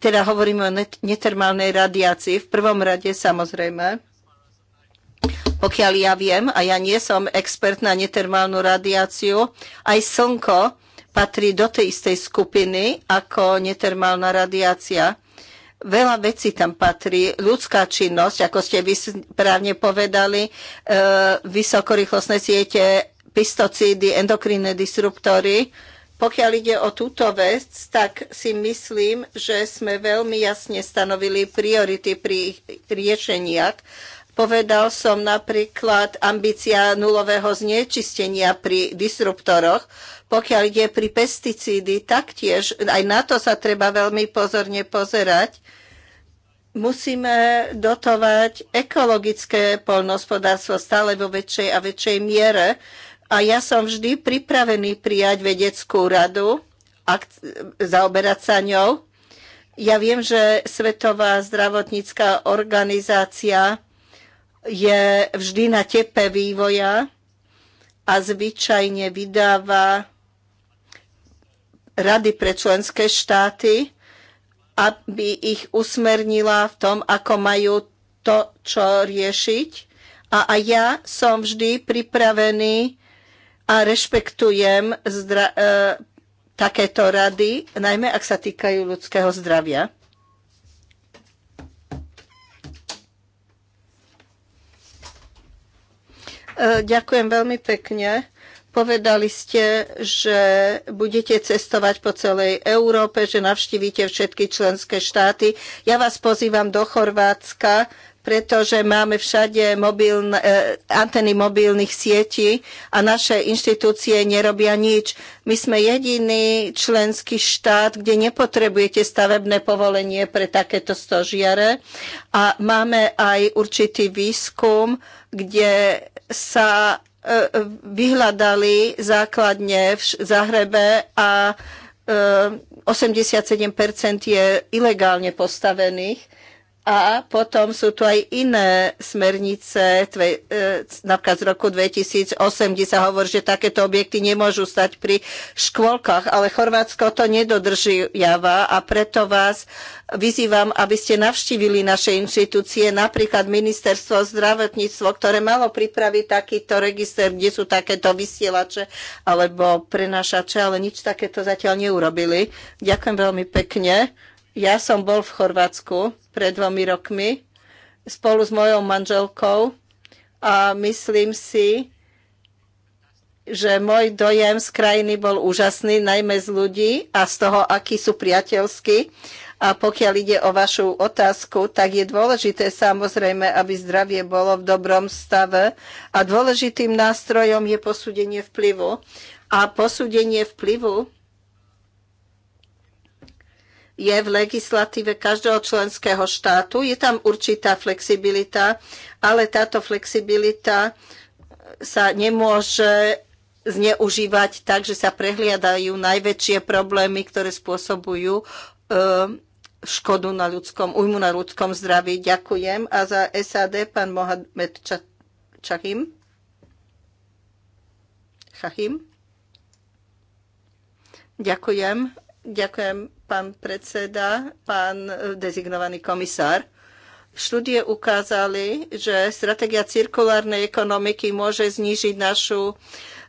Teda hovoríme o netermálnej radiácii. V prvom rade samozrejme pokiaľ ja viem, a ja nie som expert na netermálnu radiáciu, aj slnko patrí do tej istej skupiny ako netermálna radiácia. Veľa vecí tam patrí. Ľudská činnosť, ako ste vy správne povedali, e, vysokorýchlostné siete, pistocídy, endokrinné disruptory. Pokiaľ ide o túto vec, tak si myslím, že sme veľmi jasne stanovili priority pri riešeniach Povedal som napríklad ambícia nulového znečistenia pri disruptoroch. Pokiaľ ide pri pesticídy, taktiež aj na to sa treba veľmi pozorne pozerať. Musíme dotovať ekologické poľnohospodárstvo stále vo väčšej a väčšej miere. A ja som vždy pripravený prijať vedeckú radu a zaoberať sa ňou. Ja viem, že Svetová zdravotnícká organizácia je vždy na tepe vývoja a zvyčajne vydáva rady pre členské štáty, aby ich usmernila v tom, ako majú to, čo riešiť. A, a ja som vždy pripravený a rešpektujem zdra- e, takéto rady, najmä ak sa týkajú ľudského zdravia. E, ďakujem veľmi pekne. Povedali ste, že budete cestovať po celej Európe, že navštívite všetky členské štáty. Ja vás pozývam do Chorvátska, pretože máme všade mobilne, anteny mobilných sietí a naše inštitúcie nerobia nič. My sme jediný členský štát, kde nepotrebujete stavebné povolenie pre takéto stožiare a máme aj určitý výskum, kde sa e, vyhľadali základne v Zahrebe a e, 87% je ilegálne postavených. A potom sú tu aj iné smernice, tve, e, napríklad z roku 2008, kde sa hovorí, že takéto objekty nemôžu stať pri škôlkach, ale Chorvátsko to nedodržiava a preto vás vyzývam, aby ste navštívili naše inštitúcie, napríklad Ministerstvo zdravotníctvo, ktoré malo pripraviť takýto register, kde sú takéto vysielače alebo prenašače, ale nič takéto zatiaľ neurobili. Ďakujem veľmi pekne. Ja som bol v Chorvátsku pred dvomi rokmi spolu s mojou manželkou a myslím si, že môj dojem z krajiny bol úžasný, najmä z ľudí a z toho, akí sú priateľskí. A pokiaľ ide o vašu otázku, tak je dôležité samozrejme, aby zdravie bolo v dobrom stave a dôležitým nástrojom je posúdenie vplyvu. A posúdenie vplyvu je v legislatíve každého členského štátu. Je tam určitá flexibilita, ale táto flexibilita sa nemôže zneužívať tak, že sa prehliadajú najväčšie problémy, ktoré spôsobujú eh, škodu na ľudskom, újmu na ľudskom zdraví. Ďakujem. A za SAD pán Mohamed Čahim. Chahim. Ďakujem. Ďakujem pán predseda, pán e, dezignovaný komisár. Štúdie ukázali, že stratégia cirkulárnej ekonomiky môže znížiť našu,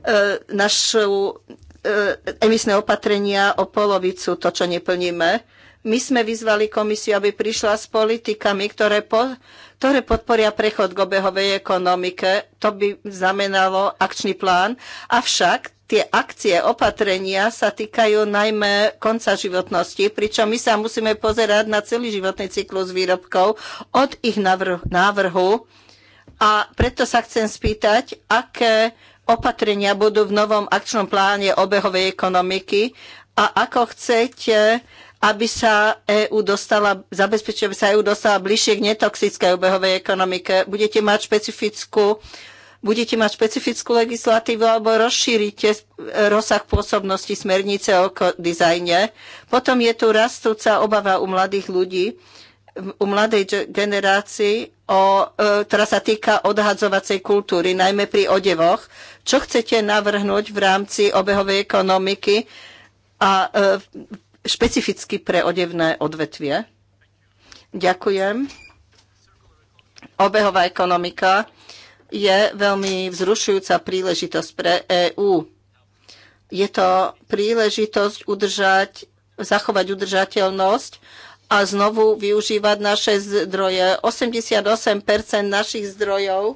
e, našu e, emisné opatrenia o polovicu, to, čo neplníme. My sme vyzvali komisiu, aby prišla s politikami, ktoré po, ktoré podporia prechod k obehovej ekonomike. To by znamenalo akčný plán. Avšak tie akcie, opatrenia sa týkajú najmä konca životnosti, pričom my sa musíme pozerať na celý životný cyklus výrobkov od ich návrhu. A preto sa chcem spýtať, aké opatrenia budú v novom akčnom pláne obehovej ekonomiky a ako chcete aby sa EU dostala, zabezpečuje, aby sa EU dostala bližšie k netoxickej obehovej ekonomike. Budete mať špecifickú Budete mať špecifickú legislatívu alebo rozšírite rozsah pôsobnosti smernice o dizajne. Potom je tu rastúca obava u mladých ľudí, u mladej generácii, o, e, ktorá sa týka odhadzovacej kultúry, najmä pri odevoch. Čo chcete navrhnúť v rámci obehovej ekonomiky a e, špecificky pre odevné odvetvie. Ďakujem. Obehová ekonomika je veľmi vzrušujúca príležitosť pre EÚ. Je to príležitosť udržať, zachovať udržateľnosť a znovu využívať naše zdroje. 88 našich zdrojov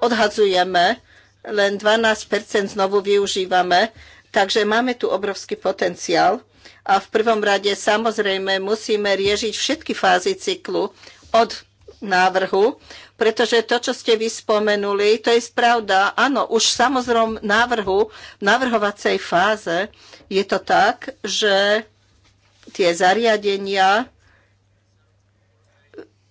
odhadzujeme, len 12 znovu využívame. Takže máme tu obrovský potenciál a v prvom rade samozrejme musíme riešiť všetky fázy cyklu od návrhu, pretože to, čo ste vyspomenuli, to je pravda. Áno, už v samozrom návrhu, v navrhovacej fáze je to tak, že tie zariadenia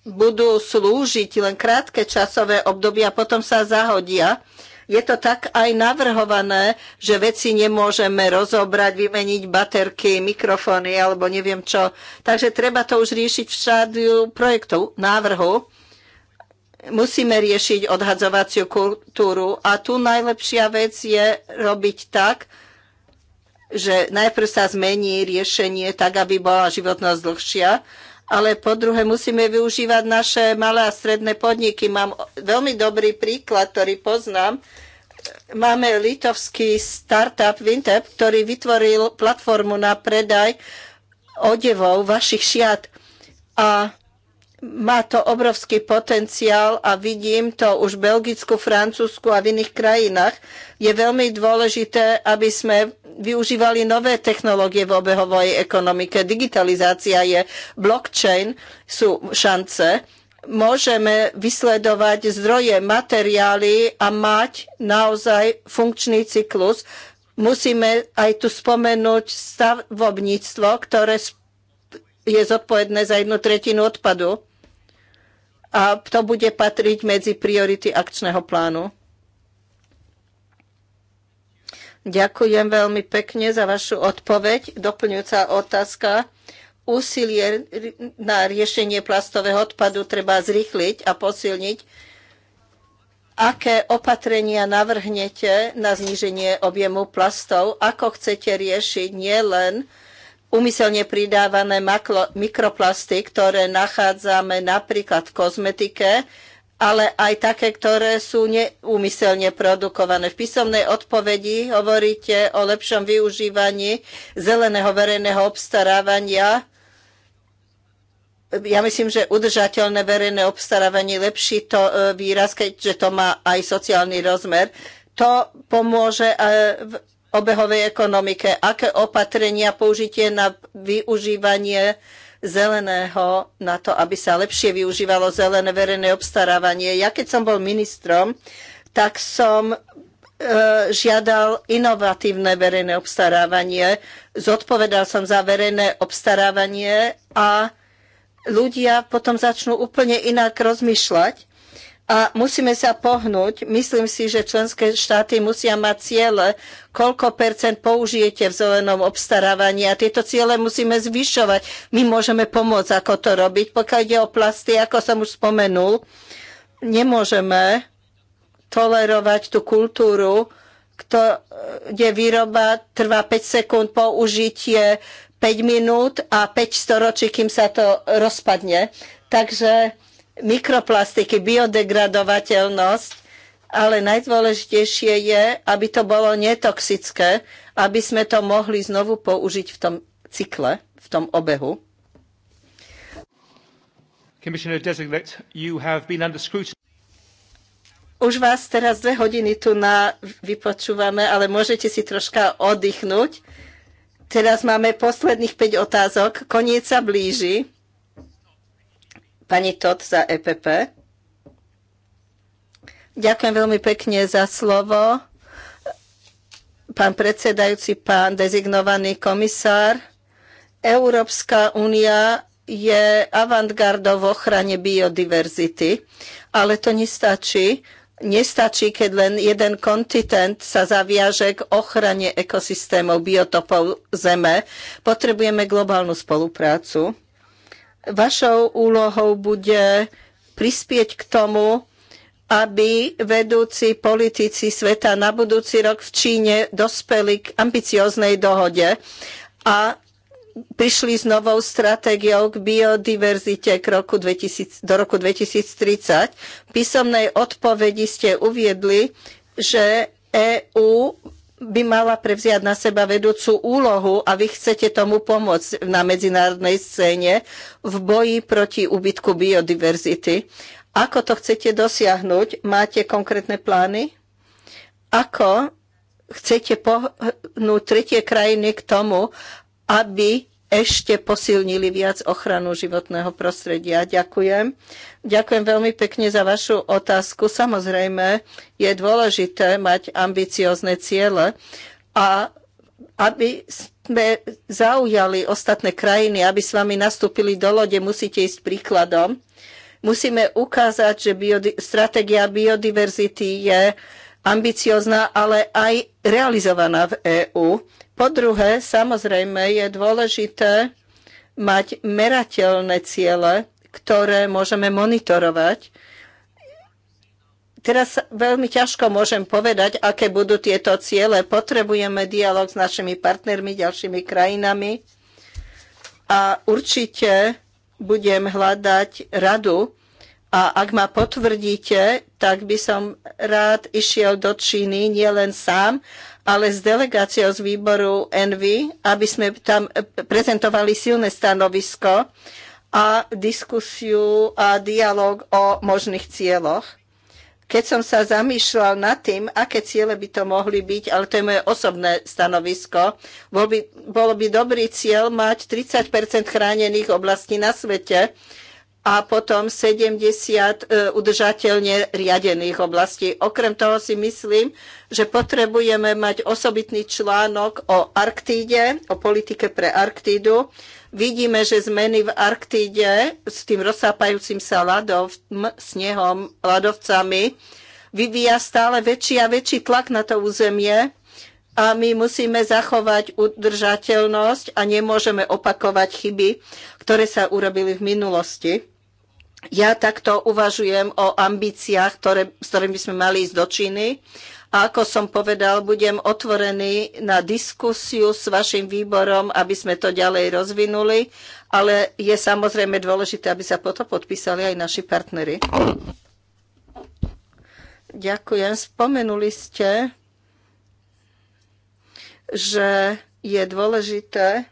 budú slúžiť len krátke časové obdobia a potom sa zahodia. Je to tak aj navrhované, že veci nemôžeme rozobrať, vymeniť baterky, mikrofóny alebo neviem čo. Takže treba to už riešiť v štádiu projektu, návrhu. Musíme riešiť odhadzovaciu kultúru a tu najlepšia vec je robiť tak, že najprv sa zmení riešenie tak, aby bola životnosť dlhšia, ale po druhé musíme využívať naše malé a stredné podniky. Mám veľmi dobrý príklad, ktorý poznám. Máme litovský startup Vintep, ktorý vytvoril platformu na predaj odevov vašich šiat. A má to obrovský potenciál a vidím to už v Belgicku, Francúzsku a v iných krajinách. Je veľmi dôležité, aby sme využívali nové technológie v obehovej ekonomike. Digitalizácia je blockchain, sú šance. Môžeme vysledovať zdroje, materiály a mať naozaj funkčný cyklus. Musíme aj tu spomenúť stavobníctvo, ktoré je zodpovedné za jednu tretinu odpadu a to bude patriť medzi priority akčného plánu. Ďakujem veľmi pekne za vašu odpoveď. Doplňujúca otázka. Úsilie na riešenie plastového odpadu treba zrýchliť a posilniť. Aké opatrenia navrhnete na zníženie objemu plastov? Ako chcete riešiť nielen umyselne pridávané maklo, mikroplasty, ktoré nachádzame napríklad v kozmetike, ale aj také, ktoré sú neúmyselne produkované. V písomnej odpovedi hovoríte o lepšom využívaní zeleného verejného obstarávania. Ja myslím, že udržateľné verejné obstarávanie je lepší to e, výraz, keďže to má aj sociálny rozmer. To pomôže e, obehovej ekonomike, aké opatrenia použitie na využívanie zeleného na to, aby sa lepšie využívalo zelené verejné obstarávanie. Ja keď som bol ministrom, tak som e, žiadal inovatívne verejné obstarávanie, zodpovedal som za verejné obstarávanie a ľudia potom začnú úplne inak rozmýšľať a musíme sa pohnúť. Myslím si, že členské štáty musia mať ciele, koľko percent použijete v zelenom obstarávaní a tieto ciele musíme zvyšovať. My môžeme pomôcť, ako to robiť. Pokiaľ ide o plasty, ako som už spomenul, nemôžeme tolerovať tú kultúru, kde výroba trvá 5 sekúnd, použitie 5 minút a 5 storočí, kým sa to rozpadne. Takže mikroplastiky, biodegradovateľnosť, ale najdôležitejšie je, aby to bolo netoxické, aby sme to mohli znovu použiť v tom cykle, v tom obehu. Už vás teraz dve hodiny tu na vypočúvame, ale môžete si troška oddychnúť. Teraz máme posledných 5 otázok. Koniec sa blíži. Pani Todd za EPP. Ďakujem veľmi pekne za slovo. Pán predsedajúci, pán dezignovaný komisár, Európska únia je avantgardou v ochrane biodiverzity, ale to nestačí. Nestačí, keď len jeden kontinent sa zaviaže k ochrane ekosystémov, biotopov Zeme. Potrebujeme globálnu spoluprácu. Vašou úlohou bude prispieť k tomu, aby vedúci politici sveta na budúci rok v Číne dospeli k ambicioznej dohode a prišli s novou stratégiou k biodiverzite k roku 2000, do roku 2030. V písomnej odpovedi ste uviedli, že EÚ by mala prevziať na seba vedúcu úlohu a vy chcete tomu pomôcť na medzinárodnej scéne v boji proti úbytku biodiverzity. Ako to chcete dosiahnuť? Máte konkrétne plány? Ako chcete pohnúť tretie krajiny k tomu, aby ešte posilnili viac ochranu životného prostredia. Ďakujem. Ďakujem veľmi pekne za vašu otázku. Samozrejme, je dôležité mať ambiciozne ciele a aby sme zaujali ostatné krajiny, aby s vami nastúpili do lode, musíte ísť príkladom. Musíme ukázať, že biodi- stratégia biodiverzity je ambiciozná, ale aj realizovaná v EÚ. Po druhé, samozrejme, je dôležité mať merateľné ciele, ktoré môžeme monitorovať. Teraz veľmi ťažko môžem povedať, aké budú tieto ciele. Potrebujeme dialog s našimi partnermi, ďalšími krajinami a určite budem hľadať radu, a ak ma potvrdíte, tak by som rád išiel do Číny nielen sám, ale s delegáciou z výboru Envy, aby sme tam prezentovali silné stanovisko a diskusiu a dialog o možných cieľoch. Keď som sa zamýšľal nad tým, aké ciele by to mohli byť, ale to je moje osobné stanovisko, bol by, bolo by dobrý cieľ mať 30 chránených oblastí na svete, a potom 70 e, udržateľne riadených oblastí. Okrem toho si myslím, že potrebujeme mať osobitný článok o Arktíde, o politike pre Arktídu. Vidíme, že zmeny v Arktíde s tým rozsápajúcim sa ľadov, snehom, ľadovcami vyvíja stále väčší a väčší tlak na to územie a my musíme zachovať udržateľnosť a nemôžeme opakovať chyby, ktoré sa urobili v minulosti. Ja takto uvažujem o ambíciách, ktoré, s ktorými sme mali ísť do Číny. A ako som povedal, budem otvorený na diskusiu s vašim výborom, aby sme to ďalej rozvinuli, ale je samozrejme dôležité, aby sa potom podpísali aj naši partnery. Ďakujem. Spomenuli ste, že je dôležité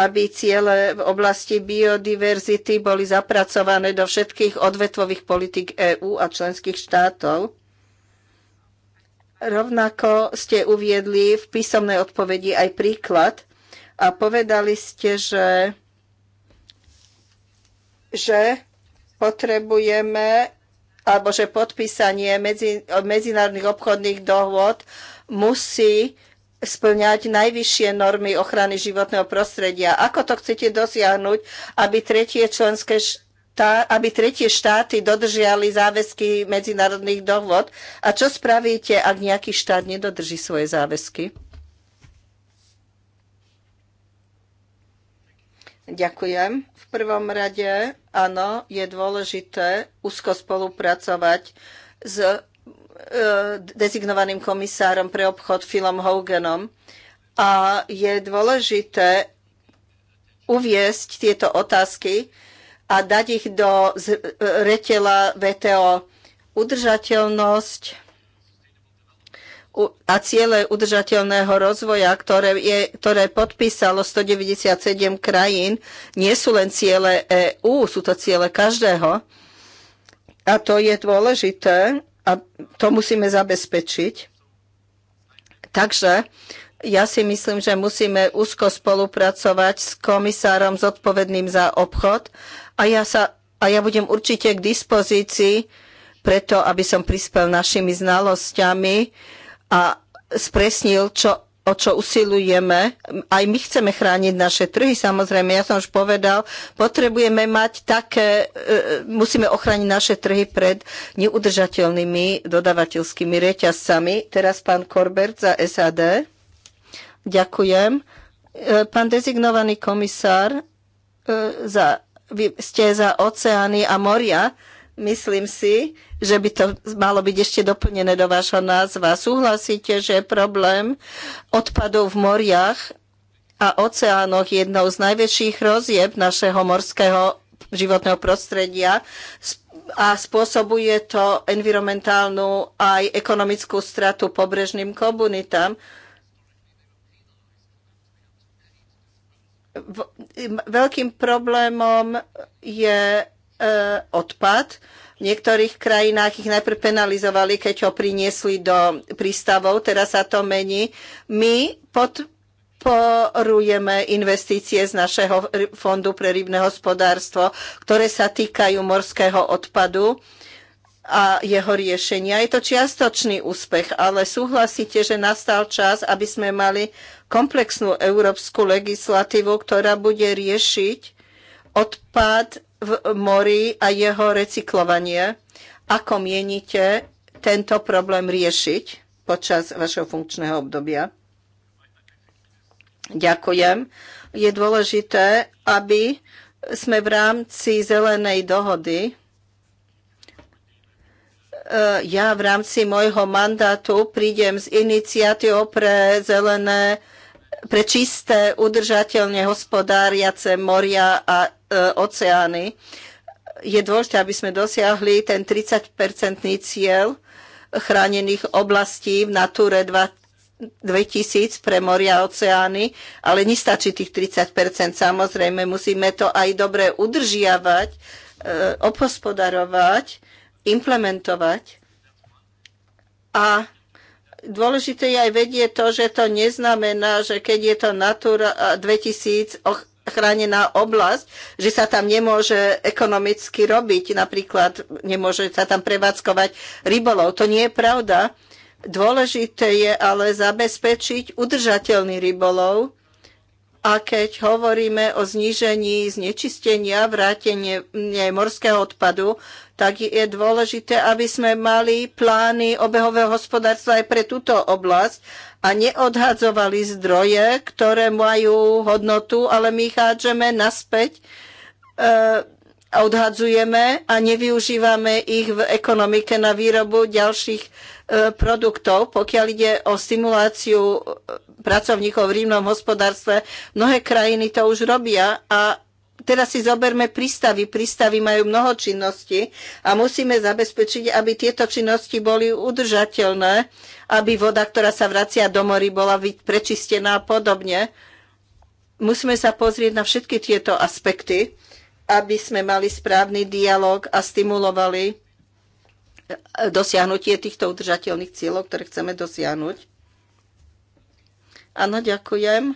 aby ciele v oblasti biodiverzity boli zapracované do všetkých odvetvových politik EÚ a členských štátov. Rovnako ste uviedli v písomnej odpovedi aj príklad a povedali ste, že, že potrebujeme alebo že podpísanie medzi, medzinárodných obchodných dohôd musí splňať najvyššie normy ochrany životného prostredia. Ako to chcete dosiahnuť, aby tretie členské štá, aby tretie štáty dodržiali záväzky medzinárodných dohod? A čo spravíte, ak nejaký štát nedodrží svoje záväzky? Ďakujem. V prvom rade, áno, je dôležité úzko spolupracovať s E, dezignovaným komisárom pre obchod Philom Hoganom. A je dôležité uviesť tieto otázky a dať ich do e, retela VTO. Udržateľnosť a ciele udržateľného rozvoja, ktoré, je, ktoré podpísalo 197 krajín, nie sú len ciele EÚ, sú to ciele každého. A to je dôležité, a to musíme zabezpečiť. Takže ja si myslím, že musíme úzko spolupracovať s komisárom zodpovedným za obchod a ja, sa, a ja budem určite k dispozícii preto, aby som prispel našimi znalosťami a spresnil, čo o čo usilujeme. Aj my chceme chrániť naše trhy, samozrejme, ja som už povedal, potrebujeme mať také, e, musíme ochrániť naše trhy pred neudržateľnými dodavateľskými reťazcami. Teraz pán Korbert za SAD. Ďakujem. E, pán dezignovaný komisár, e, za, vy ste za oceány a moria. Myslím si, že by to malo byť ešte doplnené do vášho názva. Súhlasíte, že problém odpadov v moriach a oceánoch jednou z najväčších rozieb našeho morského životného prostredia a spôsobuje to environmentálnu aj ekonomickú stratu pobrežným komunitám. Veľkým problémom je E, odpad. V niektorých krajinách ich najprv penalizovali, keď ho priniesli do prístavov, teraz sa to mení. My podporujeme investície z našeho fondu pre rybné hospodárstvo, ktoré sa týkajú morského odpadu a jeho riešenia. Je to čiastočný úspech, ale súhlasíte, že nastal čas, aby sme mali komplexnú európsku legislatívu, ktorá bude riešiť odpad v mori a jeho recyklovanie. Ako mienite tento problém riešiť počas vašeho funkčného obdobia? Ďakujem. Je dôležité, aby sme v rámci zelenej dohody e, ja v rámci môjho mandátu prídem s iniciatívou pre zelené pre čisté, udržateľne hospodáriace moria a e, oceány. Je dôležité, aby sme dosiahli ten 30-percentný cieľ chránených oblastí v Nature 2000 pre moria a oceány, ale nestačí tých 30%. Samozrejme, musíme to aj dobre udržiavať, e, obhospodarovať, implementovať. A dôležité je aj vedie to, že to neznamená, že keď je to Natura 2000 chránená oblasť, že sa tam nemôže ekonomicky robiť, napríklad nemôže sa tam prevádzkovať rybolov. To nie je pravda. Dôležité je ale zabezpečiť udržateľný rybolov a keď hovoríme o znížení znečistenia, vrátenie morského odpadu, tak je dôležité, aby sme mali plány obehového hospodárstva aj pre túto oblasť a neodhadzovali zdroje, ktoré majú hodnotu, ale my hádžeme naspäť e, odhadzujeme a nevyužívame ich v ekonomike na výrobu ďalších e, produktov. Pokiaľ ide o stimuláciu e, pracovníkov v rímnom hospodárstve, mnohé krajiny to už robia a teraz si zoberme prístavy. Prístavy majú mnoho činností a musíme zabezpečiť, aby tieto činnosti boli udržateľné, aby voda, ktorá sa vracia do mori, bola prečistená a podobne. Musíme sa pozrieť na všetky tieto aspekty aby sme mali správny dialog a stimulovali e, dosiahnutie týchto udržateľných cieľov, ktoré chceme dosiahnuť. Áno, ďakujem.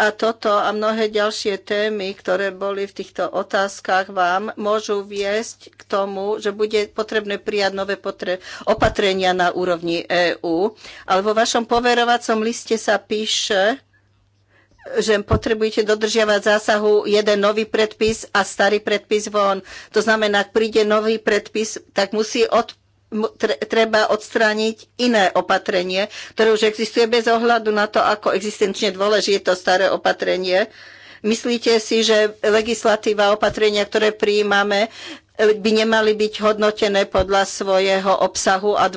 A toto a mnohé ďalšie témy, ktoré boli v týchto otázkach vám, môžu viesť k tomu, že bude potrebné prijať nové potre- opatrenia na úrovni EÚ. Ale vo vašom poverovacom liste sa píše, že potrebujete dodržiavať zásahu jeden nový predpis a starý predpis von. To znamená, ak príde nový predpis, tak musí od, treba odstrániť iné opatrenie, ktoré už existuje bez ohľadu na to, ako existenčne dôležité to staré opatrenie. Myslíte si, že legislatíva opatrenia, ktoré prijímame, by nemali byť hodnotené podľa svojho obsahu a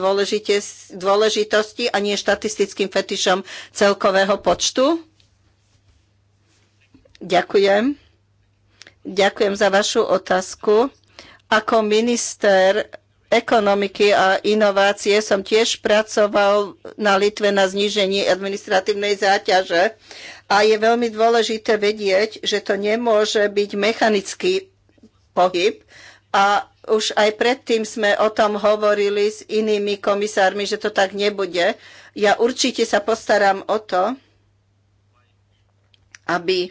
dôležitosti a nie štatistickým fetišom celkového počtu? Ďakujem. Ďakujem za vašu otázku. Ako minister ekonomiky a inovácie som tiež pracoval na Litve na znížení administratívnej záťaže a je veľmi dôležité vedieť, že to nemôže byť mechanický pohyb a už aj predtým sme o tom hovorili s inými komisármi, že to tak nebude. Ja určite sa postaram o to, aby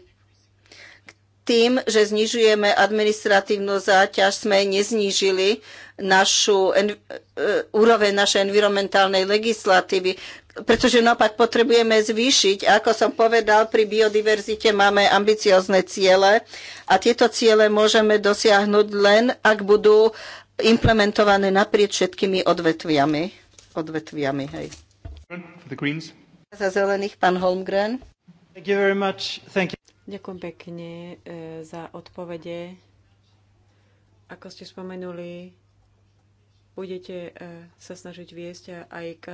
tým, že znižujeme administratívnu záťaž, sme neznížili našu en, e, úroveň našej environmentálnej legislatívy, pretože naopak potrebujeme zvýšiť. A ako som povedal, pri biodiverzite máme ambiciozne ciele a tieto ciele môžeme dosiahnuť len, ak budú implementované naprieč všetkými odvetviami. odvetviami hej. Za zelených pán Holmgren. Thank you very much. Thank you. Ďakujem pekne e, za odpovede. Ako ste spomenuli, budete e, sa snažiť viesť aj k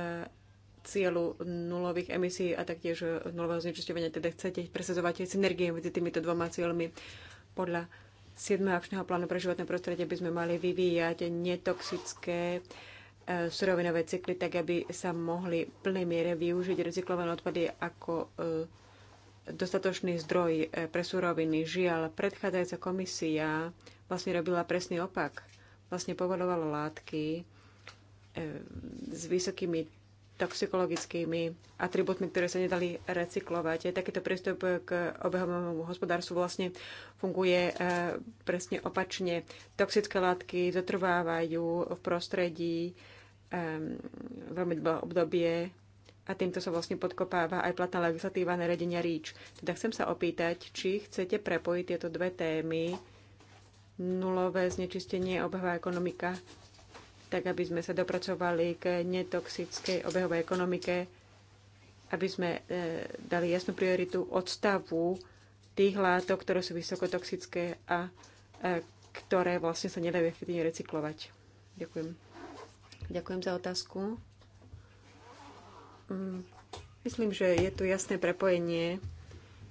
cieľu nulových emisí a taktiež nulového znečisťovania. Teda chcete presadzovať synergie medzi týmito dvoma cieľmi. Podľa 7. akčného plánu pre životné prostredie by sme mali vyvíjať netoxické e, surovinové cykly, tak aby sa mohli v plnej miere využiť recyklované odpady ako dostatočný zdroj e, pre súroviny. Žiaľ, predchádzajúca komisia vlastne robila presný opak. Vlastne povolovala látky e, s vysokými toxikologickými atribútmi, ktoré sa nedali recyklovať. Takýto prístup k obehovému hospodárstvu vlastne funguje e, presne opačne. Toxické látky zotrvávajú v prostredí veľmi dlhé obdobie a týmto sa vlastne podkopáva aj platná legislatíva redenia REACH. Teda chcem sa opýtať, či chcete prepojiť tieto dve témy, nulové znečistenie obehová ekonomika, tak aby sme sa dopracovali k netoxickej obehovej ekonomike, aby sme e, dali jasnú prioritu odstavu tých látok, ktoré sú vysokotoxické a e, ktoré vlastne sa nedajú efektívne recyklovať. Ďakujem. Ďakujem za otázku. Mm, myslím, že je tu jasné prepojenie,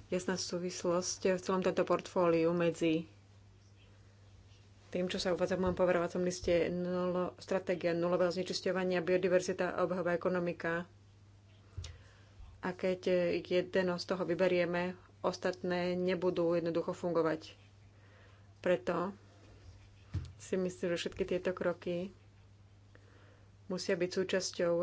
jasná súvislosť v celom tento portfóliu medzi tým, čo sa uvádza v môjom poverovacom liste, nulo, stratégia nulového znečisťovania, biodiverzita a obhava ekonomika. A keď jedno z toho vyberieme, ostatné nebudú jednoducho fungovať. Preto si myslím, že všetky tieto kroky musia byť súčasťou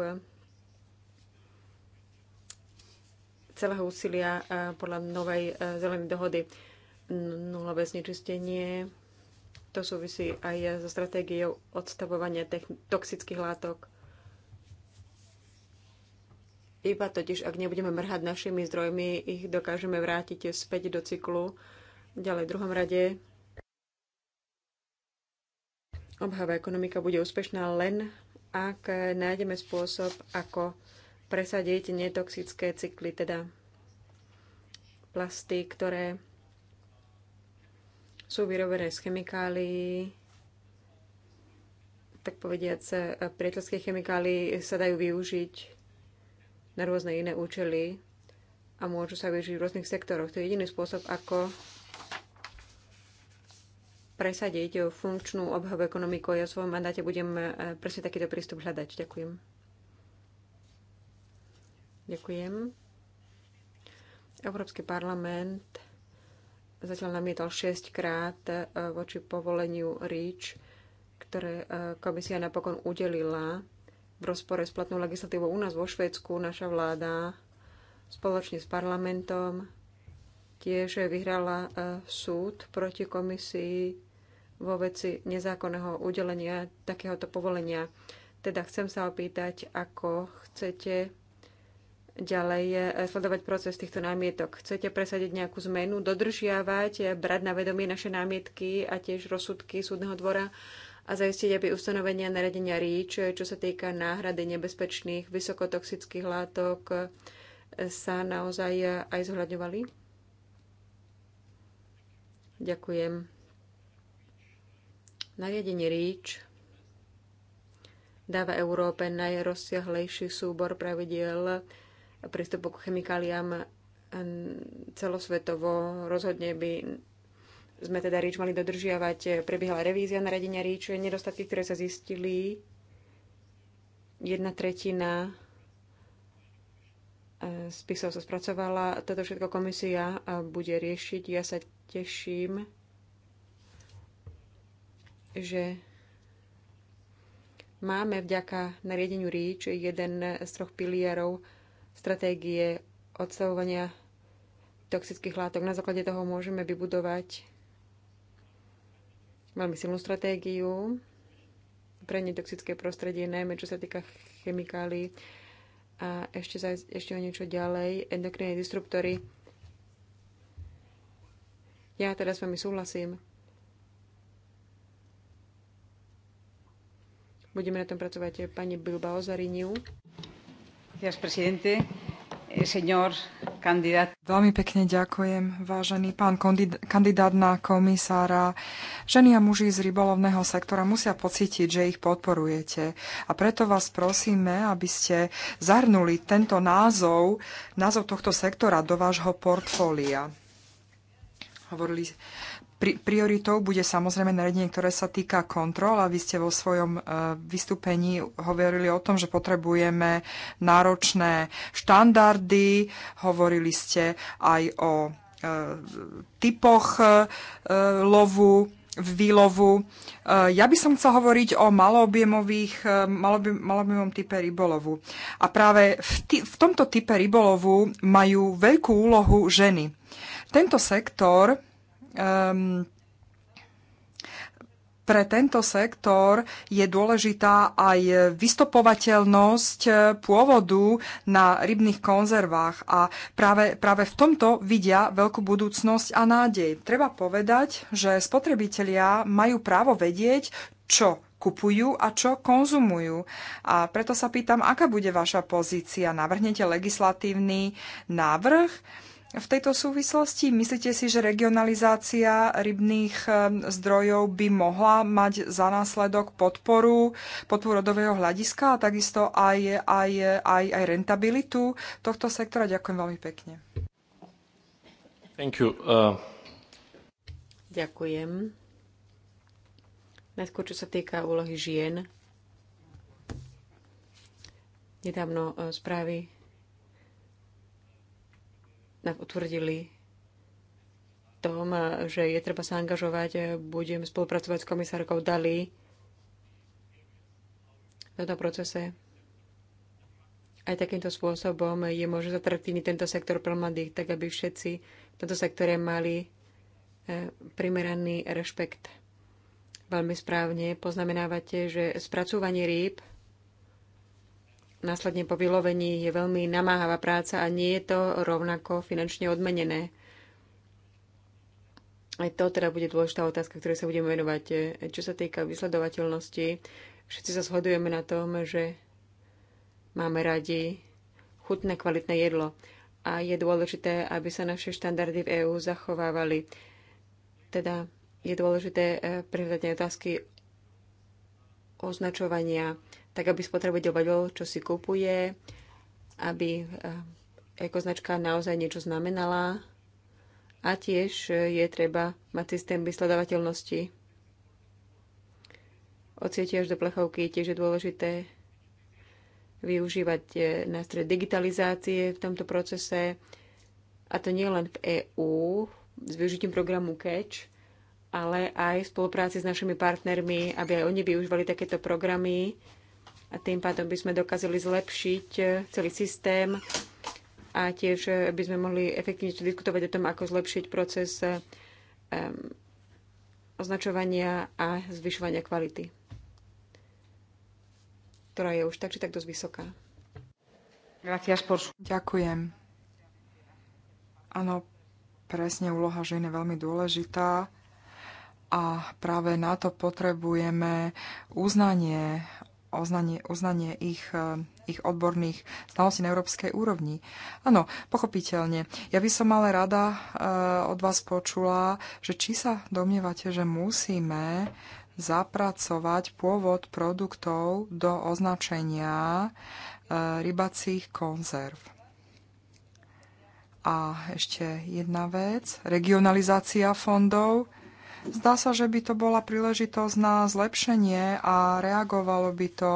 celého úsilia e, podľa novej e, zelenej dohody. Nulové znečistenie, to súvisí aj so stratégiou odstavovania toxických látok. Iba totiž, ak nebudeme mrhať našimi zdrojmi, ich dokážeme vrátiť späť do cyklu. Ďalej v druhom rade obhava ekonomika bude úspešná len, ak nájdeme spôsob, ako presadiť netoxické cykly, teda plasty, ktoré sú vyrobené z chemikálií, tak povediac, e, priateľské chemikálie sa dajú využiť na rôzne iné účely a môžu sa využiť v rôznych sektoroch. To je jediný spôsob, ako presadiť funkčnú obhavu ekonomiku. Ja v svojom mandáte budem e, presne takýto prístup hľadať. Ďakujem. Ďakujem. Európsky parlament zatiaľ namietal 6 krát e, voči povoleniu REACH, ktoré e, komisia napokon udelila v rozpore s platnou legislatívou u nás vo Švédsku. Naša vláda spoločne s parlamentom tiež vyhrala e, súd proti komisii vo veci nezákonného udelenia takéhoto povolenia. Teda chcem sa opýtať, ako chcete ďalej eh, sledovať proces týchto námietok. Chcete presadiť nejakú zmenu, dodržiavať, eh, brať na vedomie naše námietky a tiež rozsudky súdneho dvora a zajistiť, aby ustanovenia naredenia REACH, čo sa týka náhrady nebezpečných vysokotoxických látok, eh, sa naozaj aj zohľadňovali? Ďakujem. Nariadenie REACH dáva Európe najrozsiahlejší súbor pravidiel, prístupu k chemikáliám eh, celosvetovo. Rozhodne by sme teda REACH mali dodržiavať. Prebiehala revízia radenia REACH, nedostatky, ktoré sa zistili, jedna tretina eh, spisov sa spracovala. Toto všetko komisia eh, bude riešiť. Ja sa teším, že máme vďaka nariadeniu REACH jeden z troch pilierov stratégie odstavovania toxických látok. Na základe toho môžeme vybudovať veľmi silnú stratégiu pre netoxické prostredie, najmä čo sa týka chemikálií a ešte, za, ešte o niečo ďalej, endokrinné disruptory. Ja teda s vami súhlasím. Budeme na tom pracovať pani Bilbao Ozariniu. Eh, Veľmi pekne ďakujem, vážený pán kandidát na komisára. Ženy a muži z rybolovného sektora musia pocítiť, že ich podporujete. A preto vás prosíme, aby ste zahrnuli tento názov, názov tohto sektora do vášho portfólia. Hovorili, prioritou bude samozrejme nariadenie, ktoré sa týka kontrol a vy ste vo svojom e, vystúpení hovorili o tom, že potrebujeme náročné štandardy, hovorili ste aj o e, typoch e, lovu, výlovu. Ja by som chcel hovoriť o maloobjemových, maloobjem, maloobjemovom type rybolovu. A práve v, v tomto type rybolovu majú veľkú úlohu ženy. Tento sektor um, pre tento sektor je dôležitá aj vystopovateľnosť pôvodu na rybných konzervách a práve, práve v tomto vidia veľkú budúcnosť a nádej. Treba povedať, že spotrebitelia majú právo vedieť, čo kupujú a čo konzumujú. A preto sa pýtam, aká bude vaša pozícia? Navrhnete legislatívny návrh? v tejto súvislosti myslíte si, že regionalizácia rybných eh, zdrojov by mohla mať za následok podporu, podporu rodového hľadiska a takisto aj, aj, aj, aj rentabilitu tohto sektora? Ďakujem veľmi pekne. Thank you. Uh... Ďakujem. Najskôr, čo sa týka úlohy žien. Nedávno eh, správy nám utvrdili tom, že je treba sa angažovať. Budem spolupracovať s komisárkou Dali v tomto procese. Aj takýmto spôsobom je možné zatraktívniť tento sektor pre mladých, tak aby všetci v tomto sektore mali e, primeraný rešpekt. Veľmi správne poznamenávate, že spracúvanie rýb následne po vylovení je veľmi namáhavá práca a nie je to rovnako finančne odmenené. Aj to teda bude dôležitá otázka, ktorej sa budeme venovať. Čo sa týka vysledovateľnosti, všetci sa shodujeme na tom, že máme radi chutné, kvalitné jedlo. A je dôležité, aby sa naše štandardy v EÚ zachovávali. Teda je dôležité eh, prihľadať otázky označovania tak aby spotrebiteľ vedel, čo si kupuje, aby eh, ekoznačka naozaj niečo znamenala a tiež eh, je treba mať systém vysledovateľnosti. Od až do plechovky tiež je dôležité využívať eh, nástroje digitalizácie v tomto procese, a to nie len v EÚ s využitím programu CATCH, ale aj v spolupráci s našimi partnermi, aby aj oni využívali takéto programy a tým pádom by sme dokázali zlepšiť eh, celý systém a tiež eh, by sme mohli efektívne diskutovať o tom, ako zlepšiť proces eh, označovania a zvyšovania kvality, ktorá je už tak či tak dosť vysoká. Ďakujem. Áno, presne úloha žien je veľmi dôležitá a práve na to potrebujeme uznanie oznanie, oznanie ich, e, ich odborných znalostí na európskej úrovni. Áno, pochopiteľne. Ja by som ale rada e, od vás počula, že či sa domnievate, že musíme zapracovať pôvod produktov do označenia e, rybacích konzerv. A ešte jedna vec, regionalizácia fondov. Zdá sa, že by to bola príležitosť na zlepšenie a reagovalo by to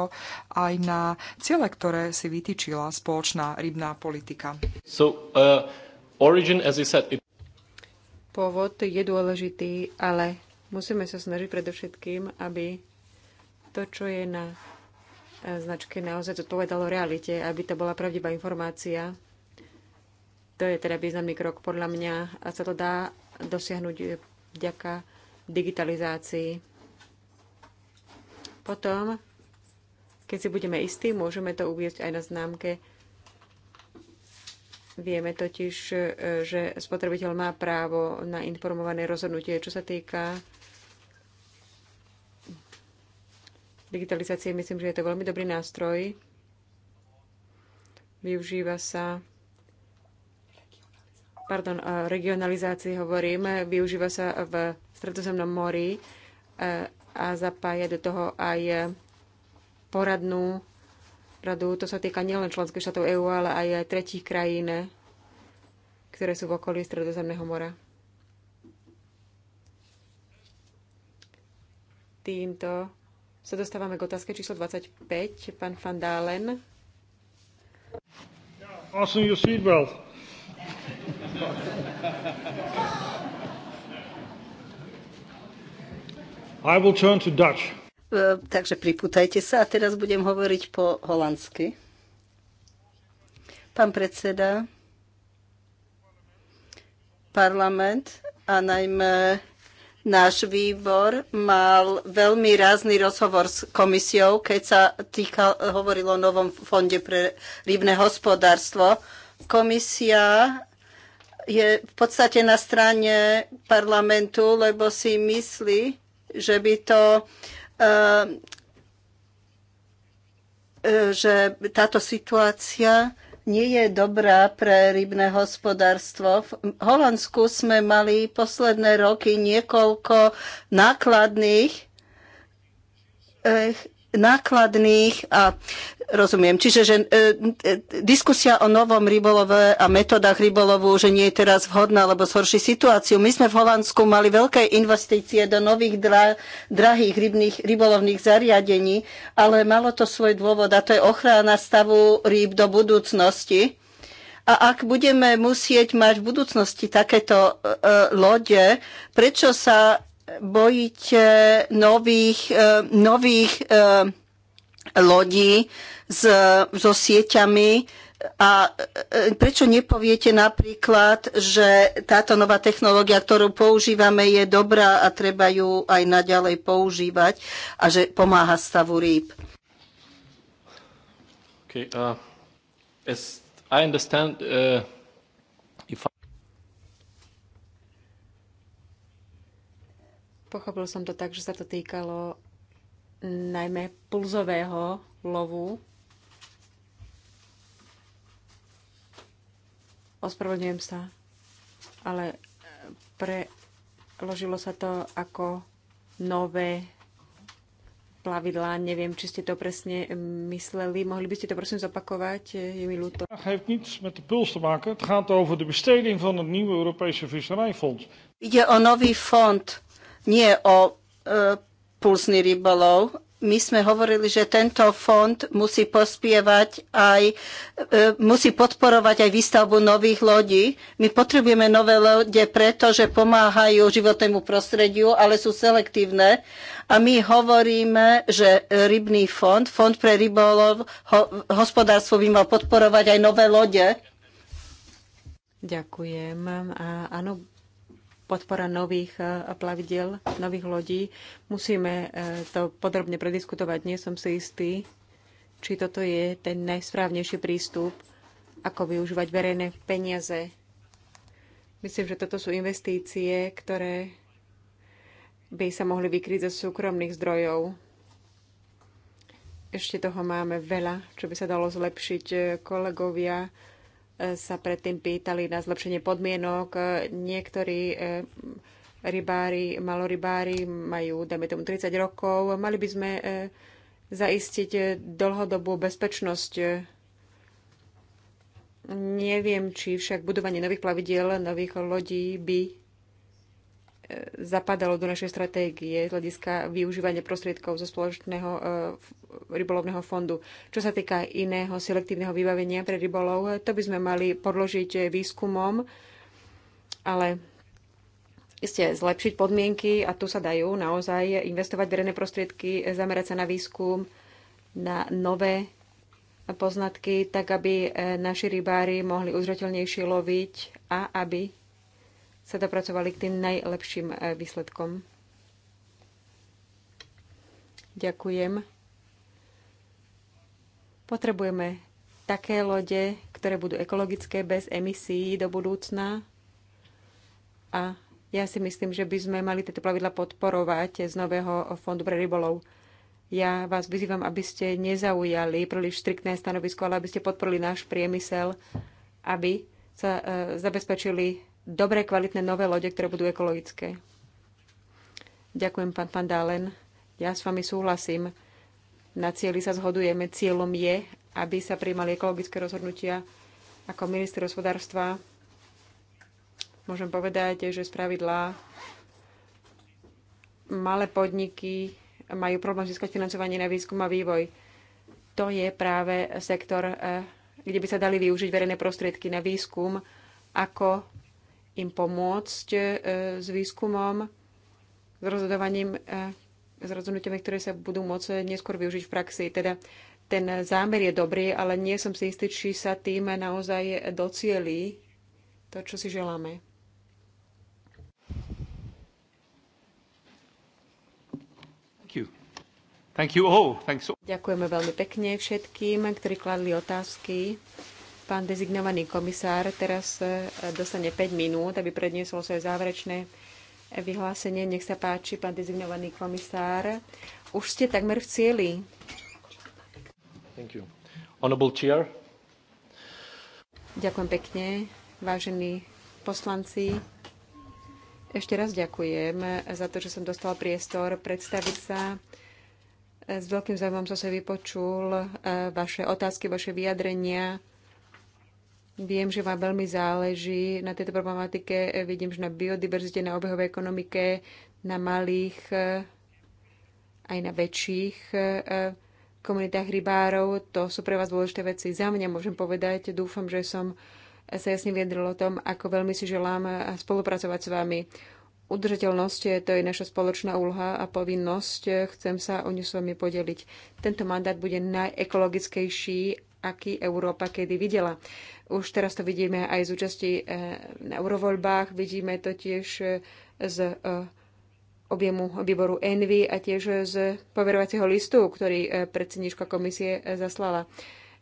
aj na ciele, ktoré si vytýčila spoločná rybná politika. So, uh, origin, as you said, it... Pôvod je dôležitý, ale musíme sa snažiť predovšetkým, aby to, čo je na eh, značke, naozaj zodpovedalo realite, aby to bola pravdivá informácia. To je teda významný krok podľa mňa a sa to dá dosiahnuť eh, vďaka digitalizácii. Potom, keď si budeme istí, môžeme to uviezť aj na známke. Vieme totiž, e, že spotrebiteľ má právo na informované rozhodnutie, čo sa týka digitalizácie. Myslím, že je to veľmi dobrý nástroj. Využíva sa pardon, eh, regionalizácii hovorím, využíva sa v Stredozemnom mori eh, a zapája do toho aj poradnú radu. To sa týka nielen členských štátov EÚ, ale aj tretích krajín, ktoré sú v okolí Stredozemného mora. Týmto sa dostávame k otázke číslo 25. Pán Van Dalen. your seatbelt. I will turn to Dutch. Uh, takže pripútajte sa a teraz budem hovoriť po holandsky. Pán predseda, parlament a najmä náš výbor mal veľmi rázny rozhovor s komisiou, keď sa týka, hovorilo o novom fonde pre rybné hospodárstvo. Komisia je v podstate na strane parlamentu, lebo si myslí, že by to eh, eh, že táto situácia nie je dobrá pre rybné hospodárstvo. V Holandsku sme mali posledné roky niekoľko nákladných eh, nákladných a rozumiem. Čiže že, e, e, diskusia o novom rybolove a metodách rybolovu, že nie je teraz vhodná, lebo zhorší situáciu. My sme v Holandsku mali veľké investície do nových dra, drahých rybných, rybolovných zariadení, ale malo to svoj dôvod a to je ochrana stavu rýb do budúcnosti. A ak budeme musieť mať v budúcnosti takéto e, e lode, prečo sa bojíte nových, e, nových e, lodí s, so sieťami, a e, prečo nepoviete napríklad, že táto nová technológia, ktorú používame, je dobrá a treba ju aj naďalej používať a že pomáha stavu rýb? Okay, uh, as I understand, uh... Pochopil som to tak, že sa to týkalo najmä pulzového lovu. Ospravedlňujem sa, ale e, preložilo sa to ako nové plavidlá. Neviem, či ste to presne mysleli. Mohli by ste to prosím zopakovať? E, je mi ľúto. Het heeft niets met de puls te maken. Het gaat over de besteding van het nieuwe Europese visserijfonds. Ide o nový fond nie o e, pulsný rybolov. My sme hovorili, že tento fond musí pospievať aj, e, musí podporovať aj výstavbu nových lodí. My potrebujeme nové lode pretože pomáhajú životnému prostrediu, ale sú selektívne. A my hovoríme, že rybný fond, fond pre rybolov, ho, hospodárstvo by mal podporovať aj nové lode. Ďakujem. A áno, podpora nových e, plavidel, nových lodí. Musíme e, to podrobne prediskutovať. Nie som si istý, či toto je ten najsprávnejší prístup, ako využívať verejné peniaze. Myslím, že toto sú investície, ktoré by sa mohli vykryť zo súkromných zdrojov. Ešte toho máme veľa, čo by sa dalo zlepšiť. E, kolegovia sa predtým pýtali na zlepšenie podmienok. Niektorí eh, rybári, malorybári majú, dajme tomu, 30 rokov. Mali by sme eh, zaistiť dlhodobú bezpečnosť. Neviem, či však budovanie nových plavidiel, nových lodí by zapadalo do našej stratégie z hľadiska využívania prostriedkov zo spoločného e, rybolovného fondu. Čo sa týka iného selektívneho vybavenia pre rybolov, to by sme mali podložiť výskumom, ale iste zlepšiť podmienky a tu sa dajú naozaj investovať verejné prostriedky, zamerať sa na výskum, na nové poznatky, tak aby e, naši rybári mohli uzrateľnejšie loviť a aby sa dopracovali k tým najlepším e, výsledkom. Ďakujem. Potrebujeme také lode, ktoré budú ekologické, bez emisí do budúcna. A ja si myslím, že by sme mali tieto plavidla podporovať z nového fondu pre rybolov. Ja vás vyzývam, aby ste nezaujali príliš striktné stanovisko, ale aby ste podporili náš priemysel, aby sa e, zabezpečili dobré, kvalitné nové lode, ktoré budú ekologické. Ďakujem, pán Pandálen. Ja s vami súhlasím. Na cieli sa zhodujeme. Cieľom je, aby sa prijímali ekologické rozhodnutia. Ako minister hospodárstva môžem povedať, že z pravidla malé podniky majú problém získať financovanie na výskum a vývoj. To je práve sektor, eh, kde by sa dali využiť verejné prostriedky na výskum ako im pomôcť e, s výskumom, s rozhodovaním, e, s rozhodnutiami, ktoré sa budú môcť e, neskôr využiť v praxi. Teda ten zámer je dobrý, ale nie som si istý, či sa tým naozaj docielí to, čo si želáme. Thank you all. Thanks. Ďakujeme veľmi pekne všetkým, ktorí kladli otázky. Pán dezignovaný komisár teraz e, dostane 5 minút, aby predniesol svoje záverečné vyhlásenie. Nech sa páči, pán dezignovaný komisár. Už ste takmer v cieli. Thank you. Honorable chair. Ďakujem pekne, vážení poslanci. Ešte raz ďakujem za to, že som dostal priestor predstaviť sa. S veľkým zaujímavom som sa vypočul e, vaše otázky, vaše vyjadrenia Viem, že vám veľmi záleží na tejto problematike. Vidím, že na biodiverzite, na obehovej ekonomike, na malých eh, aj na väčších eh, komunitách rybárov. To sú pre vás dôležité veci. Za mňa môžem povedať, dúfam, že som sa jasne vyjadril o tom, ako veľmi si želám eh, spolupracovať s vami. Udržateľnosť to je naša spoločná úloha a povinnosť. Chcem sa o ňu s vami podeliť. Tento mandát bude najekologickejší aký Európa kedy videla. Už teraz to vidíme aj z účasti eh, na eurovoľbách, vidíme to tiež eh, z eh, objemu výboru Envy a tiež z poverovacieho listu, ktorý predsedníčka komisie zaslala.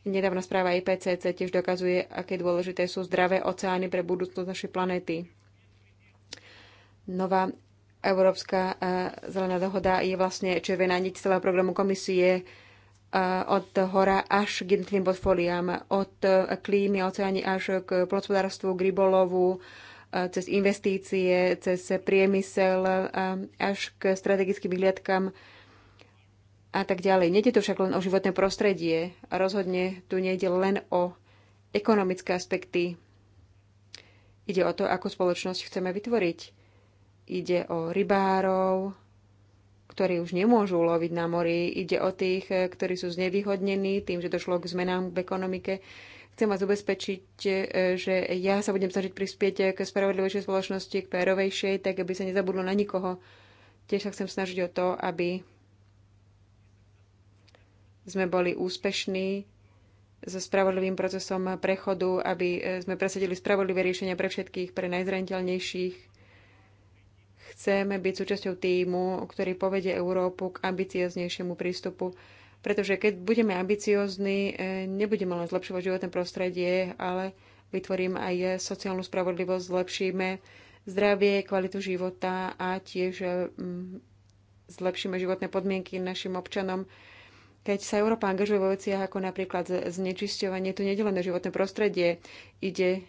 Nedávna správa IPCC tiež dokazuje, aké dôležité sú zdravé oceány pre budúcnosť našej planéty. Nová Európska zelená dohoda je vlastne červená niť celého programu komisie od hora až k jednotlivým portfóliám, od klímy, oceáni až k plodspodárstvu, k rybolovu, cez investície, cez priemysel, až k strategickým vyhliadkam a tak ďalej. Nede to však len o životné prostredie a rozhodne tu nejde len o ekonomické aspekty. Ide o to, ako spoločnosť chceme vytvoriť. Ide o rybárov, ktorí už nemôžu loviť na mori. Ide o tých, e, ktorí sú znevýhodnení tým, že došlo k zmenám v ekonomike. Chcem vás ubezpečiť, e, že ja sa budem snažiť prispieť e, k spravodlivejšej spoločnosti, k pérovejšej, tak aby sa nezabudlo na nikoho. Tiež sa chcem snažiť o to, aby sme boli úspešní so spravodlivým procesom prechodu, aby sme presadili spravodlivé riešenia pre všetkých, pre najzraniteľnejších, Chceme byť súčasťou týmu, ktorý povedie Európu k ambicioznejšiemu prístupu. Pretože keď budeme ambiciozni, eh, nebudeme len zlepšovať životné prostredie, ale vytvoríme aj sociálnu spravodlivosť, zlepšíme zdravie, kvalitu života a tiež eh, zlepšíme životné podmienky našim občanom. Keď sa Európa angažuje vo veciach ako napríklad znečisťovanie, tu nedelené životné prostredie, ide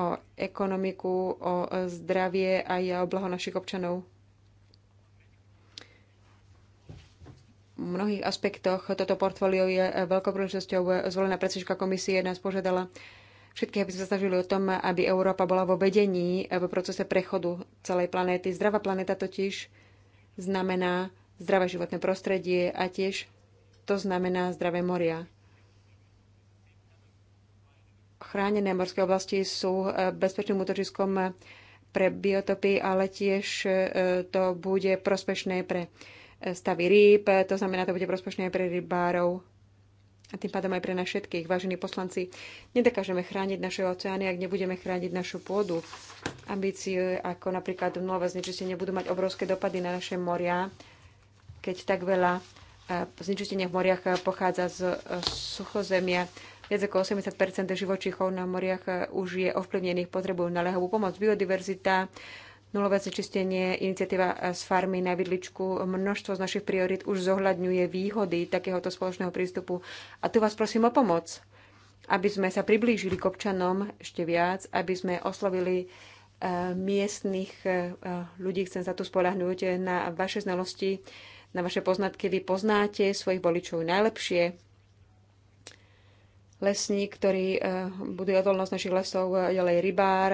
o ekonomiku, o zdravie a o blaho našich občanov. V mnohých aspektoch toto portfólio je veľkou príležitosťou. Zvolená predsednička komisie nás požiadala všetkých, aby sme sa snažili o tom, aby Európa bola vo vedení v procese prechodu celej planéty. Zdravá planéta totiž znamená zdravé životné prostredie a tiež to znamená zdravé moria. Chránené morské oblasti sú e, bezpečným útočiskom pre biotopy, ale tiež e, to bude prospešné pre e, stavy rýb, to znamená, to bude prospešné aj pre rybárov a tým pádom aj pre nás všetkých, vážení poslanci. Nedokážeme chrániť naše oceány, ak nebudeme chrániť našu pôdu. Ambície ako napríklad nové znečistenie budú mať obrovské dopady na naše moria, keď tak veľa znečistenia v moriach pochádza z suchozemia. Viac ako 80 živočíchov na moriach eh, už je ovplyvnených, potrebujú naliehavú pomoc, biodiverzita, nulové znečistenie, iniciatíva eh, z farmy na vidličku. Množstvo z našich priorit už zohľadňuje výhody takéhoto spoločného prístupu. A tu vás prosím o pomoc, aby sme sa priblížili k občanom ešte viac, aby sme oslovili eh, miestných ľudí. Chcem sa tu spolahnúť na vaše znalosti, na vaše poznatky. Vy poznáte svojich voličov najlepšie lesník, ktorý eh, buduje odolnosť našich lesov, eh, ďalej rybár,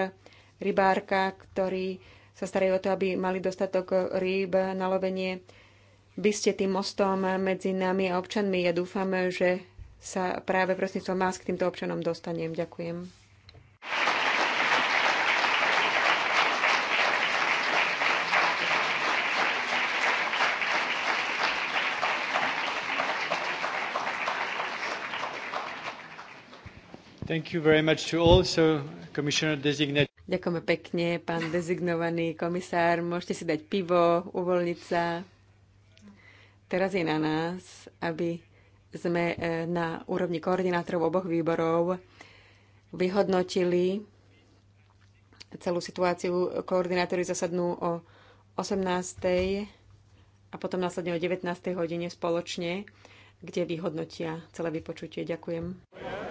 rybárka, ktorí sa starajú o to, aby mali dostatok rýb na lovenie. Vy ste tým mostom medzi nami a občanmi. Ja dúfam, že sa práve prostredníctvom vás k týmto občanom dostanem. Ďakujem. Thank you very much to all. So, Commissioner designate. Ďakujeme pekne, pán dezignovaný komisár. Môžete si dať pivo, uvoľniť sa. Teraz je na nás, aby sme e, na úrovni koordinátorov oboch výborov vyhodnotili celú situáciu. Koordinátori zasadnú o 18. a potom následne o 19. hodine spoločne, kde vyhodnotia celé vypočutie. Ďakujem.